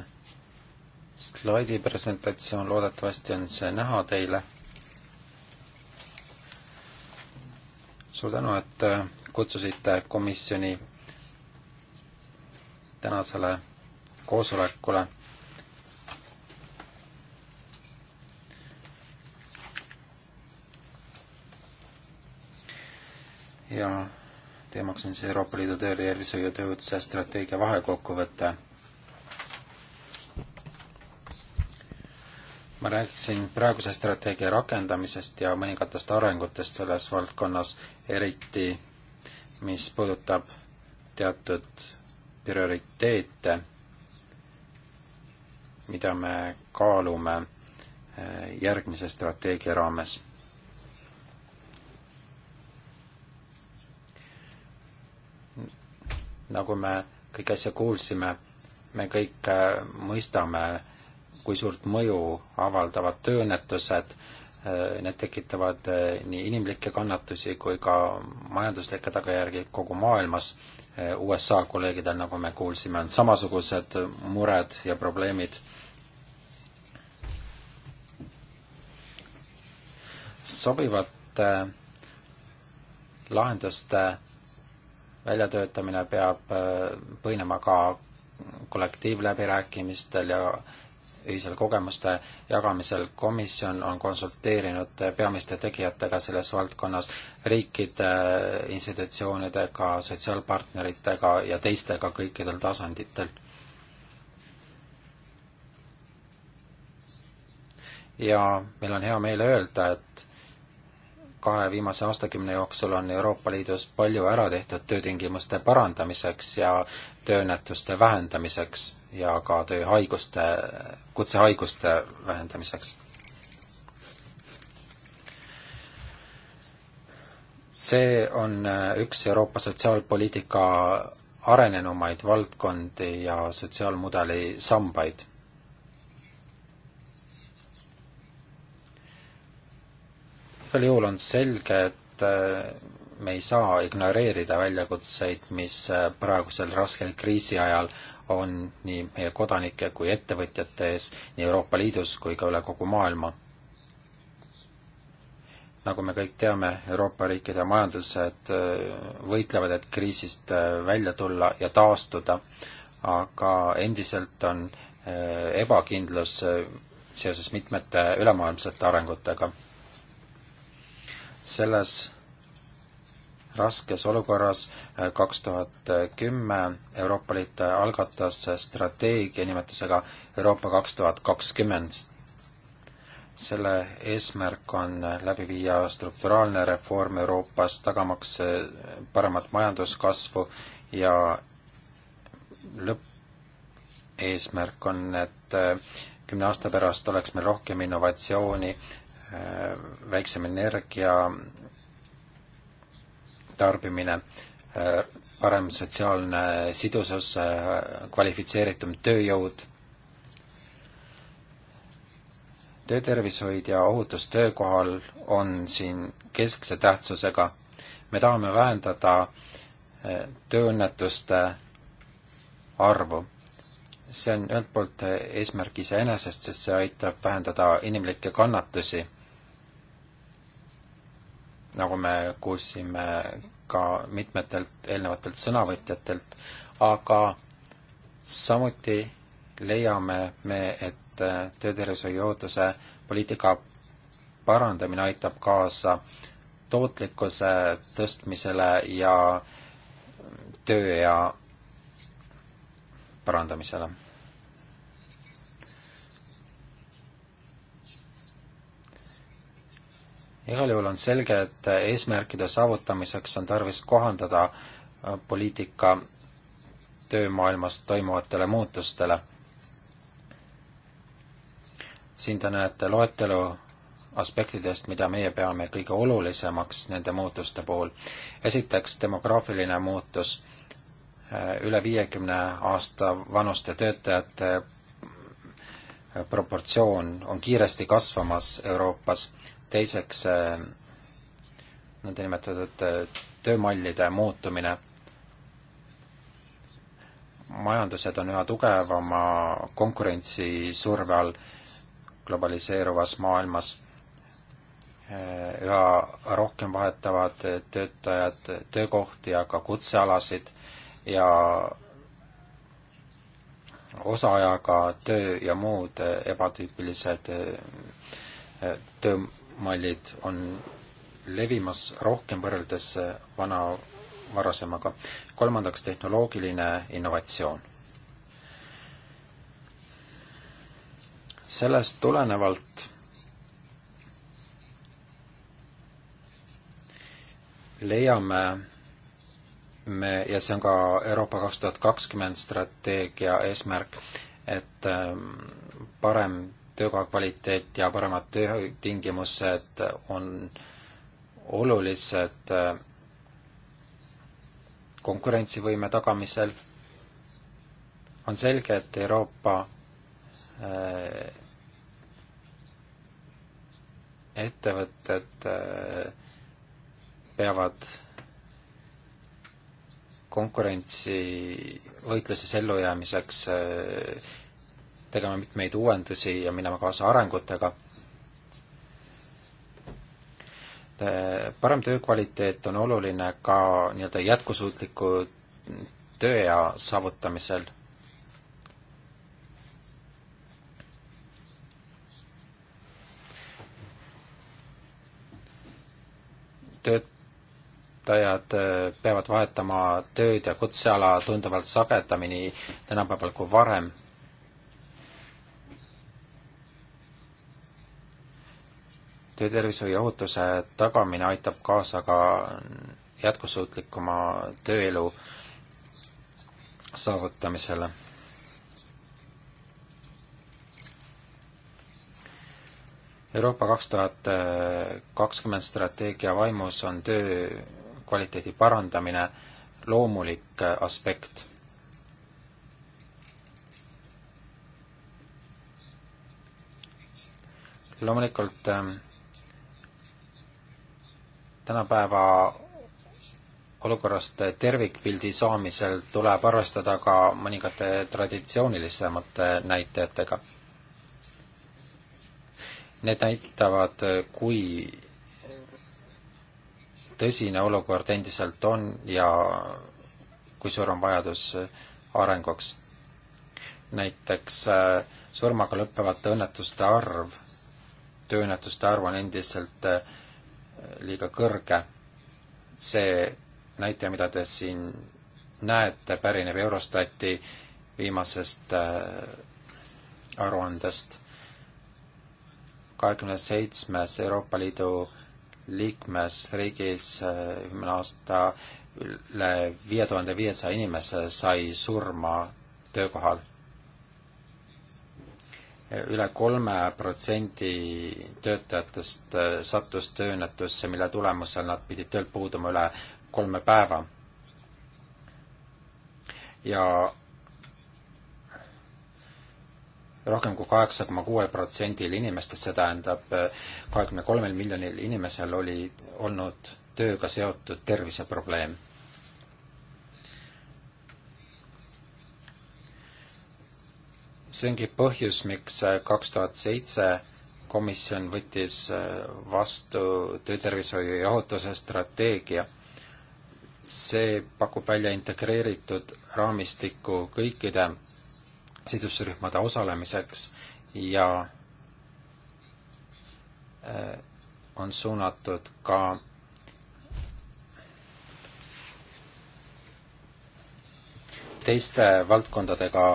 slaidi presentatsioon, loodetavasti on see näha teile. suur tänu, et äh, kutsusite komisjoni tänasele koosolekule. ja teemaks on siis Euroopa Liidu töötervishoiu tõhususe strateegia vahekokkuvõte. ma rääkisin praeguse strateegia rakendamisest ja mõningatest arengutest selles valdkonnas, eriti mis puudutab teatud prioriteete, mida me kaalume eh, järgmise strateegia raames nagu me kõik äsja kuulsime, me kõik äh, mõistame, kui suurt mõju avaldavad tööõnnetused, äh, need tekitavad äh, nii inimlikke kannatusi kui ka majanduslikke tagajärgi kogu maailmas. USA kolleegidel, nagu me kuulsime, on samasugused mured ja probleemid. sobivate lahenduste väljatöötamine peab äh, põhinema ka kollektiivläbirääkimistel ja ühisel kogemuste jagamisel. komisjon on konsulteerinud peamiste tegijatega selles valdkonnas, riikide, institutsioonidega, sotsiaalpartneritega ja teistega kõikidel tasanditel. ja meil on hea meel öelda, et kahe viimase aastakümne jooksul on Euroopa Liidus palju ära tehtud töötingimuste parandamiseks ja tööõnnetuste vähendamiseks ja ka tööhaiguste, kutsehaiguste vähendamiseks. see on äh, üks Euroopa sotsiaalpoliitika arenenumaid valdkondi ja sotsiaalmudeli sambaid igal juhul on selge, et äh, me ei saa ignoreerida väljakutseid, mis äh, praegusel raskel kriisi ajal on nii meie kodanike kui ettevõtjate ees nii Euroopa Liidus kui ka üle kogu maailma. nagu me kõik teame, Euroopa riikide majandused äh, võitlevad, et kriisist välja tulla ja taastuda, aga endiselt on ebakindlus seoses mitmete ülemaailmsete arengutega selles raskes olukorras äh, kaks tuhat kümme Euroopa Liit algatas strateegia nimetusega Euroopa kaks tuhat kakskümmend. selle eesmärk on läbi viia strukturaalne reform Euroopas, tagamaks äh, paremat majanduskasvu ja lõppeesmärk on, et äh, kümne aasta pärast oleks meil rohkem innovatsiooni, Äh, väiksem energia tarbimine, äh, parem sotsiaalne sidusus, äh, kvalifitseeritum tööjõud, töötervishoid ja ohutus töökohal on siin keskse tähtsusega. me tahame vähendada tööõnnetuste arvu. see on ühelt poolt eesmärk iseenesest, sest see aitab vähendada inimlikke kannatusi nagu me kuulsime ka mitmetelt eelnevatelt sõnavõtjatelt, aga samuti leiame me, et töötervishoiu ootuse poliitika parandamine aitab kaasa tootlikkuse tõstmisele ja tööea parandamisele igal juhul on selge, et eesmärkide saavutamiseks on tarvis kohandada äh, poliitika töömaailmas toimuvatele muutustele. siin te näete loetelu aspektidest, mida meie peame kõige olulisemaks nende muutuste puhul. esiteks demograafiline muutus, äh, üle viiekümne aasta vanuste töötajate äh, proportsioon on kiiresti kasvamas Euroopas, teiseks, äh, nõndanimetatud äh, töömallide muutumine. majandused on üha tugevama konkurentsisurve all globaliseeruvas maailmas. Äh, üha rohkem vahetavad töötajad töökohti, aga kutsealasid ja osaajaga töö ja muud ebatüüpilised töö mallid on levimas rohkem võrreldes vana varasemaga. kolmandaks, tehnoloogiline innovatsioon. sellest tulenevalt leiame me, ja see on ka Euroopa kaks tuhat kakskümmend strateegia eesmärk, et ähm, parem töökoha kvaliteet ja paremad töötingimused on olulised äh, konkurentsivõime tagamisel. on selge, et Euroopa äh, ettevõtted äh, peavad konkurentsi võitluses ellujäämiseks tegema mitmeid uuendusi ja minema kaasa arengutega. parem töökvaliteet on oluline ka nii-öelda jätkusuutliku tööea saavutamisel. töötajad äh, peavad vahetama tööd ja kutseala tunduvalt sagedamini tänapäeval kui varem töötervishoiu ohutuse tagamine aitab kaasa ka jätkusuutlikuma tööelu saavutamisele. Euroopa kaks tuhat kakskümmend strateegia vaimus on töö kvaliteedi parandamine loomulik aspekt loomulikult ähm, tänapäeva olukorrast tervikpildi saamisel tuleb arvestada ka mõningate traditsioonilisemate näitajatega. Need näitavad, kui tõsine olukord endiselt on ja kui suur on vajadus arenguks. näiteks äh, surmaga lõppevate õnnetuste arv, tööõnnetuste arv on endiselt äh, liiga kõrge. see näitaja, mida te siin näete, pärineb Eurostati viimasest äh, aruandest. kahekümne seitsmes Euroopa Liidu liikmesriigis eelmine äh, aasta üle viie tuhande viiesaja inimese sai surma töökohal üle kolme protsendi töötajatest äh, sattus tööõnnetusse, mille tulemusel nad pidid töölt puuduma üle kolme päeva. ja rohkem kui kaheksa koma kuuel protsendil inimestest, see tähendab äh, kahekümne kolmel miljonil inimesel oli olnud tööga seotud terviseprobleem. see ongi põhjus, miks äh, kaks tuhat seitse komisjon võttis äh, vastu töötervishoiu ja ohutuse strateegia. see pakub välja integreeritud raamistiku kõikide sidusrühmade osalemiseks ja äh, on suunatud ka teiste valdkondadega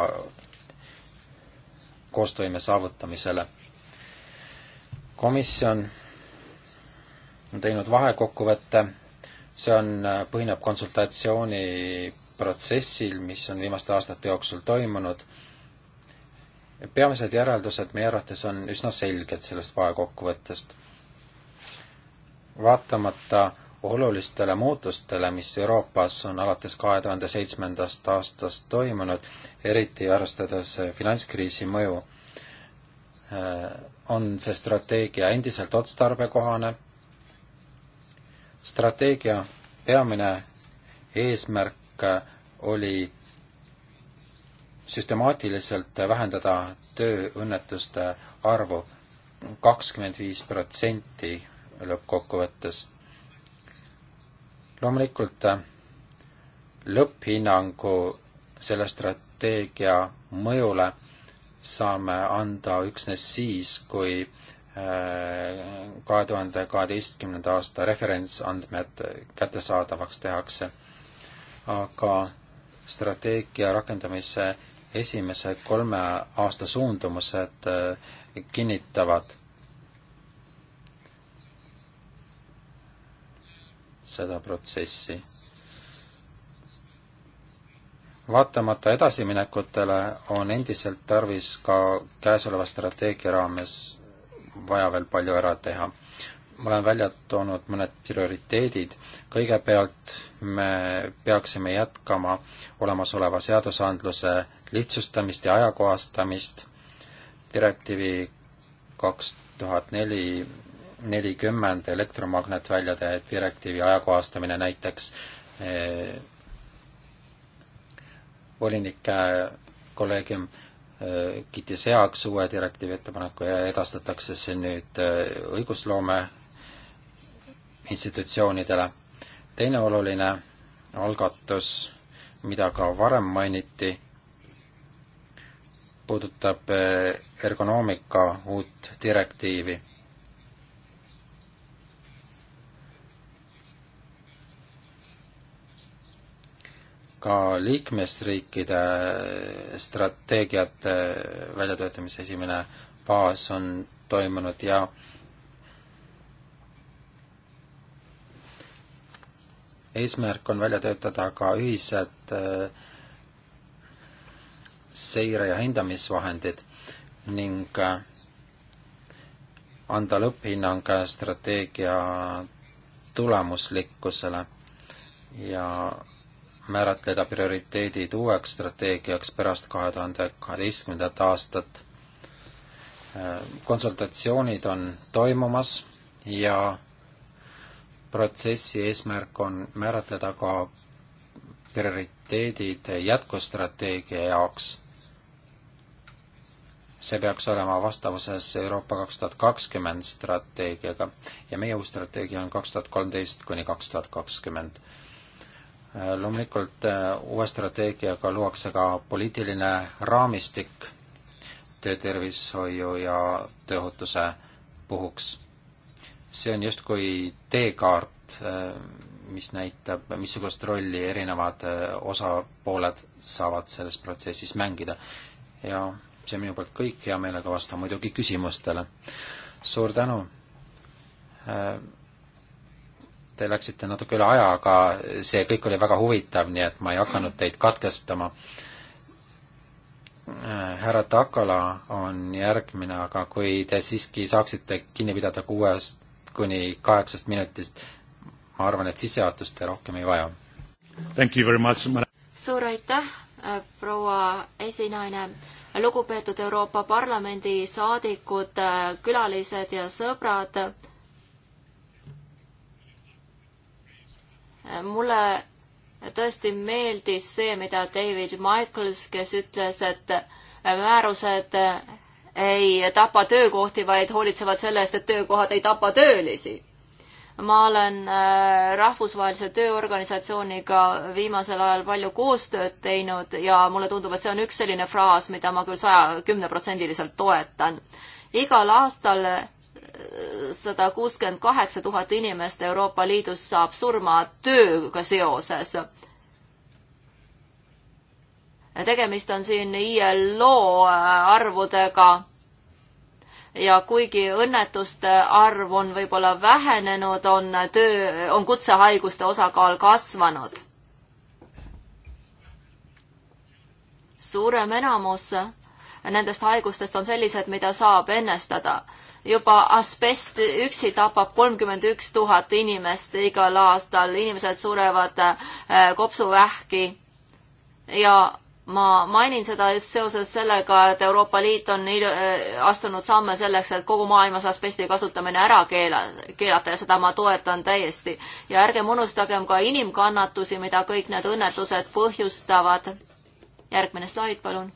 koostoime saavutamisele. komisjon on teinud vahekokkuvõtte, see on, äh, põhineb konsultatsiooniprotsessil, mis on viimaste aastate jooksul toimunud. peamised järeldused meie arvates on üsna selged sellest vahekokkuvõttest. vaatamata olulistele muutustele, mis Euroopas on alates kahe tuhande seitsmendast aastast toimunud, eriti arvestades finantskriisi mõju, äh, on see strateegia endiselt otstarbekohane. strateegia peamine eesmärk oli süstemaatiliselt vähendada tööõnnetuste arvu kakskümmend viis protsenti lõppkokkuvõttes loomulikult äh, lõpphinnangu selle strateegia mõjule saame anda üksnes siis, kui äh, kahe tuhande kaheteistkümnenda aasta referentsandmed kättesaadavaks tehakse. aga strateegia rakendamise esimese kolme aasta suundumused äh, kinnitavad seda protsessi. vaatamata edasiminekutele on endiselt tarvis ka käesoleva strateegia raames vaja veel palju ära teha. ma olen välja toonud mõned prioriteedid, kõigepealt me peaksime jätkama olemasoleva seadusandluse lihtsustamist ja ajakohastamist, direktiivi kaks tuhat neli nelikümmend elektromagnetväljade direktiivi ajakohastamine näiteks eh,. volinike kolleegium eh, kiitis heaks uue direktiivi ettepaneku ja edastatakse see nüüd eh, õigusloome institutsioonidele. teine oluline algatus, mida ka varem mainiti, puudutab eh, ergonoomika uut direktiivi ka liikmesriikide strateegiate väljatöötamise esimene faas on toimunud ja eesmärk on välja töötada ka ühised äh, seire- ja hindamisvahendid ning äh, anda lõpphinnang strateegia tulemuslikkusele ja määratleda prioriteedid uueks strateegiaks pärast kahe tuhande kaheteistkümnendat aastat. konsultatsioonid on toimumas ja protsessi eesmärk on määratleda ka prioriteedid jätkustrateegia jaoks. see peaks olema vastavuses Euroopa kaks tuhat kakskümmend strateegiaga ja meie uus strateegia on kaks tuhat kolmteist kuni kaks tuhat kakskümmend Äh, loomulikult äh, uue strateegiaga luuakse ka poliitiline raamistik töötervishoiu ja tööohutuse puhuks. see on justkui teekaart, äh, mis näitab, missugust rolli erinevad osapooled saavad selles protsessis mängida. ja see on minu poolt kõik, hea meelega vastan muidugi küsimustele. suur tänu! te läksite natuke üle aja, aga see kõik oli väga huvitav, nii et ma ei hakanud teid katkestama. härra Takala on järgmine, aga kui te siiski saaksite kinni pidada kuuest kuni kaheksast minutist, ma arvan, et sissejuhatust te rohkem ei vaja. suur aitäh, proua esinaine lugupeetud Euroopa Parlamendi saadikud, külalised ja sõbrad, mulle tõesti meeldis see, mida David Michaels, kes ütles, et määrused ei tapa töökohti, vaid hoolitsevad selle eest, et töökohad ei tapa töölisi. ma olen äh, Rahvusvahelise Tööorganisatsiooniga viimasel ajal palju koostööd teinud ja mulle tundub, et see on üks selline fraas, mida ma küll saja, kümneprotsendiliselt toetan. igal aastal sada kuuskümmend kaheksa tuhat inimest Euroopa Liidus saab surma tööga seoses. tegemist on siin ILO arvudega ja kuigi õnnetuste arv on võib-olla vähenenud, on töö, on kutsehaiguste osakaal kasvanud. suurem enamus nendest haigustest on sellised, mida saab ennestada juba asbest üksi tapab kolmkümmend üks tuhat inimest igal aastal, inimesed surevad äh, kopsuvähki ja ma mainin seda just seoses sellega, et Euroopa Liit on äh, astunud samme selleks, et kogu maailmas asbesti kasutamine ära keela, keelata ja seda ma toetan täiesti. ja ärgem unustagem ka inimkannatusi, mida kõik need õnnetused põhjustavad. järgmine slaid, palun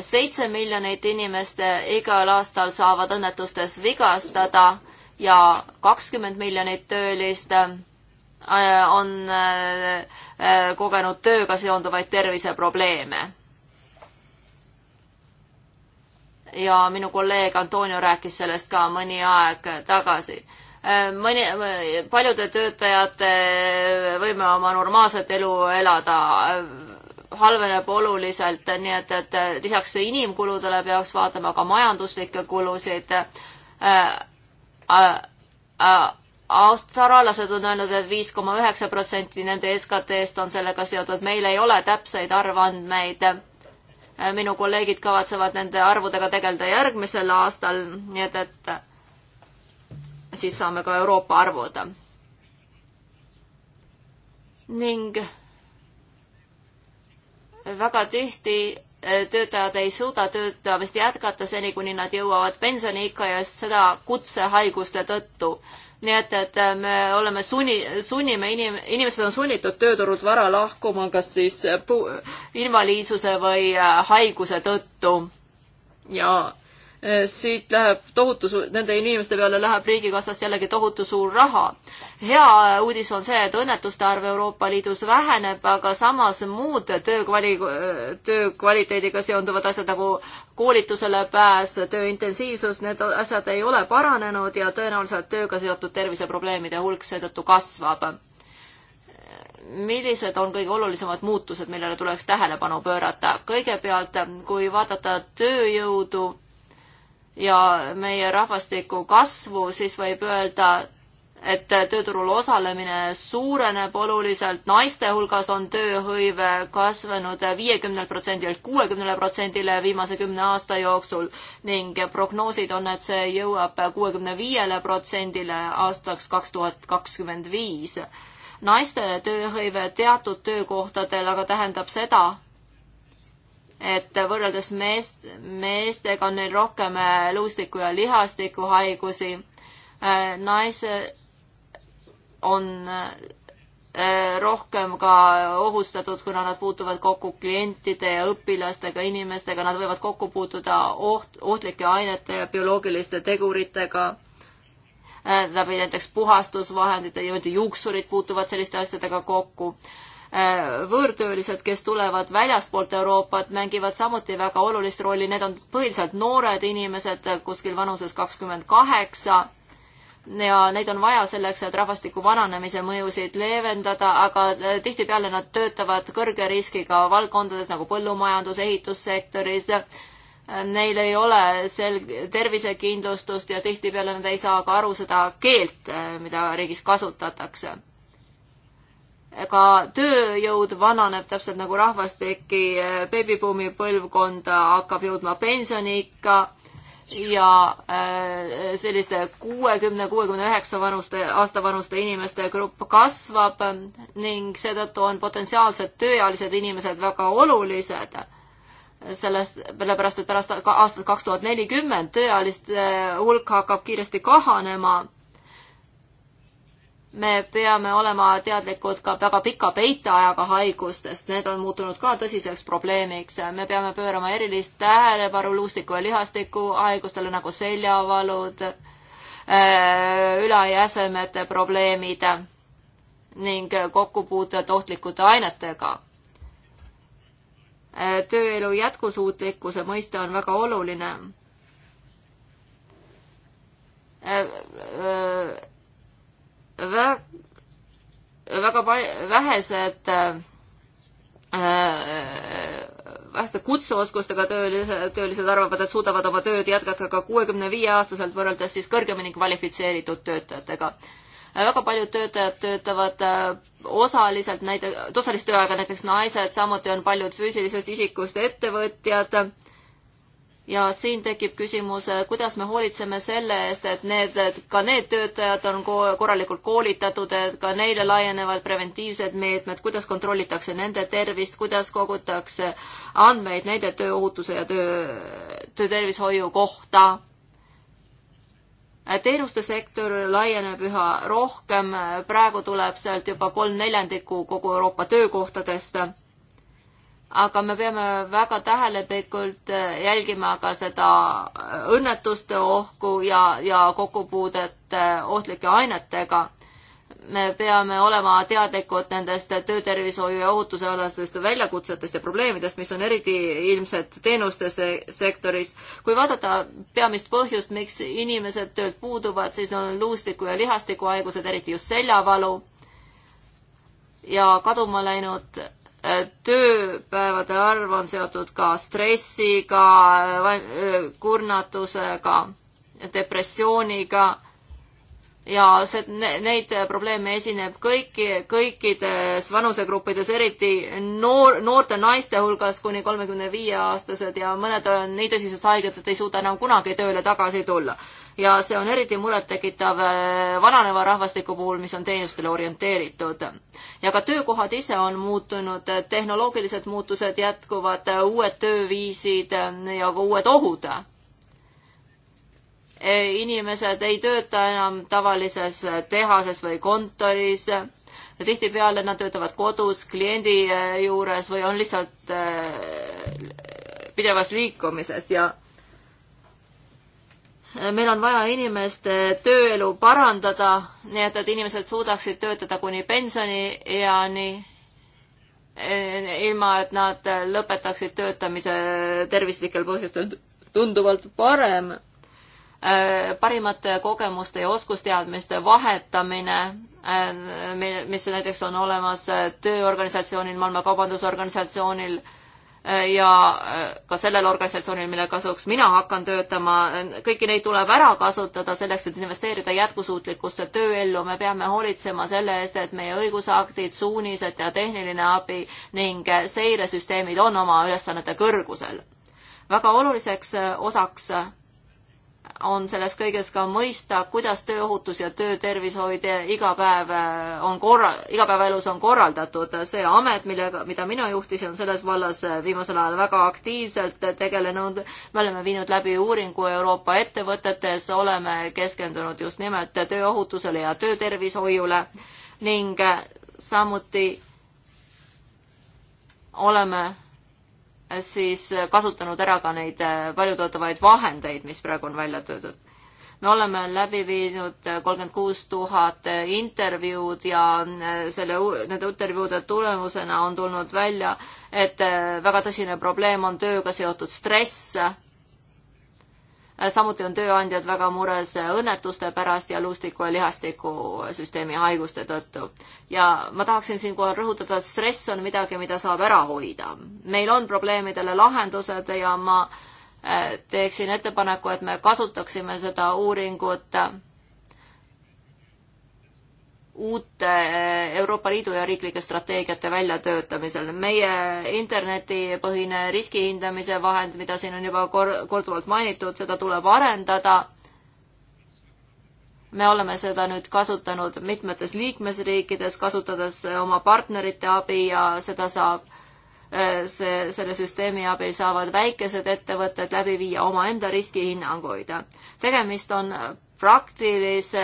seitse miljonit inimest igal aastal saavad õnnetustes vigastada ja kakskümmend miljonit töölist äh, on äh, äh, kogenud tööga seonduvaid terviseprobleeme. ja minu kolleeg Antonio rääkis sellest ka mõni aeg tagasi mõni, paljude töötajate võime oma normaalset elu elada halveneb oluliselt, nii et, et lisaks inimkuludele peaks vaatama ka majanduslikke kulusid. Äh, äh, äh, austraallased on öelnud, et viis koma üheksa protsenti nende SKT-st on sellega seotud, meil ei ole täpseid arvandmeid. minu kolleegid kavatsevad nende arvudega tegeleda järgmisel aastal, nii et, et siis saame ka Euroopa arvud. ning väga tihti eh, töötajad ei suuda töötamist jätkata seni, kuni nad jõuavad pensioniikka ja seda kutsehaiguste tõttu. nii et, et eh, me oleme sunni, sunnime inim-, inimesed on sunnitud tööturult vara lahkuma, kas siis invaliidsuse või eh, haiguse tõttu. ja Eh, siit läheb tohutu suur, nende inimeste peale läheb riigikassast jällegi tohutu suur raha. hea uudis on see, et õnnetuste arv Euroopa Liidus väheneb, aga samas muud töökvali-, töö kvaliteediga seonduvad asjad nagu koolitusele pääs, töö intensiivsus, need asjad ei ole paranenud ja tõenäoliselt tööga seotud terviseprobleemide hulk seetõttu kasvab. millised on kõige olulisemad muutused, millele tuleks tähelepanu pöörata? kõigepealt, kui vaadata tööjõudu, ja meie rahvastiku kasvu, siis võib öelda, et tööturul osalemine suureneb oluliselt, naiste hulgas on tööhõive kasvanud viiekümnelt protsendilt kuuekümnele protsendile viimase kümne aasta jooksul ning prognoosid on, et see jõuab kuuekümne viiele protsendile aastaks kaks tuhat kakskümmend viis. naiste tööhõive teatud töökohtadel aga tähendab seda, et võrreldes meest, meestega on neil rohkem äh, luustiku ja lihastiku haigusi. Äh, naised on äh, rohkem ka ohustatud, kuna nad puutuvad kokku klientide ja õpilastega, inimestega, nad võivad kokku puutuda oht, ohtlike ainete ja bioloogiliste teguritega läbi näiteks puhastusvahendite, juuksurid puutuvad selliste asjadega kokku. Äh, võõrtöölised, kes tulevad väljastpoolt Euroopat, mängivad samuti väga olulist rolli, need on põhiliselt noored inimesed äh, kuskil vanuses kakskümmend kaheksa ja neid on vaja selleks, et rahvastiku vananemise mõjusid leevendada, aga äh, tihtipeale nad töötavad kõrge riskiga valdkondades nagu põllumajandus, ehitussektoris. Neil ei ole sel-, tervisekindlustust ja tihtipeale nad ei saa ka aru seda keelt, mida riigis kasutatakse ka tööjõud vananeb täpselt nagu rahvastiki beebibuumi põlvkonda hakkab jõudma pensioniikka ja äh, selliste kuuekümne, kuuekümne üheksa vanuste, aasta vanuste inimeste grupp kasvab ning seetõttu on potentsiaalsed tööealised inimesed väga olulised. sellest, sellepärast, et pärast aastat kaks tuhat nelikümmend tööealiste hulk hakkab kiiresti kahanema me peame olema teadlikud ka väga pika peiteajaga haigustest, need on muutunud ka tõsiseks probleemiks. me peame pöörama erilist tähelepanu luustiku ja lihastiku haigustele nagu seljavalud, äh, ülajäsemete probleemid ning kokkupuuted ohtlikute ainetega. Äh, tööelu jätkusuutlikkuse mõiste on väga oluline äh, väga, väga vähesed äh, äh, väheste kutseoskustega töölised, töölised arvavad, et suudavad oma tööd jätkata ka kuuekümne viie aastaselt võrreldes siis kõrgemini kvalifitseeritud töötajatega. Äh, väga paljud töötajad töötavad osaliselt näiteks, osalist tööaega näiteks naised, samuti on paljud füüsilisest isikust ettevõtjad ja siin tekib küsimus, eh, kuidas me hoolitseme selle eest, et need, ka need töötajad on ko korralikult koolitatud, et ka neile laienevad preventiivsed meetmed, kuidas kontrollitakse nende tervist, kuidas kogutakse andmeid nende tööohutuse ja töö, töötervishoiu kohta eh, teenuste sektor laieneb üha rohkem, eh, praegu tuleb sealt juba kolm neljandikku kogu Euroopa töökohtadest aga me peame väga tähelepikult äh, jälgima ka seda äh, õnnetuste ohku ja, ja kokkupuudet äh, ohtlike ainetega. me peame olema teadlikud nendest töötervishoiu ja ohutuse alastest väljakutsetest ja probleemidest, mis on eriti ilmsed teenuste sektoris. kui vaadata peamist põhjust, miks inimesed töölt puuduvad, siis on luustiku ja lihastikuhaigused, eriti just seljavalu ja kaduma läinud tööpäevade arv on seotud ka stressiga, kurnatusega, depressiooniga ja see, neid probleeme esineb kõiki, kõikides vanusegruppides, eriti noor, noorte naiste hulgas kuni kolmekümne viie aastased ja mõned on nii tõsiselt haiged, et ei suuda enam kunagi tööle tagasi tulla. ja see on eriti murettekitav äh, vananeva rahvastiku puhul, mis on teenustele orienteeritud. ja ka töökohad ise on muutunud, tehnoloogilised muutused jätkuvad, äh, uued tööviisid äh, ja ka uued ohud inimesed ei tööta enam tavalises tehases või kontoris. tihtipeale nad töötavad kodus kliendi äh, juures või on lihtsalt äh, pidevas liikumises ja meil on vaja inimeste tööelu parandada, nii et, et inimesed suudaksid töötada kuni pensionieani, ilma et nad lõpetaksid töötamise tervislikel põhjustel tunduvalt parem Äh, parimate kogemuste ja oskusteadmiste vahetamine, äh, mis näiteks on olemas äh, tööorganisatsioonil, Maailma Kaubandusorganisatsioonil ja ka sellel organisatsioonil, mille kasuks mina hakkan töötama, kõiki neid tuleb ära kasutada selleks, et investeerida jätkusuutlikkusse tööellu, me peame hoolitsema selle eest, et meie õigusaktid, suunised ja tehniline abi ning seiresüsteemid on oma ülesannete kõrgusel. väga oluliseks osaks on selles kõiges ka mõista, kuidas tööohutus ja töötervishoid iga päev äh, on korra-, igapäevaelus on korraldatud. see amet, millega, mida mina juhtisin, on selles vallas äh, viimasel ajal väga aktiivselt tegelenud. me oleme viinud läbi uuringu Euroopa ettevõtetes, oleme keskendunud just nimelt tööohutusele ja töötervishoiule ning äh, samuti oleme siis kasutanud ära ka neid äh, paljutootavaid vahendeid, mis praegu on välja töötud. me oleme läbi viinud äh, kolmkümmend kuus tuhat äh, intervjuud ja selle, nende intervjuude tulemusena on tulnud välja, et väga tõsine probleem on tööga seotud stress samuti on tööandjad väga mures õnnetuste pärast ja luustiku ja lihastikusüsteemi haiguste tõttu. ja ma tahaksin siinkohal rõhutada, et stress on midagi, mida saab ära hoida. meil on probleemidele lahendused ja ma eh, teeksin ettepaneku, et me kasutaksime seda uuringut uute Euroopa Liidu ja riiklike strateegiate väljatöötamisel. meie internetipõhine riskihindamise vahend, mida siin on juba kor-, korduvalt mainitud, seda tuleb arendada. me oleme seda nüüd kasutanud mitmetes liikmesriikides, kasutades oma partnerite abi ja seda saab eh, see, selle süsteemi abil saavad väikesed ettevõtted läbi viia omaenda riskihinnanguid. tegemist on praktilise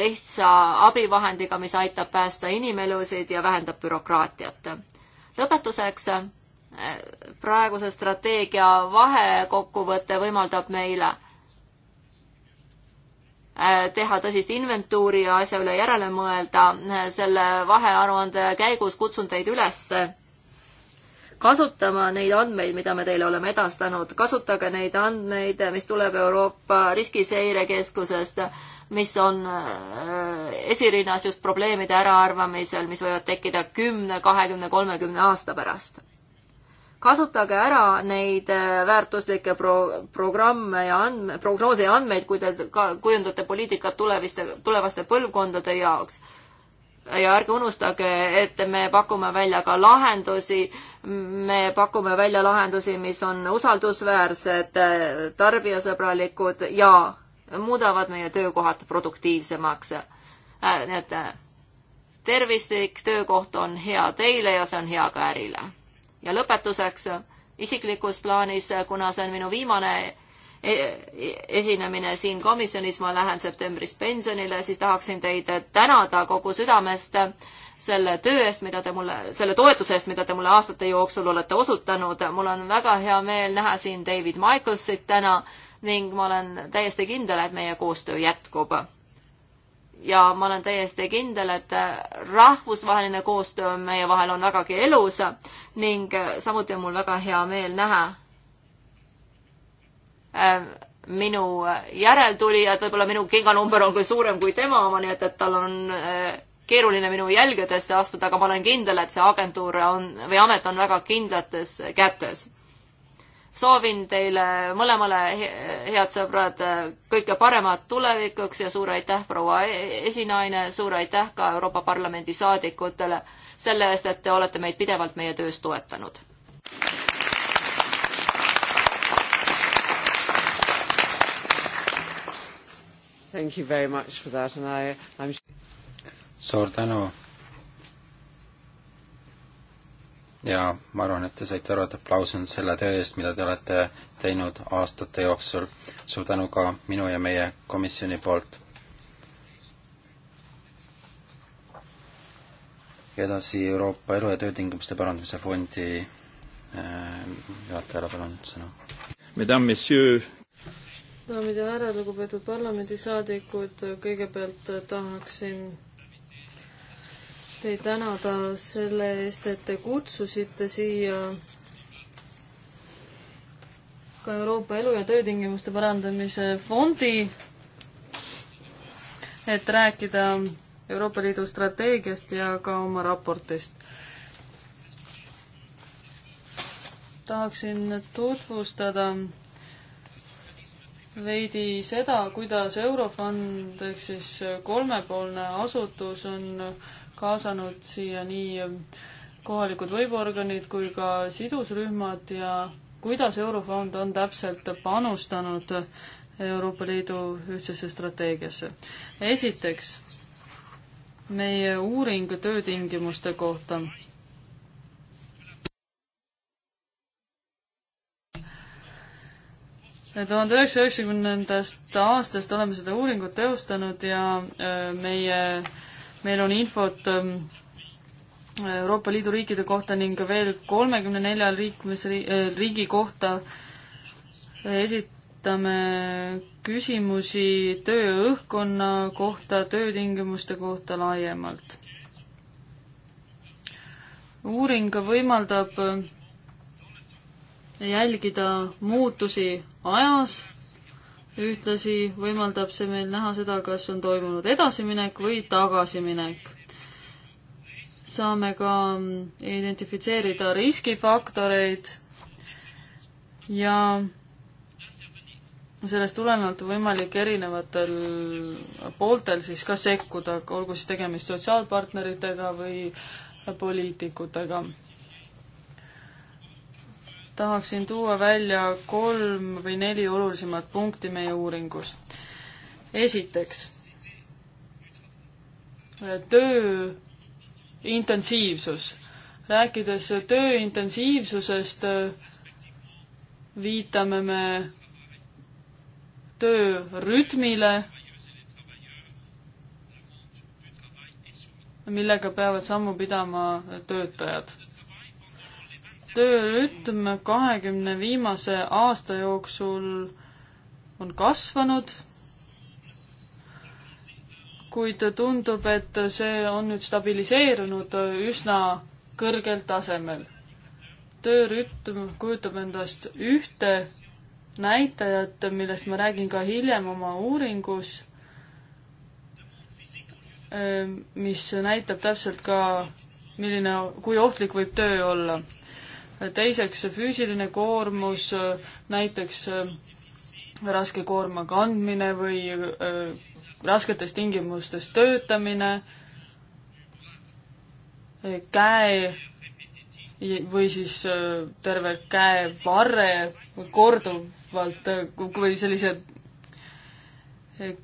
lihtsa abivahendiga, mis aitab päästa inimelusid ja vähendab bürokraatiat. lõpetuseks, eh, praeguse strateegia vahekokkuvõte võimaldab meile eh, teha tõsist inventuuri ja asja üle järele mõelda. selle vahearuande käigus kutsun teid üles kasutama neid andmeid, mida me teile oleme edastanud, kasutage neid andmeid, mis tuleb Euroopa riskiseirekeskusest, mis on äh, esirinnas just probleemide äraarvamisel, mis võivad tekkida kümne, kahekümne, kolmekümne aasta pärast. kasutage ära neid äh, väärtuslikke pro-, programme ja andme, prognoose ja andmeid, kui te ka kujundate poliitikat tuleviste, tulevaste põlvkondade jaoks ja ärge unustage, et me pakume välja ka lahendusi, me pakume välja lahendusi, mis on usaldusväärsed, tarbijasõbralikud ja muudavad meie töökohad produktiivsemaks. Äh, nii et äh, tervislik töökoht on hea teile ja see on hea ka ärile. ja lõpetuseks isiklikus plaanis, äh, kuna see on minu viimane E-, e-, esinemine siin komisjonis, ma lähen septembris pensionile, siis tahaksin teid tänada kogu südamest selle töö eest, mida te mulle, selle toetuse eest, mida te mulle aastate jooksul olete osutanud. mul on väga hea meel näha siin David Michaelsit täna ning ma olen täiesti kindel, et meie koostöö jätkub. ja ma olen täiesti kindel, et rahvusvaheline koostöö meie vahel on vägagi elus ning samuti on mul väga hea meel näha, Ähm, minu järeltulijad, võib-olla minu kinganumber on küll suurem kui tema oma, nii et, et tal on äh, keeruline minu jälgedesse astuda, aga ma olen kindel, et see agentuur on või amet on väga kindlates kätes. soovin teile mõlemale, head sõbrad, äh, kõike paremat tulevikuks ja suur aitäh, proua e-, esinaine, suur aitäh ka Euroopa Parlamendi saadikutele selle eest, et te olete meid pidevalt meie töös toetanud Thank you very much for that and I, I am suur tänu. ja ma arvan, et te saite aru, et aplaus on selle töö eest, mida te olete teinud aastate jooksul. suur tänu ka minu ja meie komisjoni poolt. edasi Euroopa Elu- ja Töötingimuste Parandamise Fondi äh, juhatajale palun sõna. Mesdames, Messieurs, daamid ja härrad, lugupeetud parlamendisaadikud, kõigepealt tahaksin teid tänada selle eest, et te kutsusite siia ka Euroopa Elu- ja Töötingimuste Parandamise Fondi, et rääkida Euroopa Liidu strateegiast ja ka oma raportist. tahaksin tutvustada veidi seda, kuidas Eurofond ehk siis kolmepoolne asutus on kaasanud siia nii kohalikud võimuorganid kui ka sidusrühmad ja kuidas Eurofond on täpselt panustanud Euroopa Liidu ühtsesse strateegiasse. esiteks, meie uuring töötingimuste kohta tuhande üheksasaja üheksakümnendast aastast oleme seda uuringut teostanud ja äh, meie, meil on infot ähm, Euroopa Liidu riikide kohta ning veel kolmekümne nelja liikmesriigi äh, kohta esitame küsimusi tööõhkkonna kohta, töötingimuste kohta laiemalt. uuring võimaldab äh, jälgida muutusi ajas. ühtlasi võimaldab see meil näha seda, kas on toimunud edasiminek või tagasiminek. saame ka identifitseerida riskifaktoreid ja sellest tulenevalt on võimalik erinevatel pooltel siis ka sekkuda, olgu siis tegemist sotsiaalpartneritega või poliitikutega tahaksin tuua välja kolm või neli olulisemat punkti meie uuringus. esiteks, töö intensiivsus. rääkides töö intensiivsusest, viitame me töörütmile, millega peavad sammu pidama töötajad töörütm kahekümne viimase aasta jooksul on kasvanud, kuid tundub, et see on nüüd stabiliseerunud üsna kõrgel tasemel. töörütm kujutab endast ühte näitajat, millest ma räägin ka hiljem oma uuringus, mis näitab täpselt ka, milline, kui ohtlik võib töö olla teiseks füüsiline koormus, näiteks äh, raske koorma kandmine või äh, rasketes tingimustes töötamine, äh, käe või siis terve käevarre korduvalt või sellise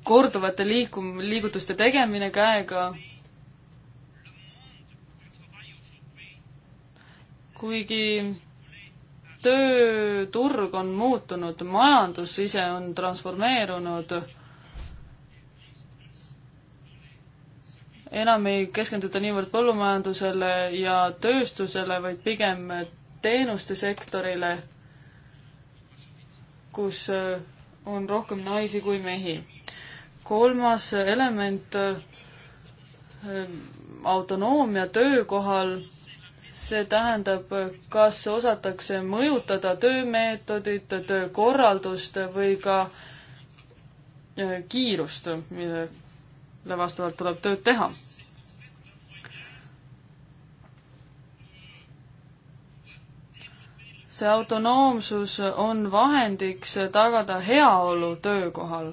korduvate liikum-, liigutuste tegemine käega kuigi tööturg on muutunud, majandus ise on transformeerunud, enam ei keskenduta niivõrd põllumajandusele ja tööstusele, vaid pigem teenuste sektorile, kus äh, on rohkem naisi kui mehi. kolmas element, äh, autonoomia töökohal see tähendab, kas osatakse mõjutada töömeetodit, töökorraldust või ka äh, kiirust, mille vastavalt tuleb tööd teha. see autonoomsus on vahendiks tagada heaolu töökohal,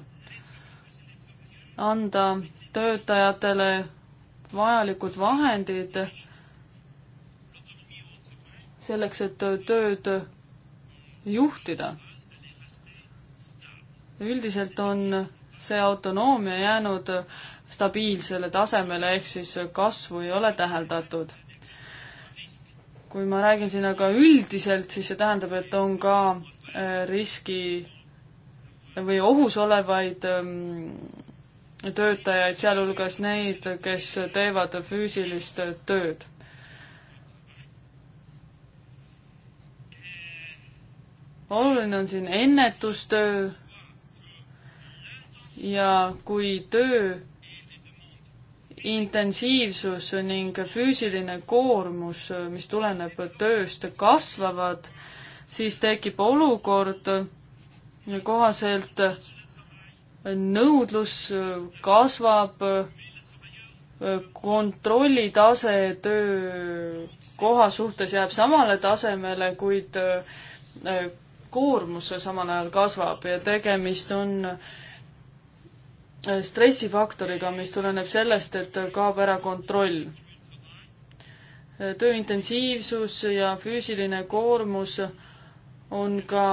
anda töötajatele vajalikud vahendid selleks, et tööd juhtida. üldiselt on see autonoomia jäänud stabiilsele tasemele, ehk siis kasvu ei ole täheldatud. kui ma räägin siin aga üldiselt, siis see tähendab, et on ka äh, riski või ohus olevaid ähm, töötajaid, sealhulgas neid, kes teevad füüsilist tööd. oluline on siin ennetustöö ja kui töö intensiivsus ning füüsiline koormus, mis tuleneb tööst, kasvavad, siis tekib olukord kohaselt nõudlus kasvab, kontrollitase töökoha suhtes jääb samale tasemele, kuid koormus samal ajal kasvab ja tegemist on äh, stressifaktoriga, mis tuleneb sellest, et kaob ära kontroll. Äh, töö intensiivsus ja füüsiline koormus on ka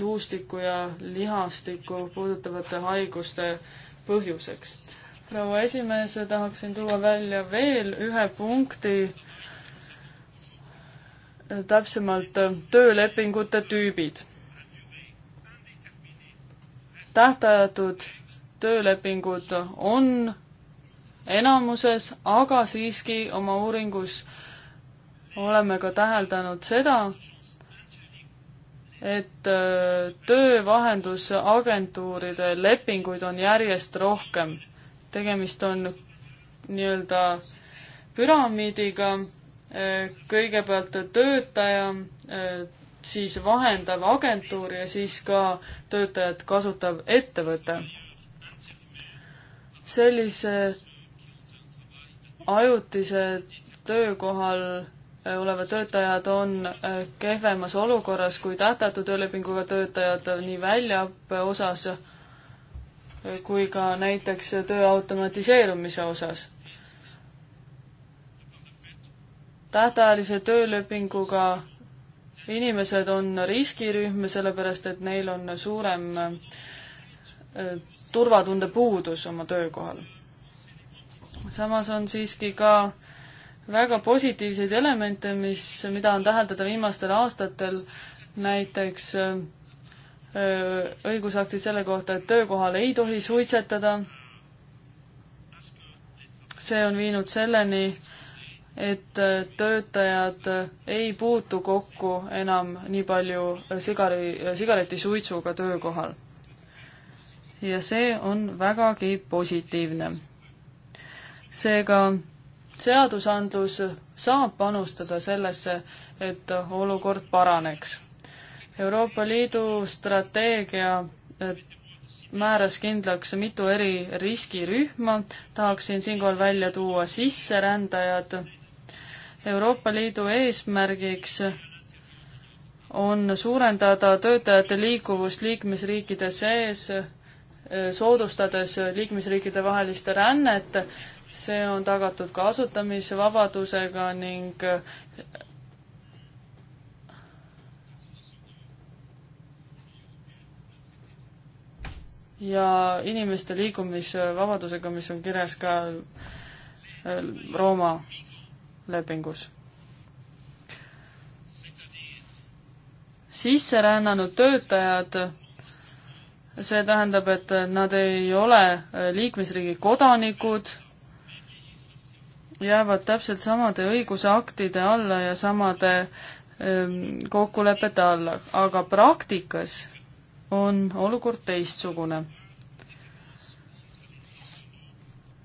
luustiku ja lihastikku puudutavate haiguste põhjuseks. proua esimees, tahaksin tuua välja veel ühe punkti, täpsemalt äh, töölepingute tüübid. tähtajatud töölepingud on enamuses, aga siiski oma uuringus oleme ka täheldanud seda, et äh, töövahendusagentuuride lepinguid on järjest rohkem. tegemist on nii-öelda püramiidiga kõigepealt töötaja, siis vahendav agentuur ja siis ka töötajat kasutav ettevõte. sellise ajutise töökohal olevad töötajad on kehvemas olukorras kui tähtajatu töölepinguga töötajad nii väljaõppe osas kui ka näiteks töö automatiseerumise osas. tähtajalise töölepinguga inimesed on riskirühm, sellepärast et neil on suurem äh, turvatunde puudus oma töökohal. samas on siiski ka väga positiivseid elemente, mis, mida on täheldada viimastel aastatel, näiteks äh, õigusaktid selle kohta, et töökohal ei tohi suitsetada, see on viinud selleni, et äh, töötajad äh, ei puutu kokku enam nii palju äh, sigari, sigaretisuitsuga töökohal. ja see on vägagi positiivne. seega seadusandlus saab panustada sellesse, et olukord paraneks. Euroopa Liidu strateegia määras kindlaks mitu eri riskirühma, tahaksin siinkohal välja tuua sisserändajad, Euroopa Liidu eesmärgiks on suurendada töötajate liikuvust liikmesriikide sees, soodustades liikmesriikide vahelist rännet, see on tagatud ka asutamisvabadusega ning ja inimeste liikumisvabadusega, mis on kirjas ka Rooma lepingus. sisse rännanud töötajad, see tähendab, et nad ei ole liikmesriigi kodanikud, jäävad täpselt samade õigusaktide alla ja samade ehm, kokkulepete alla, aga praktikas on olukord teistsugune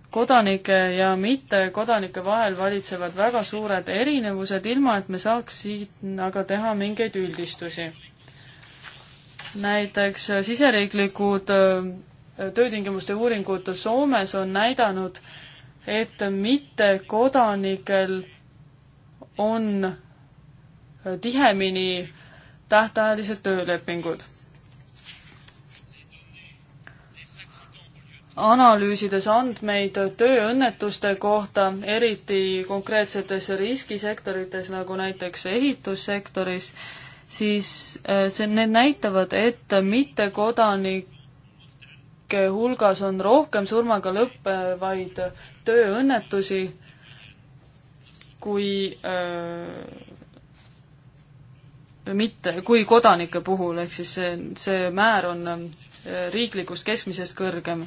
kodanike ja mittekodanike vahel valitsevad väga suured erinevused, ilma et me saaks siin aga teha mingeid üldistusi. näiteks siseriiklikud äh, töötingimuste uuringud Soomes on näidanud, et mittekodanikel on tihemini tähtajalised töölepingud analüüsides andmeid tööõnnetuste kohta, eriti konkreetsetes riskisektorites, nagu näiteks ehitussektoris, siis äh, see, need näitavad, et mittekodanike hulgas on rohkem surmaga lõppevaid tööõnnetusi kui öö, äh, mitte, kui kodanike puhul, ehk siis see, see määr on äh, riiklikust keskmisest kõrgem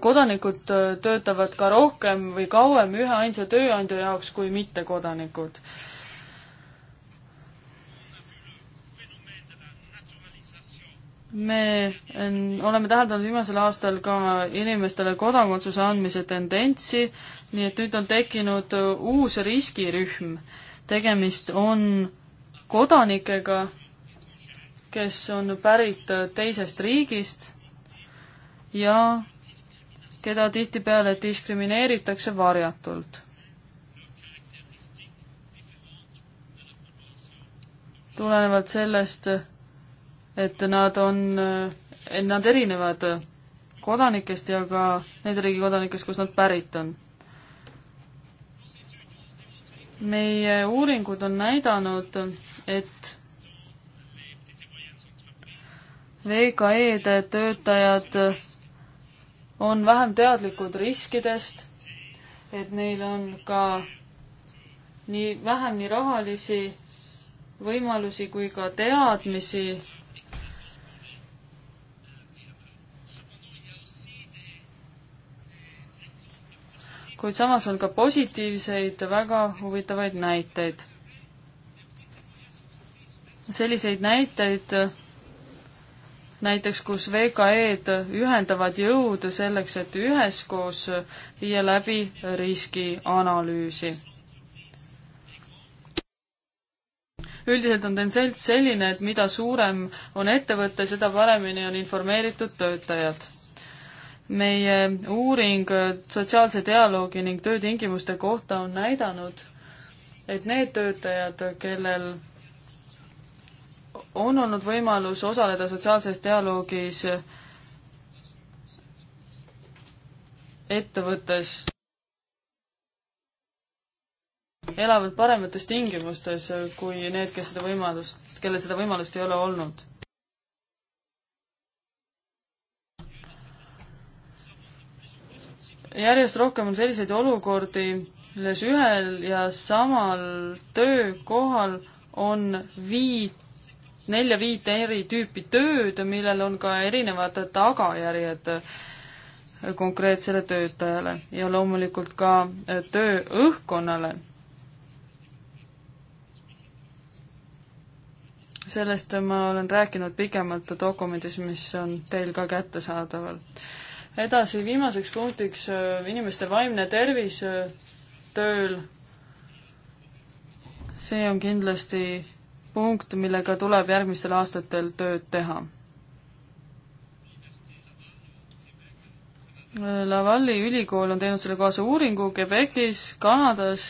kodanikud äh, töötavad ka rohkem või kauem ühe ainsa tööandja jaoks kui mittekodanikud. me oleme täheldanud viimasel aastal ka inimestele kodakondsuse andmise tendentsi, nii et nüüd on tekkinud äh, uus riskirühm. tegemist on kodanikega, kes on pärit äh, teisest riigist ja keda tihtipeale diskrimineeritakse varjatult. tulenevalt sellest, et nad on, et nad erinevad kodanikest ja ka nende riigi kodanikest, kust nad pärit on. meie uuringud on näidanud, et VKE-de töötajad on vähem teadlikud riskidest, et neil on ka nii vähem nii rahalisi võimalusi kui ka teadmisi kuid samas on ka positiivseid väga huvitavaid näiteid. selliseid näiteid näiteks kus VKE-d ühendavad jõud selleks, et üheskoos viia läbi riskianalüüsi. üldiselt on tendents selline, et mida suurem on ettevõte, seda paremini on informeeritud töötajad meie uuring sotsiaalse dialoogi ning töötingimuste kohta on näidanud, et need töötajad, kellel on olnud võimalus osaleda sotsiaalses dialoogis ettevõttes elavad paremates tingimustes kui need, kes seda võimalust, kellel seda võimalust ei ole olnud. järjest rohkem on selliseid olukordi, milles ühel ja samal töökohal on viit nelja-viite eri tüüpi tööd, millel on ka erinevad tagajärjed konkreetsele töötajale ja loomulikult ka tööõhkkonnale. sellest ma olen rääkinud pikemalt dokumendis, mis on teil ka kättesaadaval. edasi, viimaseks punktiks äh, inimeste vaimne tervis äh, tööl. see on kindlasti punkt, millega tuleb järgmistel aastatel tööd teha. Lavalli ülikool on teinud sellekohase uuringu Quebecis, Kanadas.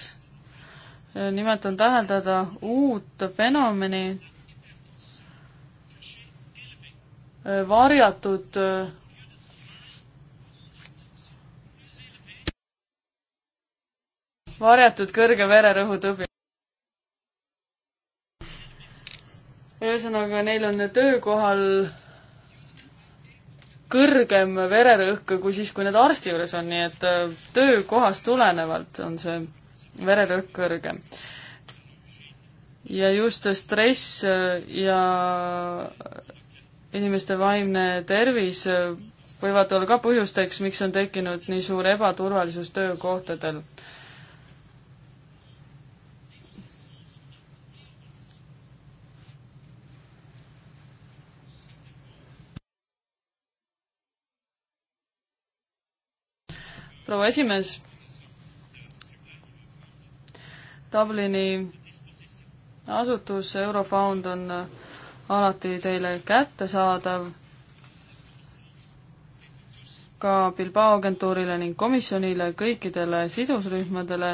nimelt on täheldada uut fenomeni varjatud varjatud kõrge vererõhu tõbi. ühesõnaga, neil on töökohal kõrgem vererõhk kui siis, kui nad arsti juures on, nii et äh, töökohast tulenevalt on see vererõhk kõrgem. ja just stress äh, ja inimeste vaimne tervis äh, võivad olla ka põhjusteks, miks on tekkinud nii suur ebaturvalisus töökohtadel. proua esimees. Dublini asutus Eurofound on äh, alati teile kättesaadav ka Bilbao agentuurile ning komisjonile, kõikidele sidusrühmadele,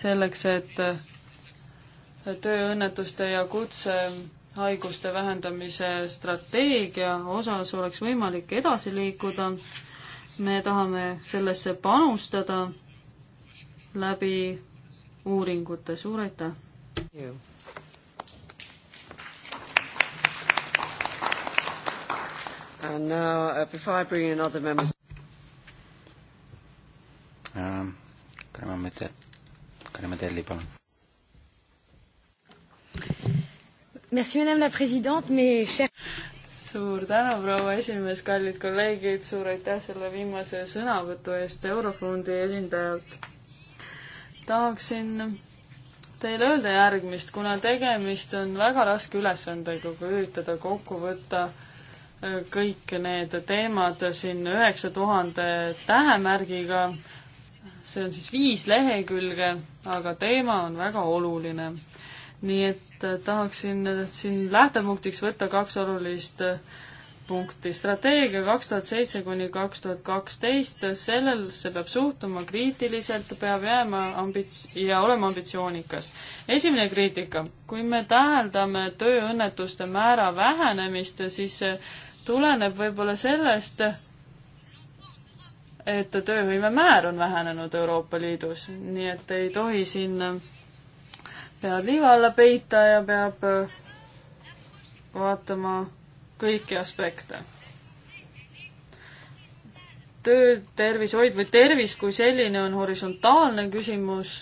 selleks et äh, tööõnnetuste ja kutsehaiguste vähendamise strateegia osas oleks võimalik edasi liikuda me tahame sellesse panustada läbi uuringute, suur aitäh! And now, uh, before I bring in other members. Um, palun. Merci Madame la Présidente, mes chers suur tänu, proua esimees, kallid kolleegid, suur aitäh selle viimase sõnavõtu eest Eurofondi esindajalt. tahaksin teile öelda järgmist, kuna tegemist on väga raske ülesandega, kui üritada kokku võtta äh, kõik need teemad siin üheksa tuhande tähemärgiga. see on siis viis lehekülge, aga teema on väga oluline. nii et et tahaksin siin lähtepunktiks võtta kaks olulist punkti. strateegia kaks tuhat seitse kuni kaks tuhat kaksteist, sellesse peab suhtuma kriitiliselt, peab jääma ambits- ja olema ambitsioonikas. esimene kriitika, kui me täheldame tööõnnetuste määra vähenemist, siis see tuleneb võib-olla sellest, et tööhõive määr on vähenenud Euroopa Liidus, nii et ei tohi siin pead liiva alla peita ja peab äh, vaatama kõiki aspekte. töö, tervishoid või tervis kui selline on horisontaalne küsimus.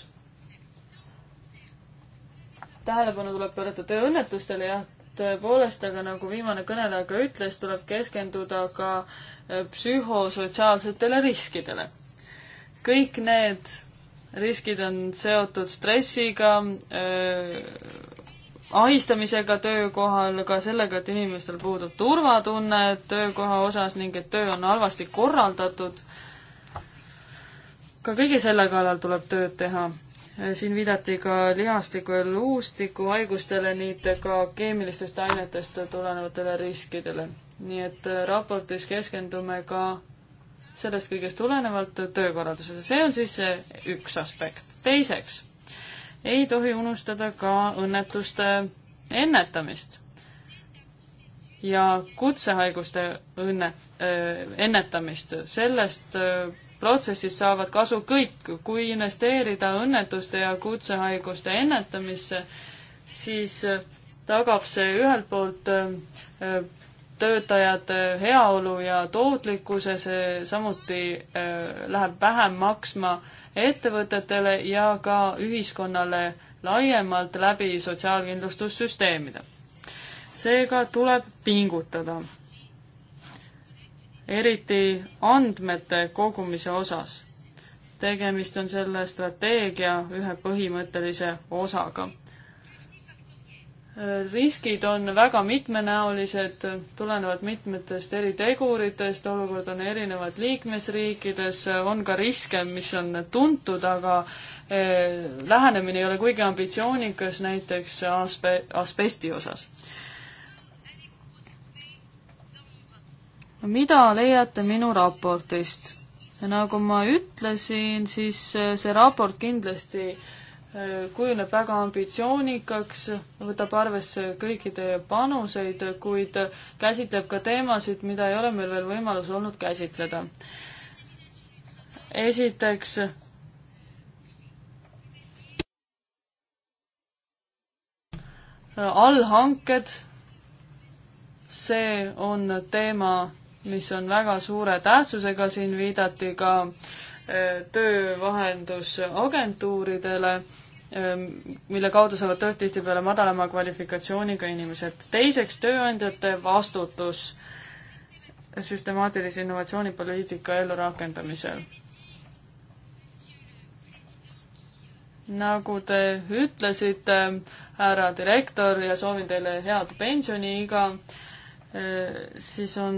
tähelepanu tuleb pöörata tööõnnetustele, jah, tõepoolest, aga nagu viimane kõneleja ka ütles, tuleb keskenduda ka äh, psühhosotsiaalsetele riskidele. kõik need riskid on seotud stressiga, ahistamisega töökohal, ka sellega, et inimestel puudub turvatunne töökoha osas ning et töö on halvasti korraldatud. ka kõige selle kallal tuleb tööd teha. siin viidati ka lihastiku ja luustiku haigustele ning ka keemilistest ainetest tulenevatele riskidele. nii et raportis keskendume ka sellest kõigest tulenevalt töökorralduses ja see on siis see üks aspekt. teiseks, ei tohi unustada ka õnnetuste ennetamist ja kutsehaiguste õnne, äh, ennetamist. sellest äh, protsessist saavad kasu kõik, kui investeerida õnnetuste ja kutsehaiguste ennetamisse, siis äh, tagab see ühelt poolt töötajate eh, heaolu ja tootlikkuse, see samuti eh, läheb vähem maksma ettevõtetele ja ka ühiskonnale laiemalt läbi sotsiaalkindlustussüsteemide. seega tuleb pingutada, eriti andmete kogumise osas. tegemist on selle strateegia ühe põhimõttelise osaga riskid on väga mitmenäolised, tulenevad mitmetest eriteguritest, olukord on erinevad liikmesriikides, on ka riske, mis on tuntud, aga eh, lähenemine ei ole kuigi ambitsioonikas näiteks aspe-, asbesti osas. mida leiate minu raportist? nagu ma ütlesin, siis eh, see raport kindlasti äh, kujuneb väga ambitsioonikaks, võtab arvesse kõiki teie panuseid, kuid käsitleb ka teemasid, mida ei ole meil veel võimalus olnud käsitleda. esiteks allhanked, see on teema, mis on väga suure tähtsusega, siin viidati ka äh, töövahendusagentuuridele Ehm, mille kaudu saavad tööd tihtipeale madalama kvalifikatsiooniga inimesed. teiseks, tööandjate vastutus süstemaatilise innovatsioonipoliitika ellurakendamisel. nagu te ütlesite, härra direktor, ja soovin teile head pensioniiga, eh, siis on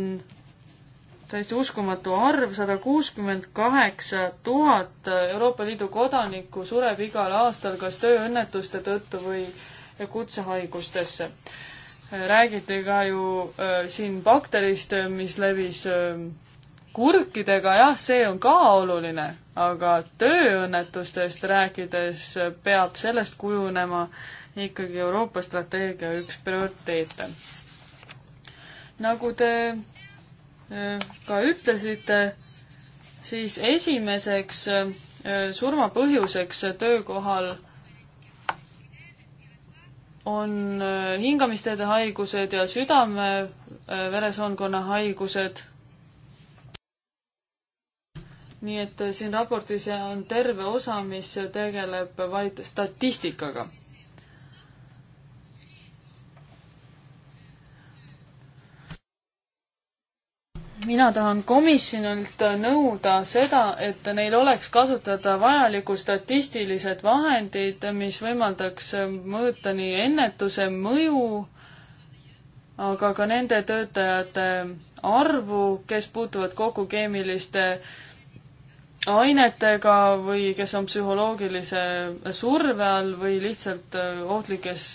täiesti uskumatu arv, sada kuuskümmend kaheksa tuhat Euroopa Liidu kodanikku sureb igal aastal kas tööõnnetuste tõttu või kutsehaigustesse. räägiti ka ju äh, siin bakterist, äh, mis levis äh, kurkidega, jah, see on ka oluline, aga tööõnnetustest rääkides äh, peab sellest kujunema ikkagi Euroopa strateegia üks prioriteete. nagu te ka ütlesite, siis esimeseks äh, surma põhjuseks töökohal on äh, hingamisteede haigused ja südame-veresoonkonna äh, haigused. nii et siin raportis on terve osa, mis tegeleb vaid statistikaga mina tahan komisjonilt nõuda seda, et neil oleks kasutada vajalikud statistilised vahendid, mis võimaldaks mõõta nii ennetuse mõju, aga ka nende töötajate arvu, kes puutuvad kokku keemiliste ainetega või kes on psühholoogilise surve all või lihtsalt ohtlikes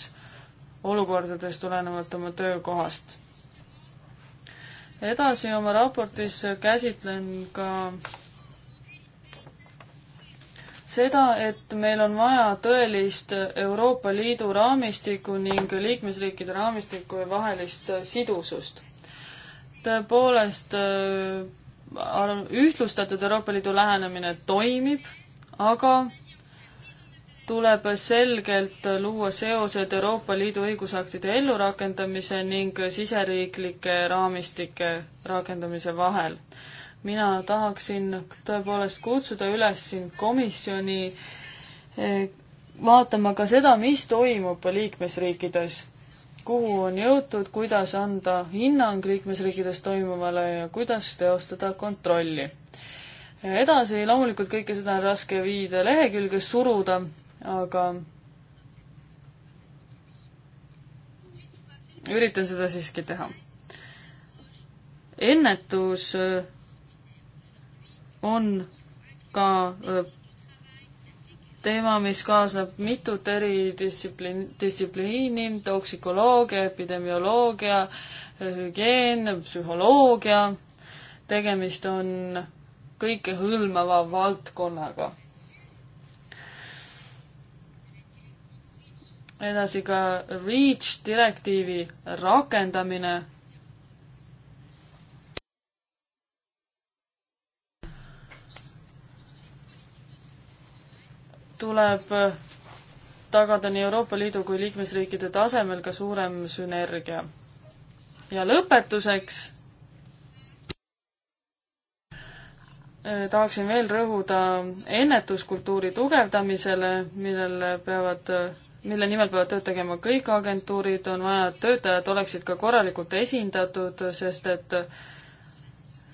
olukordades tulenevalt oma töökohast edasi oma raportis käsitlen ka seda, et meil on vaja tõelist Euroopa Liidu raamistiku ning liikmesriikide raamistiku vahelist sidusust. tõepoolest, äh, ühtlustatud Euroopa Liidu lähenemine toimib, aga tuleb selgelt luua seosed Euroopa Liidu õigusaktide ellurakendamise ning siseriiklike raamistike rakendamise vahel. mina tahaksin tõepoolest kutsuda üles siin komisjoni eh, vaatama ka seda, mis toimub liikmesriikides, kuhu on jõutud, kuidas anda hinnang liikmesriikides toimuvale ja kuidas teostada kontrolli edasi loomulikult kõike seda on raske viide lehekülge suruda, aga üritan seda siiski teha. ennetus äh, on ka äh, teema, mis kaasneb mitut eri distsipliin, distsipliini, toksikoloogia, epidemioloogia, äh, hügieen, psühholoogia, tegemist on kõikehõlmava valdkonnaga edasi ka REACH direktiivi rakendamine. tuleb tagada nii Euroopa Liidu kui liikmesriikide tasemel ka suurem sünergia. ja lõpetuseks eh, tahaksin veel rõhuda ennetuskultuuri tugevdamisele, millele peavad eh, mille nimel peavad tööd tegema kõik agentuurid, on vaja, et töötajad oleksid ka korralikult esindatud, sest et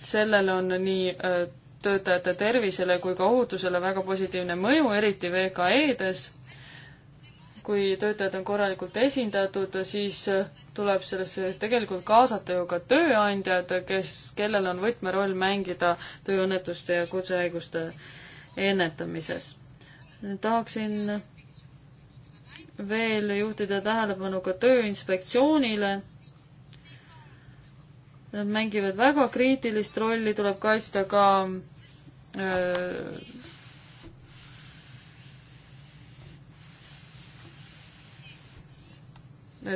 sellel on nii äh, töötajate tervisele kui ka ohutusele väga positiivne mõju, eriti VKE-des. kui töötajad on korralikult esindatud, siis äh, tuleb sellesse tegelikult kaasata ju ka tööandjad, kes, kellel on võtmeroll mängida tööõnnetuste ja kutsehaiguste ennetamises. tahaksin veel juhtida tähelepanu ka Tööinspektsioonile. Nad mängivad väga kriitilist rolli, tuleb kaitsta ka öö,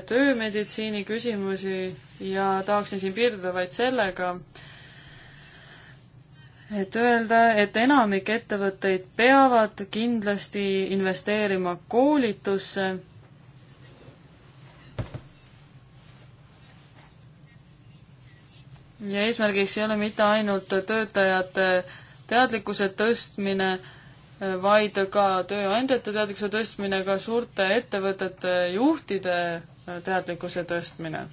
töömeditsiini küsimusi ja tahaksin siin piirduda vaid sellega, et öelda, et enamik ettevõtteid peavad kindlasti investeerima koolitusse. ja eesmärgiks ei ole mitte ainult töötajate teadlikkuse tõstmine, vaid ka tööandjate teadlikkuse tõstmine, ka suurte ettevõtete juhtide teadlikkuse tõstmine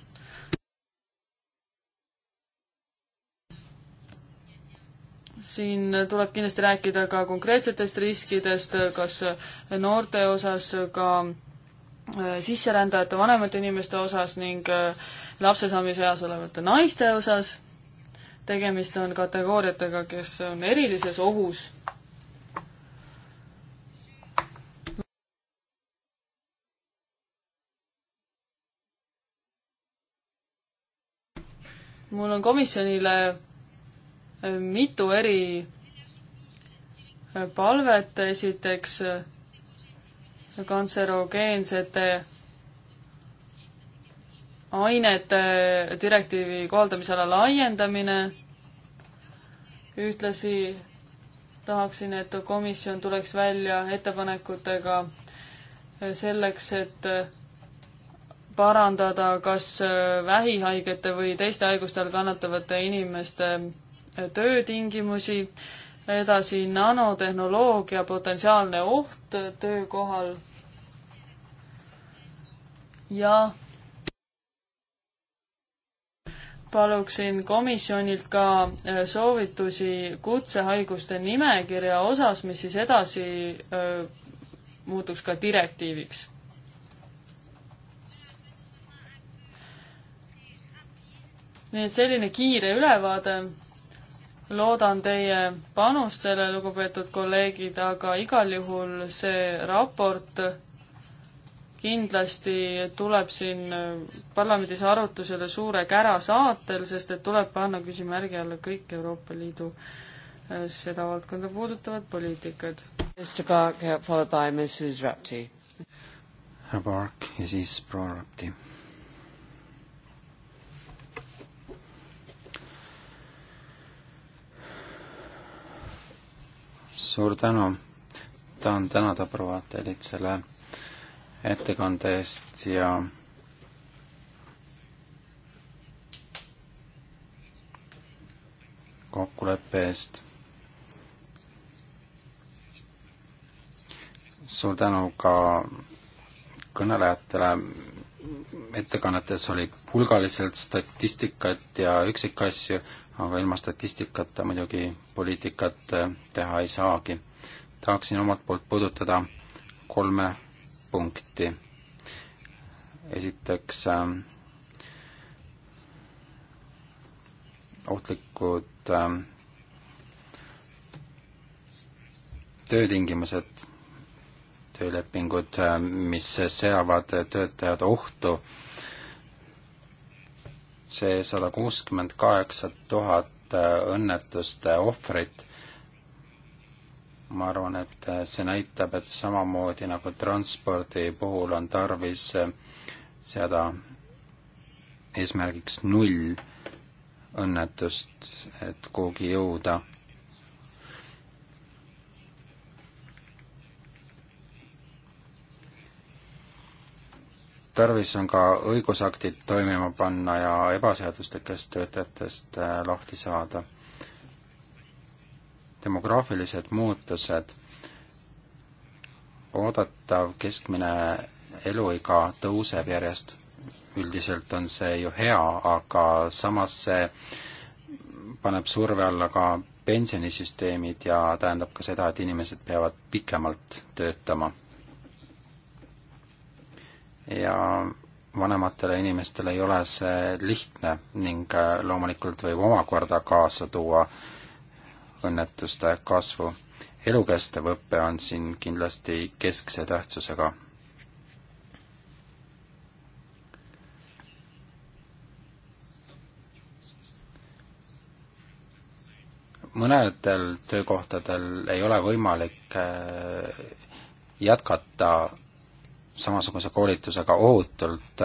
siin tuleb kindlasti rääkida ka konkreetsetest riskidest, kas noorte osas, ka äh, sisserändajate, vanemate inimeste osas ning äh, lapse saamise eas olevate naiste osas. tegemist on kategooriatega, kes on erilises ohus. mul on komisjonile mitu eri palvet, esiteks kantserogeensete ainete direktiivi kohaldamisala laiendamine, ühtlasi tahaksin, et komisjon tuleks välja ettepanekutega selleks, et parandada kas vähihaigete või teiste haiguste all kannatavate inimeste töötingimusi, edasi nanotehnoloogia potentsiaalne oht töökohal ja paluksin komisjonilt ka äh, soovitusi kutsehaiguste nimekirja osas, mis siis edasi öö, äh, muutuks ka direktiiviks. nii et selline kiire ülevaade loodan teie panustele, lugupeetud kolleegid, aga igal juhul see raport kindlasti tuleb siin parlamendis arutusele suure kära saatel, sest et tuleb panna küsimärgi alla kõik Euroopa Liidu äh, seda valdkonda puudutavad poliitikad. härra Bark ja siis proua Rapti suur tänu, tahan tänada proua Telit selle ettekande eest ja kokkuleppe eest. suur tänu ka kõnelejatele, ettekannetes oli hulgaliselt statistikat ja üksikasju, aga ilma statistikata muidugi poliitikat äh, teha ei saagi. tahaksin omalt poolt puudutada kolme punkti. esiteks äh, ohtlikud äh, töötingimused, töölepingud, mis seavad töötajad ohtu see sada kuuskümmend kaheksa tuhat äh, õnnetuste ohvrit, ma arvan, et äh, see näitab, et samamoodi nagu transpordi puhul on tarvis äh, seada eesmärgiks null õnnetust, et kuhugi jõuda tarvis on ka õigusaktid toimima panna ja ebaseaduslikest töötajatest äh, lahti saada. demograafilised muutused, oodatav keskmine eluiga tõuseb järjest, üldiselt on see ju hea, aga samas see paneb surve alla ka pensionisüsteemid ja tähendab ka seda, et inimesed peavad pikemalt töötama ja vanematele inimestele ei ole see lihtne ning äh, loomulikult võib omakorda kaasa tuua õnnetuste kasvu. elukestev õpe on siin kindlasti keskse tähtsusega. mõnedel töökohtadel ei ole võimalik äh, jätkata samasuguse koolitusega ohutult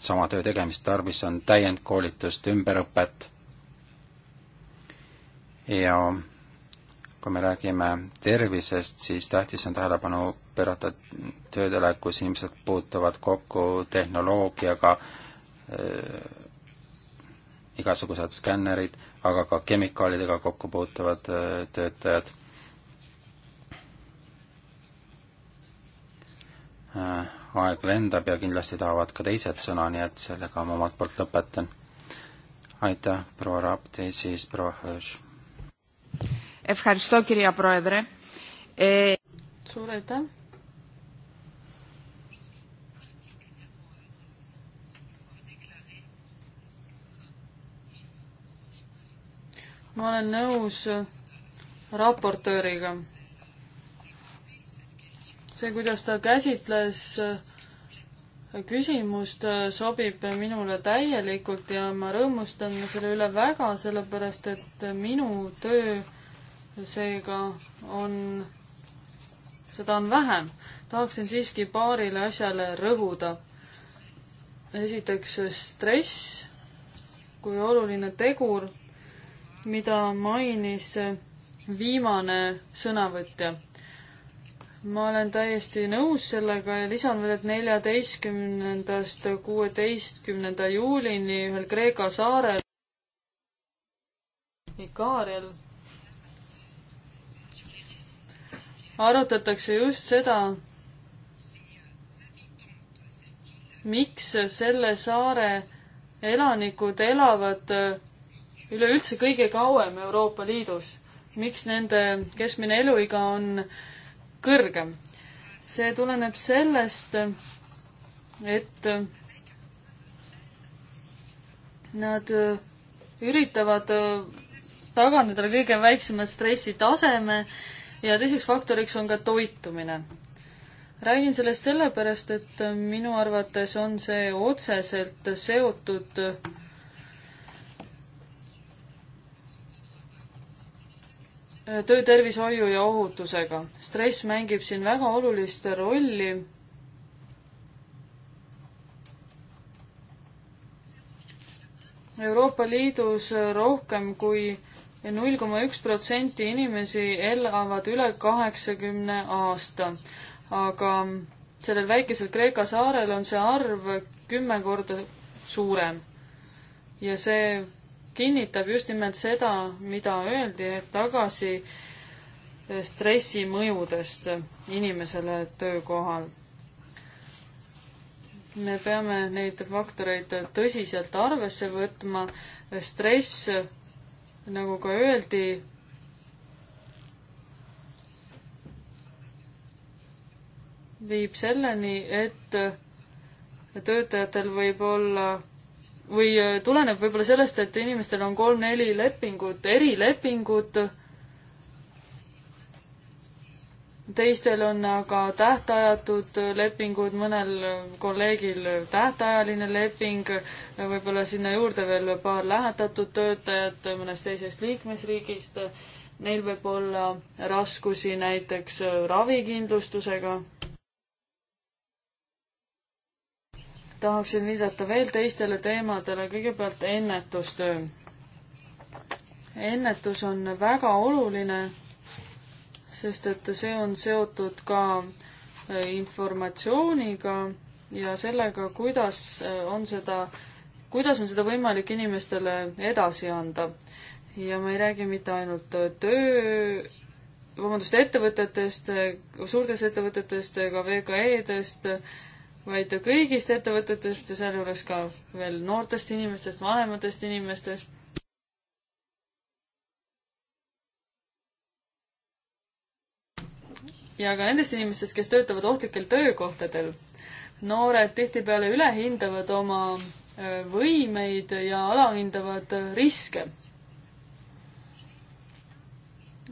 sama töö tegemist, tarvis on täiendkoolitust, ümberõpet ja kui me räägime tervisest, siis tähtis on tähelepanu pöörata töödele, kus inimesed puutuvad kokku tehnoloogiaga äh,, igasugused skännerid, aga ka kemikaalidega kokku puutuvad äh, töötajad. Äh, aeg lendab ja kindlasti tahavad ka teised sõna, nii et sellega ma omalt poolt lõpetan. aitäh, proua Rapti, siis proua Hõõš. E- suur aitäh. ma olen nõus raportööriga see, kuidas ta käsitles äh, küsimust, äh, sobib minule täielikult ja ma rõõmustan selle üle väga, sellepärast et minu töö seega on, seda on vähem. tahaksin siiski paarile asjale rõhuda. esiteks stress kui oluline tegur, mida mainis viimane sõnavõtja ma olen täiesti nõus sellega ja lisan veel, et neljateistkümnendast kuueteistkümnenda juulini ühel Kreeka saarel Ikaarial arutatakse just seda, miks selle saare elanikud elavad üleüldse kõige kauem Euroopa Liidus, miks nende keskmine eluiga on kõrgem. see tuleneb sellest, et nad üritavad tagandada kõige väiksema stressitaseme ja teiseks faktoriks on ka toitumine. räägin sellest sellepärast, et minu arvates on see otseselt seotud töötervishoiu ja ohutusega. stress mängib siin väga olulist rolli. Euroopa Liidus rohkem kui null koma üks protsenti inimesi elavad üle kaheksakümne aasta, aga sellel väikesel Kreeka saarel on see arv kümme korda suurem. ja see kinnitab just nimelt seda, mida öeldi hetk tagasi stressi mõjudest inimesele töökohal. me peame neid faktoreid tõsiselt arvesse võtma. stress, nagu ka öeldi, viib selleni, et töötajatel võib olla või äh, tuleneb võib-olla sellest, et inimestel on kolm-neli lepingut, erilepingud, teistel on aga tähtajatud lepingud, mõnel kolleegil tähtajaline leping, võib-olla sinna juurde veel paar lähetatud töötajat mõnest teisest liikmesriigist, neil võib olla raskusi näiteks ravikindlustusega tahaksin viidata veel teistele teemadele, kõigepealt ennetustöö. ennetus on väga oluline, sest et see on seotud ka äh, informatsiooniga ja sellega, kuidas äh, on seda, kuidas on seda võimalik inimestele edasi anda. ja ma ei räägi mitte ainult äh, töö vabandust, ettevõtetest, suurtest ettevõtetest ega VKE-dest, vaid kõigist ettevõtetest ja sealjuures ka veel noortest inimestest, vanematest inimestest. ja ka nendest inimestest, kes töötavad ohtlikel töökohtadel. noored tihtipeale ülehindavad oma võimeid ja alahindavad riske.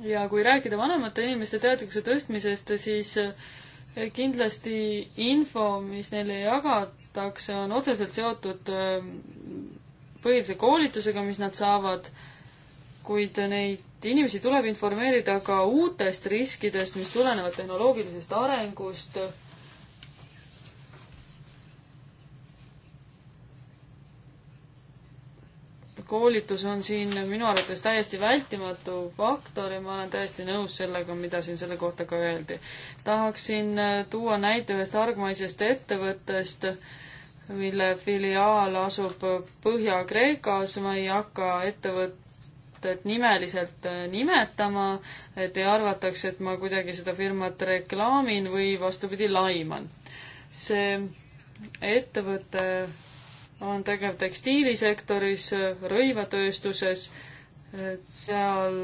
ja kui rääkida vanemate inimeste teadlikkuse tõstmisest, siis kindlasti info, mis neile jagatakse, on otseselt seotud ähm, põhilise koolitusega, mis nad saavad, kuid neid inimesi tuleb informeerida ka uutest riskidest, mis tulenevad tehnoloogilisest arengust koolitus on siin minu arvates täiesti vältimatu faktor ja ma olen täiesti nõus sellega, mida siin selle kohta ka öeldi. tahaksin äh, tuua näite ühest argmaisest ettevõttest, mille filiaal asub Põhja-Kreekas, ma ei hakka ettevõtet nimeliselt äh, nimetama, et ei arvataks, et ma kuidagi seda firmat reklaamin või vastupidi, laiman. see ettevõte on tegev tekstiilisektoris, rõivatööstuses, seal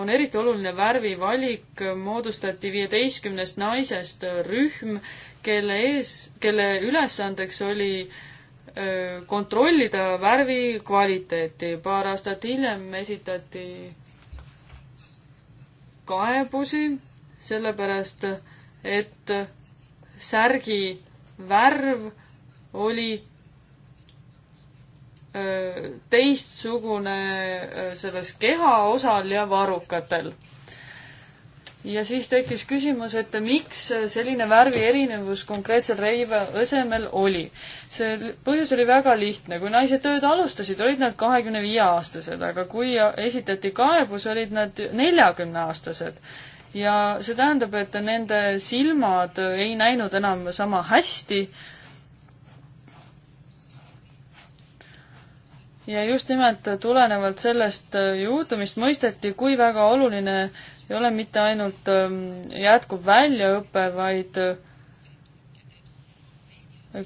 on eriti oluline värvivalik, moodustati viieteistkümnest naisest rühm, kelle ees, kelle ülesandeks oli kontrollida värvi kvaliteeti. paar aastat hiljem esitati kaebusi, sellepärast et särgi värv oli Äh, teistsugune äh, selles kehaosal ja varrukatel. ja siis tekkis küsimus, et miks selline värvierinevus konkreetsel rõiveõsemel oli. see põhjus oli väga lihtne, kui naised tööd alustasid, olid nad kahekümne viie aastased, aga kui esitati kaebus, olid nad neljakümne aastased ja see tähendab, et nende silmad ei näinud enam sama hästi ja just nimelt tulenevalt sellest äh, juhtumist mõisteti, kui väga oluline ei ole mitte ainult ähm, jätkuv väljaõpe, vaid äh,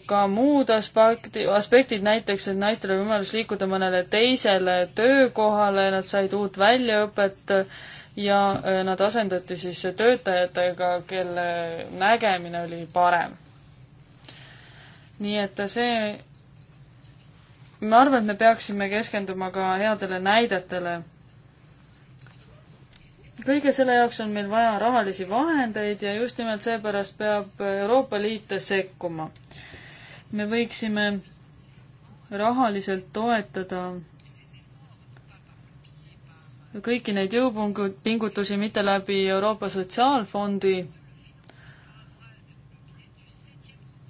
ka muud aspekti, aspektid, näiteks et naistel oli võimalus liikuda mõnele teisele töökohale, nad said uut väljaõpet äh, ja nad asendati siis töötajatega, kelle nägemine oli parem. nii et see ma arvan, et me peaksime keskenduma ka headele näidetele. kõige selle jaoks on meil vaja rahalisi vahendeid ja just nimelt seepärast peab Euroopa Liit sekkuma. me võiksime rahaliselt toetada kõiki neid jõupingutusi mitte läbi Euroopa Sotsiaalfondi,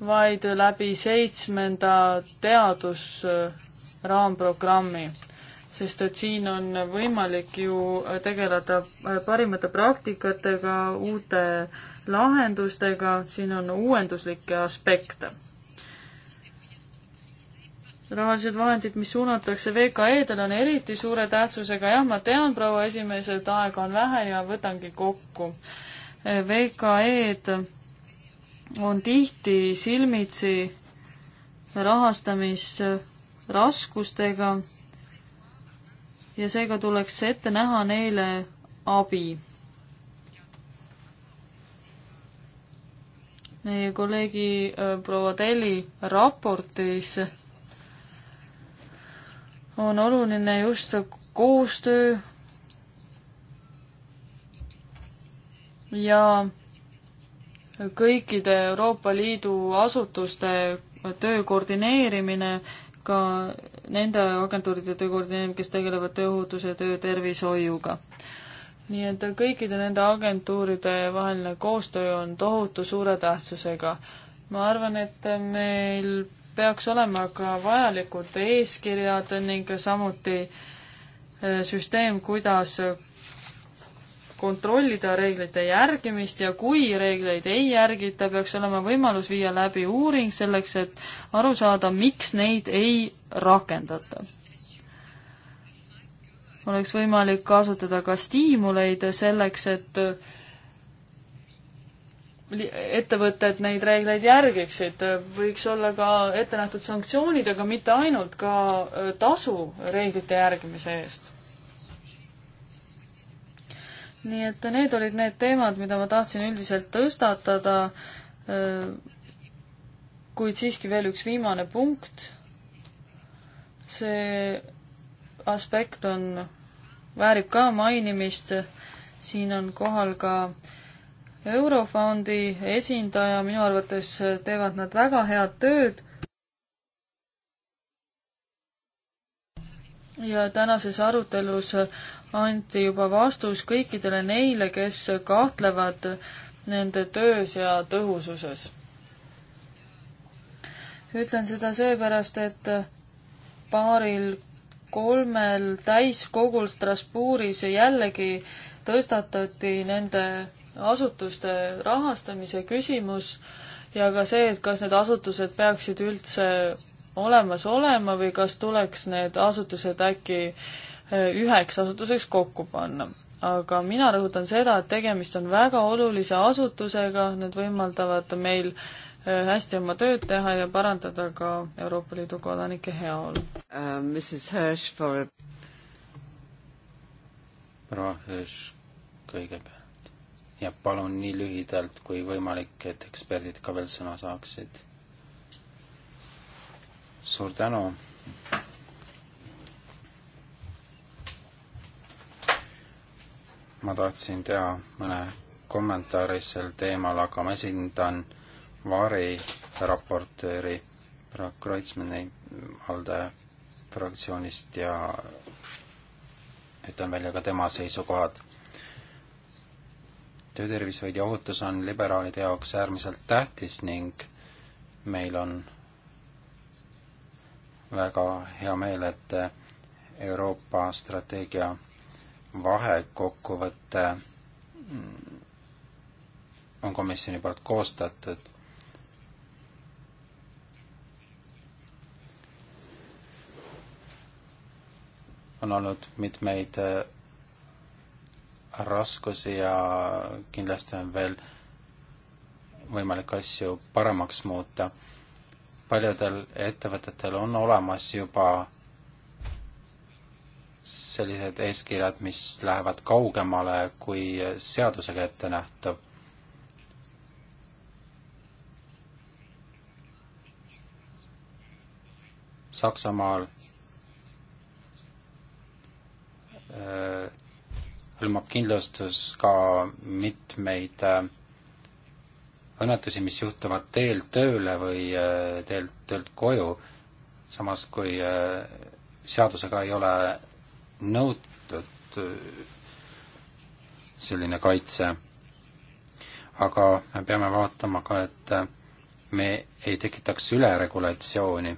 vaid läbi seitsmenda teadusraamprogrammi, sest et siin on võimalik ju tegeleda parimate praktikatega, uute lahendustega, siin on uuenduslikke aspekte. rahalised vahendid, mis suunatakse VKE-dele, on eriti suure tähtsusega, jah, ma tean, proua esimees, et aega on vähe ja võtangi kokku. VKE-d on tihti silmitsi rahastamisraskustega ja seega tuleks ette näha neile abi. meie kolleegi äh, proua Telli raportis on oluline just koostöö ja kõikide Euroopa Liidu asutuste töö koordineerimine, ka nende agentuuride töö koordineerimine, kes tegelevad tööohutuse ja töötervishoiuga. nii et kõikide nende agentuuride vaheline koostöö on tohutu suure tähtsusega. ma arvan, et meil peaks olema ka vajalikud eeskirjad ning samuti eh, süsteem, kuidas kontrollida reeglite järgimist ja kui reegleid ei järgita, peaks olema võimalus viia läbi uuring selleks, et aru saada, miks neid ei rakendata. oleks võimalik kasutada ka stiimuleid selleks, et ettevõtted neid reegleid järgiksid, võiks olla ka ette nähtud sanktsioonid, aga mitte ainult, ka tasu reeglite järgimise eest nii et need olid need teemad, mida ma tahtsin üldiselt tõstatada, kuid siiski veel üks viimane punkt. see aspekt on, väärib ka mainimist, siin on kohal ka Eurofondi esindaja, minu arvates teevad nad väga head tööd. ja tänases arutelus anti juba vastus kõikidele neile, kes kahtlevad nende töös ja tõhususes. ütlen seda seepärast, et paaril kolmel täiskogul Strasbourgis jällegi tõstatati nende asutuste rahastamise küsimus ja ka see, et kas need asutused peaksid üldse olemas olema või kas tuleks need asutused äkki äh, üheks asutuseks kokku panna. aga mina rõhutan seda, et tegemist on väga olulise asutusega, need võimaldavad meil äh, hästi oma tööd teha ja parandada ka Euroopa Liidu kodanike heaolu uh,. Mrs Hirsch for a... proua Hirsch kõigepealt ja palun nii lühidalt kui võimalik, et eksperdid ka veel sõna saaksid. suur tänu ma tahtsin teha mõne kommentaari sel teemal, aga ma esindan Vari raportööri härra Kreutzmanni ALDE fraktsioonist ja ütlen välja ka tema seisukohad töötervishoid ja ohutus on liberaalide jaoks äärmiselt tähtis ning meil on väga hea meel, et Euroopa strateegia vahekokkuvõte on komisjoni poolt koostatud. on olnud mitmeid äh, raskusi ja kindlasti on veel võimalik asju paremaks muuta. paljudel ettevõtetel on olemas juba sellised eeskirjad, mis lähevad kaugemale kui seadusega ette nähtav. Saksamaal äh, hõlmab kindlustus ka mitmeid äh, õnnetusi, mis juhtuvad teel tööle või äh, teelt, töölt koju, samas kui seadusega ei ole nõutud äh, selline kaitse, aga me peame vaatama ka, et me ei tekitaks üleregulatsiooni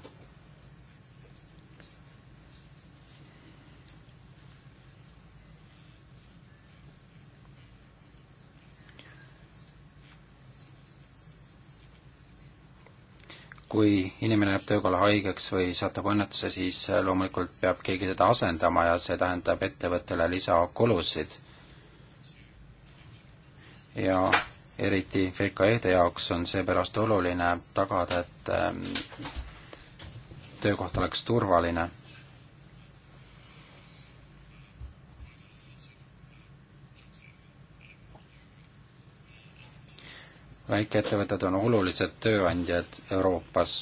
kui inimene jääb töökohal haigeks või satub õnnetusse, siis äh, loomulikult peab keegi teda asendama ja see tähendab ettevõttele lisakulusid. ja eriti VKE-de jaoks on seepärast oluline tagada, et ähm, töökoht oleks turvaline väikeettevõtted on olulised tööandjad Euroopas.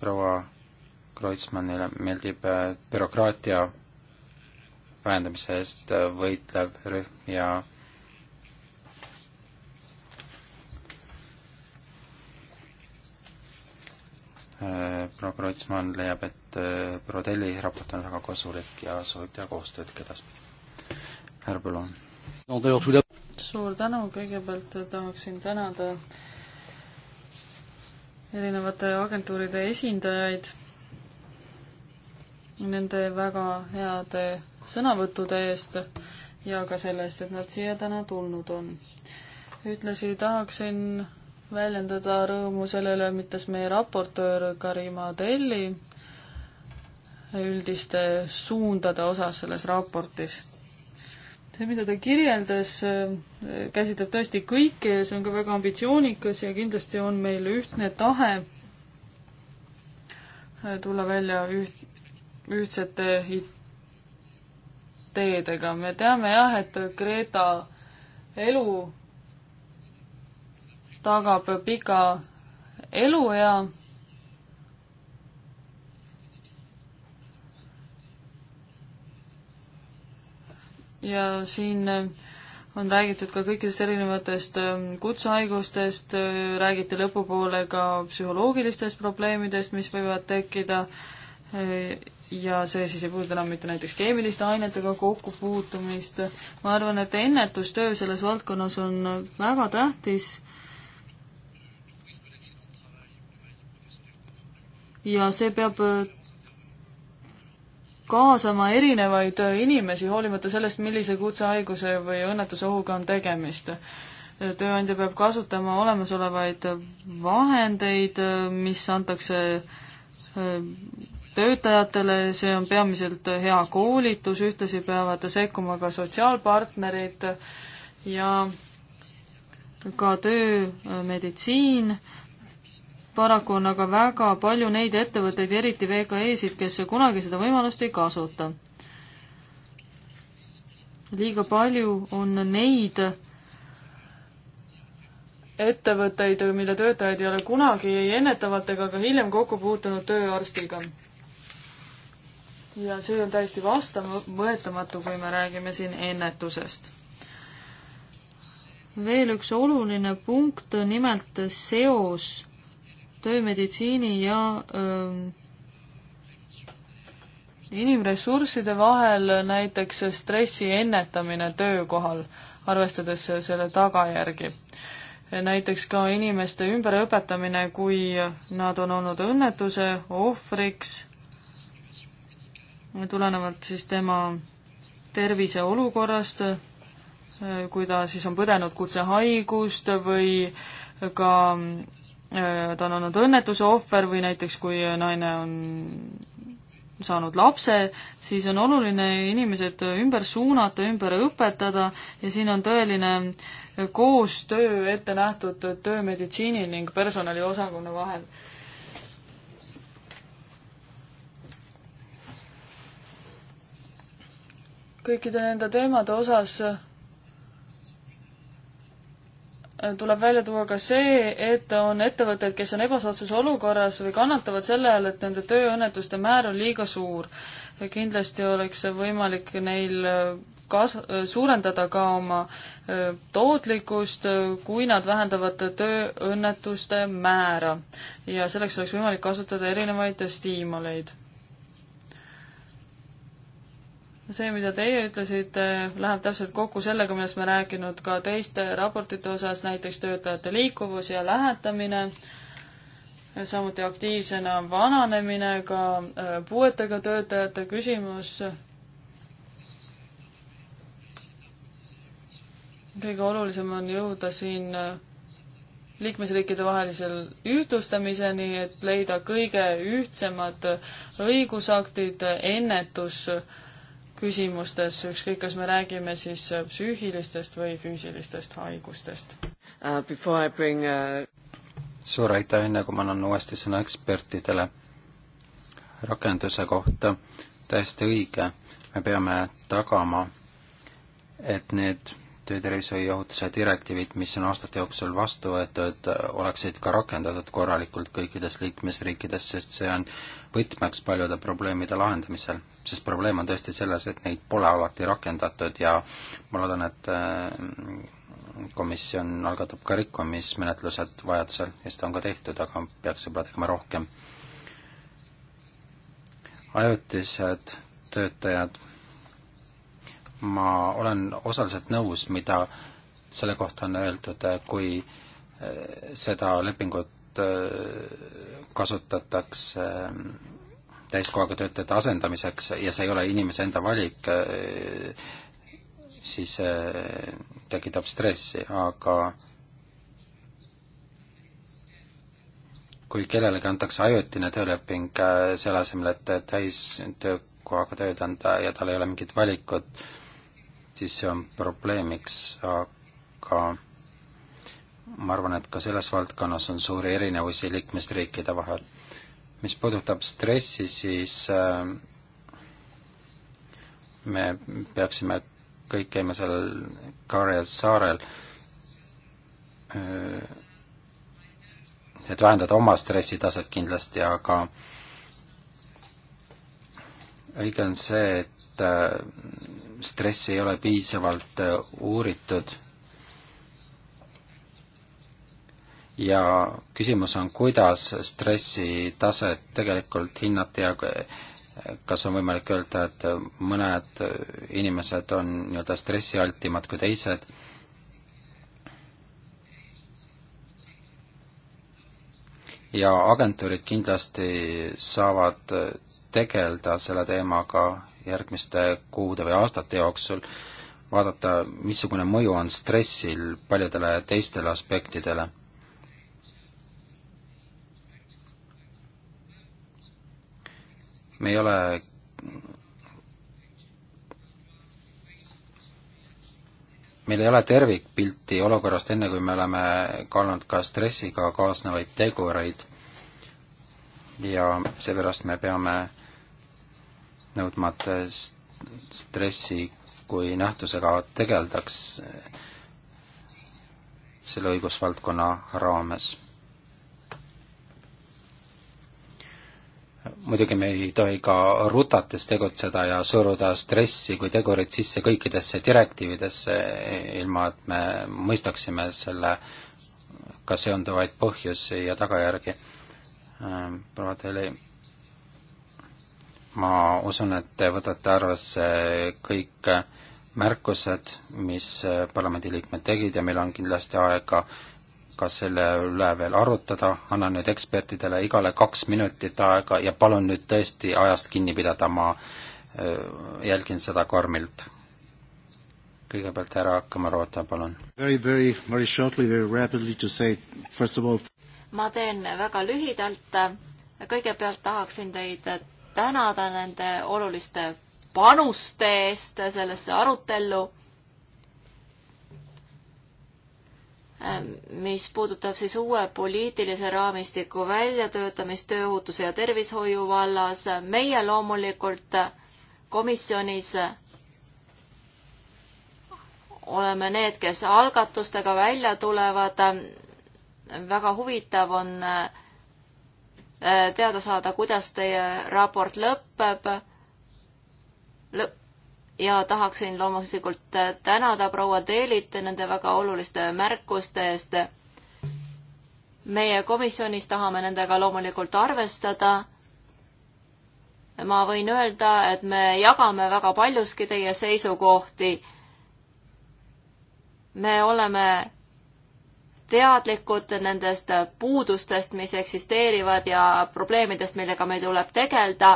proua Kreutzmannile meeldib äh, bürokraatia vähendamise eest võitlev rühm ja Äh, proua Kreutzmann leiab, et äh, proua Telli raport on väga kasulik ja soovib teha koostööd ka edaspidi. härra Põllumaa. suur tänu, kõigepealt tahaksin tänada erinevate agentuuride esindajaid nende väga heade sõnavõttude eest ja ka selle eest, et nad siia täna tulnud on. ühtlasi tahaksin väljendada rõõmu selle üle, mites meie raportöör Karima Delli üldiste suundade osas selles raportis. see, mida ta kirjeldas, käsitleb tõesti kõike ja see on ka väga ambitsioonikas ja kindlasti on meil ühtne tahe tulla välja üht, ühtsete ideedega. me teame jah, et Greta elu tagab pika eluea. ja siin on räägitud ka kõikidest erinevatest ähm, kutsehaigustest, äh, räägiti lõpupoole ka psühholoogilistest probleemidest, mis võivad tekkida äh, ja see siis ei puuduta enam mitte näiteks keemiliste ainetega kokkupuutumist. ma arvan, et ennetustöö selles valdkonnas on väga tähtis ja see peab äh, kaasama erinevaid äh, inimesi, hoolimata sellest, millise kutsehaiguse või õnnetuse ohuga on tegemist. tööandja peab kasutama olemasolevaid vahendeid, äh, mis antakse töötajatele, see on peamiselt hea koolitus, ühtlasi peavad sekkuma ka sotsiaalpartnerid ja ka töömeditsiin äh, paraku on aga väga palju neid ettevõtteid, eriti VKE-sid, kes kunagi seda võimalust ei kasuta. liiga palju on neid ettevõtteid, mille töötajad ei ole kunagi ei ennetavalt ega ka hiljem kokku puutunud tööarstiga. ja see on täiesti vastamõõtamatu, kui me räägime siin ennetusest. veel üks oluline punkt, nimelt seos töömeditsiini ja öö, ähm, inimressursside vahel näiteks stressi ennetamine töökohal, arvestades selle tagajärgi. näiteks ka inimeste ümberõpetamine, kui nad on olnud õnnetuse ohvriks, tulenevalt siis tema tervise olukorrast, äh, kui ta siis on põdenud kutsehaigust või ka Äh, ta on olnud õnnetuse ohver või näiteks kui naine on saanud lapse, siis on oluline inimesed ümber suunata, ümber õpetada ja siin on tõeline koostöö ette nähtud töömeditsiini ning personaliosakonna vahel. kõikide nende teemade osas tuleb välja tuua ka see, et on ettevõtted, kes on ebasoodsas olukorras või kannatavad selle all, et nende tööõnnetuste määr on liiga suur. kindlasti oleks võimalik neil äh, kas-, äh, suurendada ka oma äh, tootlikkust, kui nad vähendavad tööõnnetuste määra. ja selleks oleks võimalik kasutada erinevaid stiimuleid see, mida teie ütlesite, läheb täpselt kokku sellega, millest me rääkinud ka teiste raportite osas, näiteks töötajate liikuvus ja lähetamine, samuti aktiivsena vananemine, ka äh, puuetega töötajate küsimus. kõige olulisem on jõuda siin äh, liikmesriikide vahelisel ühtlustamiseni, et leida kõige ühtsemad õigusaktid, ennetus äh, küsimustes, ükskõik kas me räägime siis äh, psüühilistest või füüsilistest haigustest uh,. Uh... suur aitäh, enne kui ma annan uuesti sõna ekspertidele. rakenduse kohta täiesti õige, me peame tagama, et need töötervishoiu ja ohutuse direktiivid, mis on aastate jooksul vastu võetud, oleksid ka rakendatud korralikult kõikides liikmesriikides, sest see on võtmeks paljude probleemide lahendamisel. sest probleem on tõesti selles, et neid pole alati rakendatud ja ma loodan, et mm, komisjon algatab ka rikkumismenetlused vajadusel ja seda on ka tehtud, aga peaks võib-olla tegema rohkem. ajutised töötajad ma olen osaliselt nõus, mida selle kohta on öeldud, kui eh, seda lepingut eh, kasutatakse eh, täiskohaga töötajate asendamiseks ja see ei ole inimese enda valik, siis tekitab stressi, aga kui kellelegi antakse ajutine tööleping selle asemel, et täistöökohaga tööd anda ja tal ei ole mingit valikut, siis see on probleemiks, aga ma arvan, et ka selles valdkonnas on suuri erinevusi liikmesriikide vahel. mis puudutab stressi, siis äh, me peaksime kõik käima seal Kaarel saarel, äh, et vähendada oma stressitaset kindlasti, aga õige on see, et äh, stressi ei ole piisavalt äh, uuritud. ja küsimus on, kuidas stressi taset tegelikult hinnati ja äh, kas on võimalik öelda, et äh, mõned inimesed on nii-öelda stressialtimad kui teised ja agentuurid kindlasti saavad tegeleda selle teemaga järgmiste kuude või aastate jooksul, vaadata, missugune mõju on stressil paljudele teistele aspektidele. me ei ole meil ei ole tervikpilti olukorrast, enne kui me oleme kaalunud ka stressiga kaasnevaid tegureid ja seepärast me peame nõudmat stressi kui nähtusega tegeldaks selle õigusvaldkonna raames. muidugi me ei tohi ka rutates tegutseda ja suruda stressi kui tegurit sisse kõikidesse direktiividesse, ilma et me mõistaksime sellega seonduvaid põhjusi ja tagajärgi. proua Teli ma usun, et te võtate arvesse kõik märkused, mis parlamendiliikmed tegid ja meil on kindlasti aega ka selle üle veel arutada, annan nüüd ekspertidele igale kaks minutit aega ja palun nüüd tõesti ajast kinni pidada, ma äh, jälgin seda karmilt. kõigepealt härra Kamarota, palun. Very, very, very shortly, very rapidly to say first of all ma teen väga lühidalt, kõigepealt tahaksin teid tänada nende oluliste panuste eest sellesse arutellu ähm, mis puudutab siis uue poliitilise raamistiku väljatöötamist tööohutuse ja tervishoiu vallas. meie loomulikult komisjonis oleme need, kes algatustega välja tulevad. väga huvitav on äh, Äh, teada saada, kuidas teie raport lõpeb Lõp. ja tahaksin loomulikult äh, tänada proua Teelit nende väga oluliste märkuste eest. meie komisjonis tahame nendega loomulikult arvestada ma võin öelda, et me jagame väga paljuski teie seisukohti. me oleme teadlikud nendest puudustest, mis eksisteerivad ja probleemidest, millega meil tuleb tegeleda.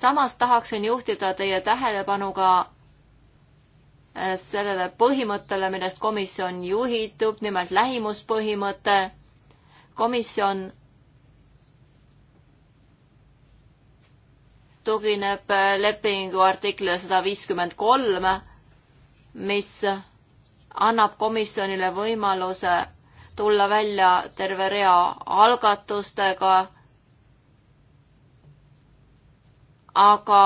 samas tahaksin juhtida teie tähelepanu ka äh, sellele põhimõttele, millest komisjon juhitub, nimelt lähimuspõhimõte. komisjon tugineb äh, lepingu artiklile sada viiskümmend kolm, mis annab komisjonile võimaluse tulla välja terve rea algatustega, aga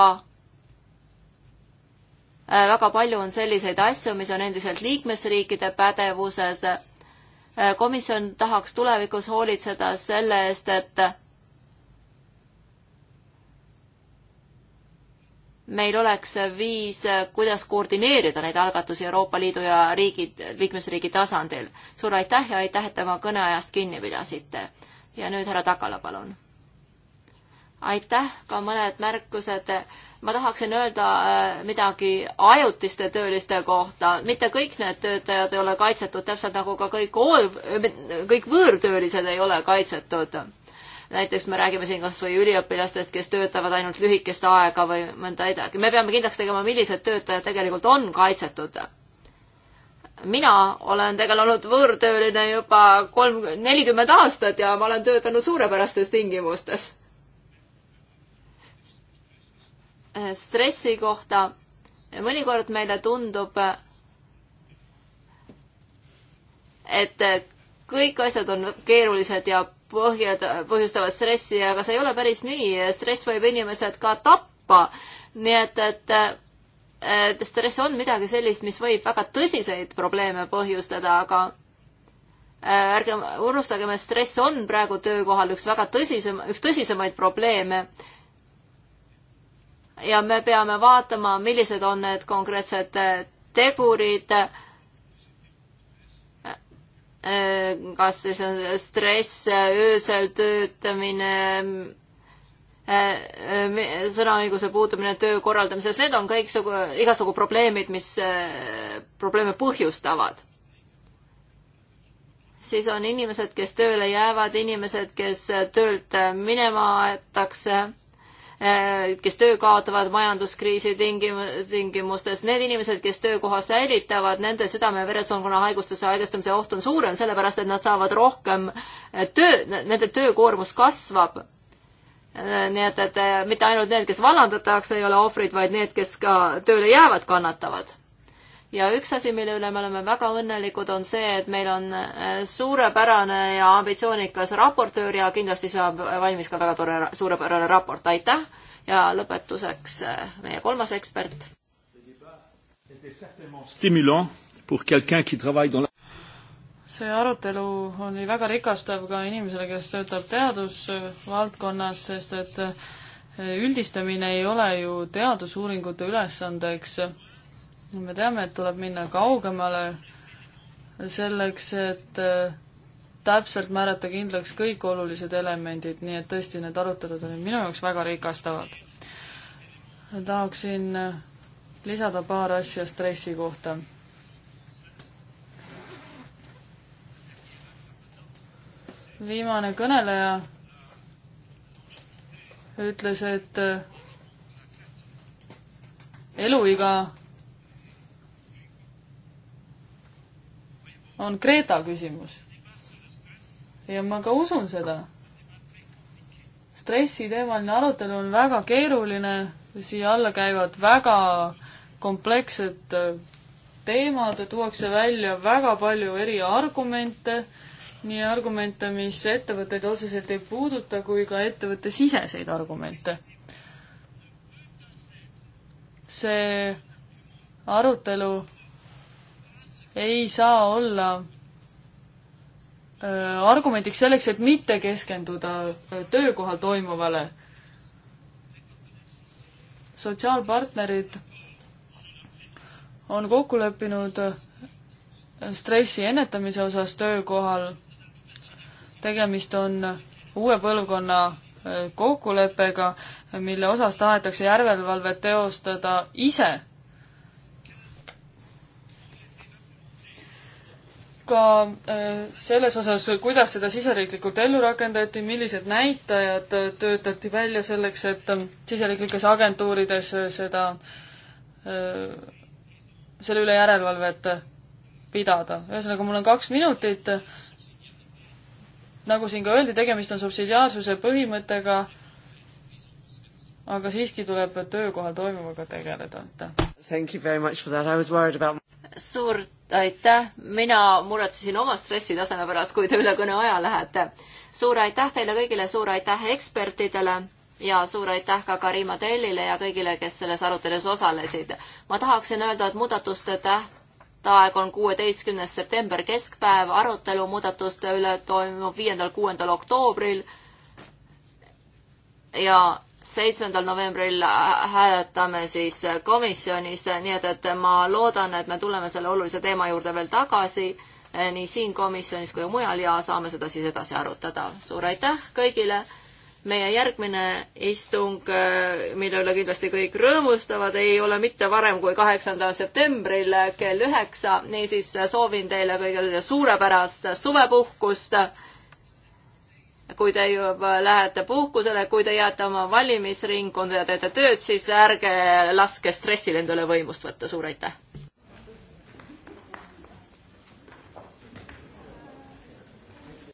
äh, väga palju on selliseid asju, mis on endiselt liikmesriikide pädevuses. Äh, komisjon tahaks tulevikus hoolitseda selle eest, et meil oleks viis, kuidas koordineerida neid algatusi Euroopa Liidu ja riigid, liikmesriigi tasandil. suur aitäh ja aitäh, et te oma kõneajast kinni pidasite. ja nüüd härra Takala, palun. aitäh, ka mõned märkused. ma tahaksin öelda äh, midagi ajutiste tööliste kohta. mitte kõik need töötajad ei ole kaitsetud, täpselt nagu ka kõik hool-, kõik võõrtöölised ei ole kaitsetud näiteks me räägime siin kas või üliõpilastest, kes töötavad ainult lühikest aega või mõnda edasi. me peame kindlaks tegema, millised töötajad tegelikult on kaitsetud. mina olen tegelikult olnud võõrtööline juba kolm, nelikümmend aastat ja ma olen töötanud suurepärastes tingimustes. stressi kohta mõnikord meile tundub, et kõik asjad on keerulised ja põhjad, põhjustavad stressi, aga see ei ole päris nii, stress võib inimesed ka tappa, nii et, et stress on midagi sellist, mis võib väga tõsiseid probleeme põhjustada, aga äh, ärgem unustagem, et stress on praegu töökohal üks väga tõsisem, üks tõsisemaid probleeme. ja me peame vaatama, millised on need konkreetsed tegurid Äh, kas siis on stress, äh, öösel töötamine, äh, sõnaõiguse puudumine töö korraldamises, need on kõik sugu, igasugu probleemid, mis probleeme põhjustavad. siis on inimesed, kes tööle jäävad, inimesed, kes töölt minema aetakse Äh, kes töö kaotavad majanduskriisi tingim-, tingimustes, need inimesed, kes töökoha säilitavad, nende südame-veresoonkonna haigustuse haigestumise oht on suurem, sellepärast et nad saavad rohkem äh, töö, nende töökoormus kasvab. Äh, nii et, et mitte ainult need, kes vallandatakse, ei ole ohvrid, vaid need, kes ka tööle jäävad, kannatavad ja üks asi, mille üle me oleme väga õnnelikud, on see, et meil on äh, suurepärane ja ambitsioonikas raportöör ja kindlasti saab valmis ka väga tore, suurepärane raport, aitäh! ja lõpetuseks äh, meie kolmas ekspert. see arutelu oli väga rikastav ka inimesele, kes töötab teadusvaldkonnas, sest et äh, üldistamine ei ole ju teadusuuringute ülesandeks me teame, et tuleb minna kaugemale selleks, et äh, täpselt määrata kindlaks kõik olulised elemendid, nii et tõesti need arutelud olid minu jaoks väga rikastavad. tahaksin äh, lisada paar asja stressi kohta. viimane kõneleja ütles, et äh, eluiga on Kreeta küsimus. ja ma ka usun seda. stressiteemaline arutelu on väga keeruline, siia alla käivad väga komplekssed äh, teemad, tuuakse välja väga palju eri argumente, nii argumente, mis ettevõtteid otseselt ei puuduta, kui ka ettevõttesiseseid argumente. see arutelu ei saa olla äh, argumendiks selleks, et mitte keskenduda äh, töökohal toimuvale. sotsiaalpartnerid on kokku leppinud äh, stressi ennetamise osas töökohal. tegemist on uue põlvkonna kokkuleppega, mille osas tahetakse järelevalvet teostada ise ka äh, selles osas, kuidas seda siseriiklikult ellu rakendati, millised näitajad äh, töötati välja selleks, et äh, siseriiklikes agentuurides seda, selle üle järelevalvet pidada. ühesõnaga, mul on kaks minutit. nagu siin ka öeldi, tegemist on subsidiaarsuse põhimõttega, aga siiski tuleb töökohal toimuvaga tegeleda. Thank you very much for that, I was worried about suur aitäh, mina muretsesin oma stressitaseme pärast, kui te üle kõne aja lähete. suur aitäh teile kõigile, suur aitäh ekspertidele ja suur aitäh ka Karima Tellile ja kõigile, kes selles arutelus osalesid. ma tahaksin öelda, et muudatuste tähtaeg on kuueteistkümnes september keskpäev, arutelu muudatuste üle toimub viiendal, kuuendal oktoobril ja seitsmendal novembril hääletame siis komisjonis, nii et, et ma loodan, et me tuleme selle olulise teema juurde veel tagasi eh, nii siin komisjonis kui mujal ja saame seda siis edasi arutada. suur aitäh kõigile! meie järgmine istung, eh, mille üle kindlasti kõik rõõmustavad, ei ole mitte varem kui kaheksandal septembril kell üheksa, niisiis soovin teile kõigile suurepärast suvepuhkust kui te juba lähete puhkusele, kui te jääte oma valimisringkonda ja teete tööd, siis ärge laske stressil endale võimust võtta, suur aitäh!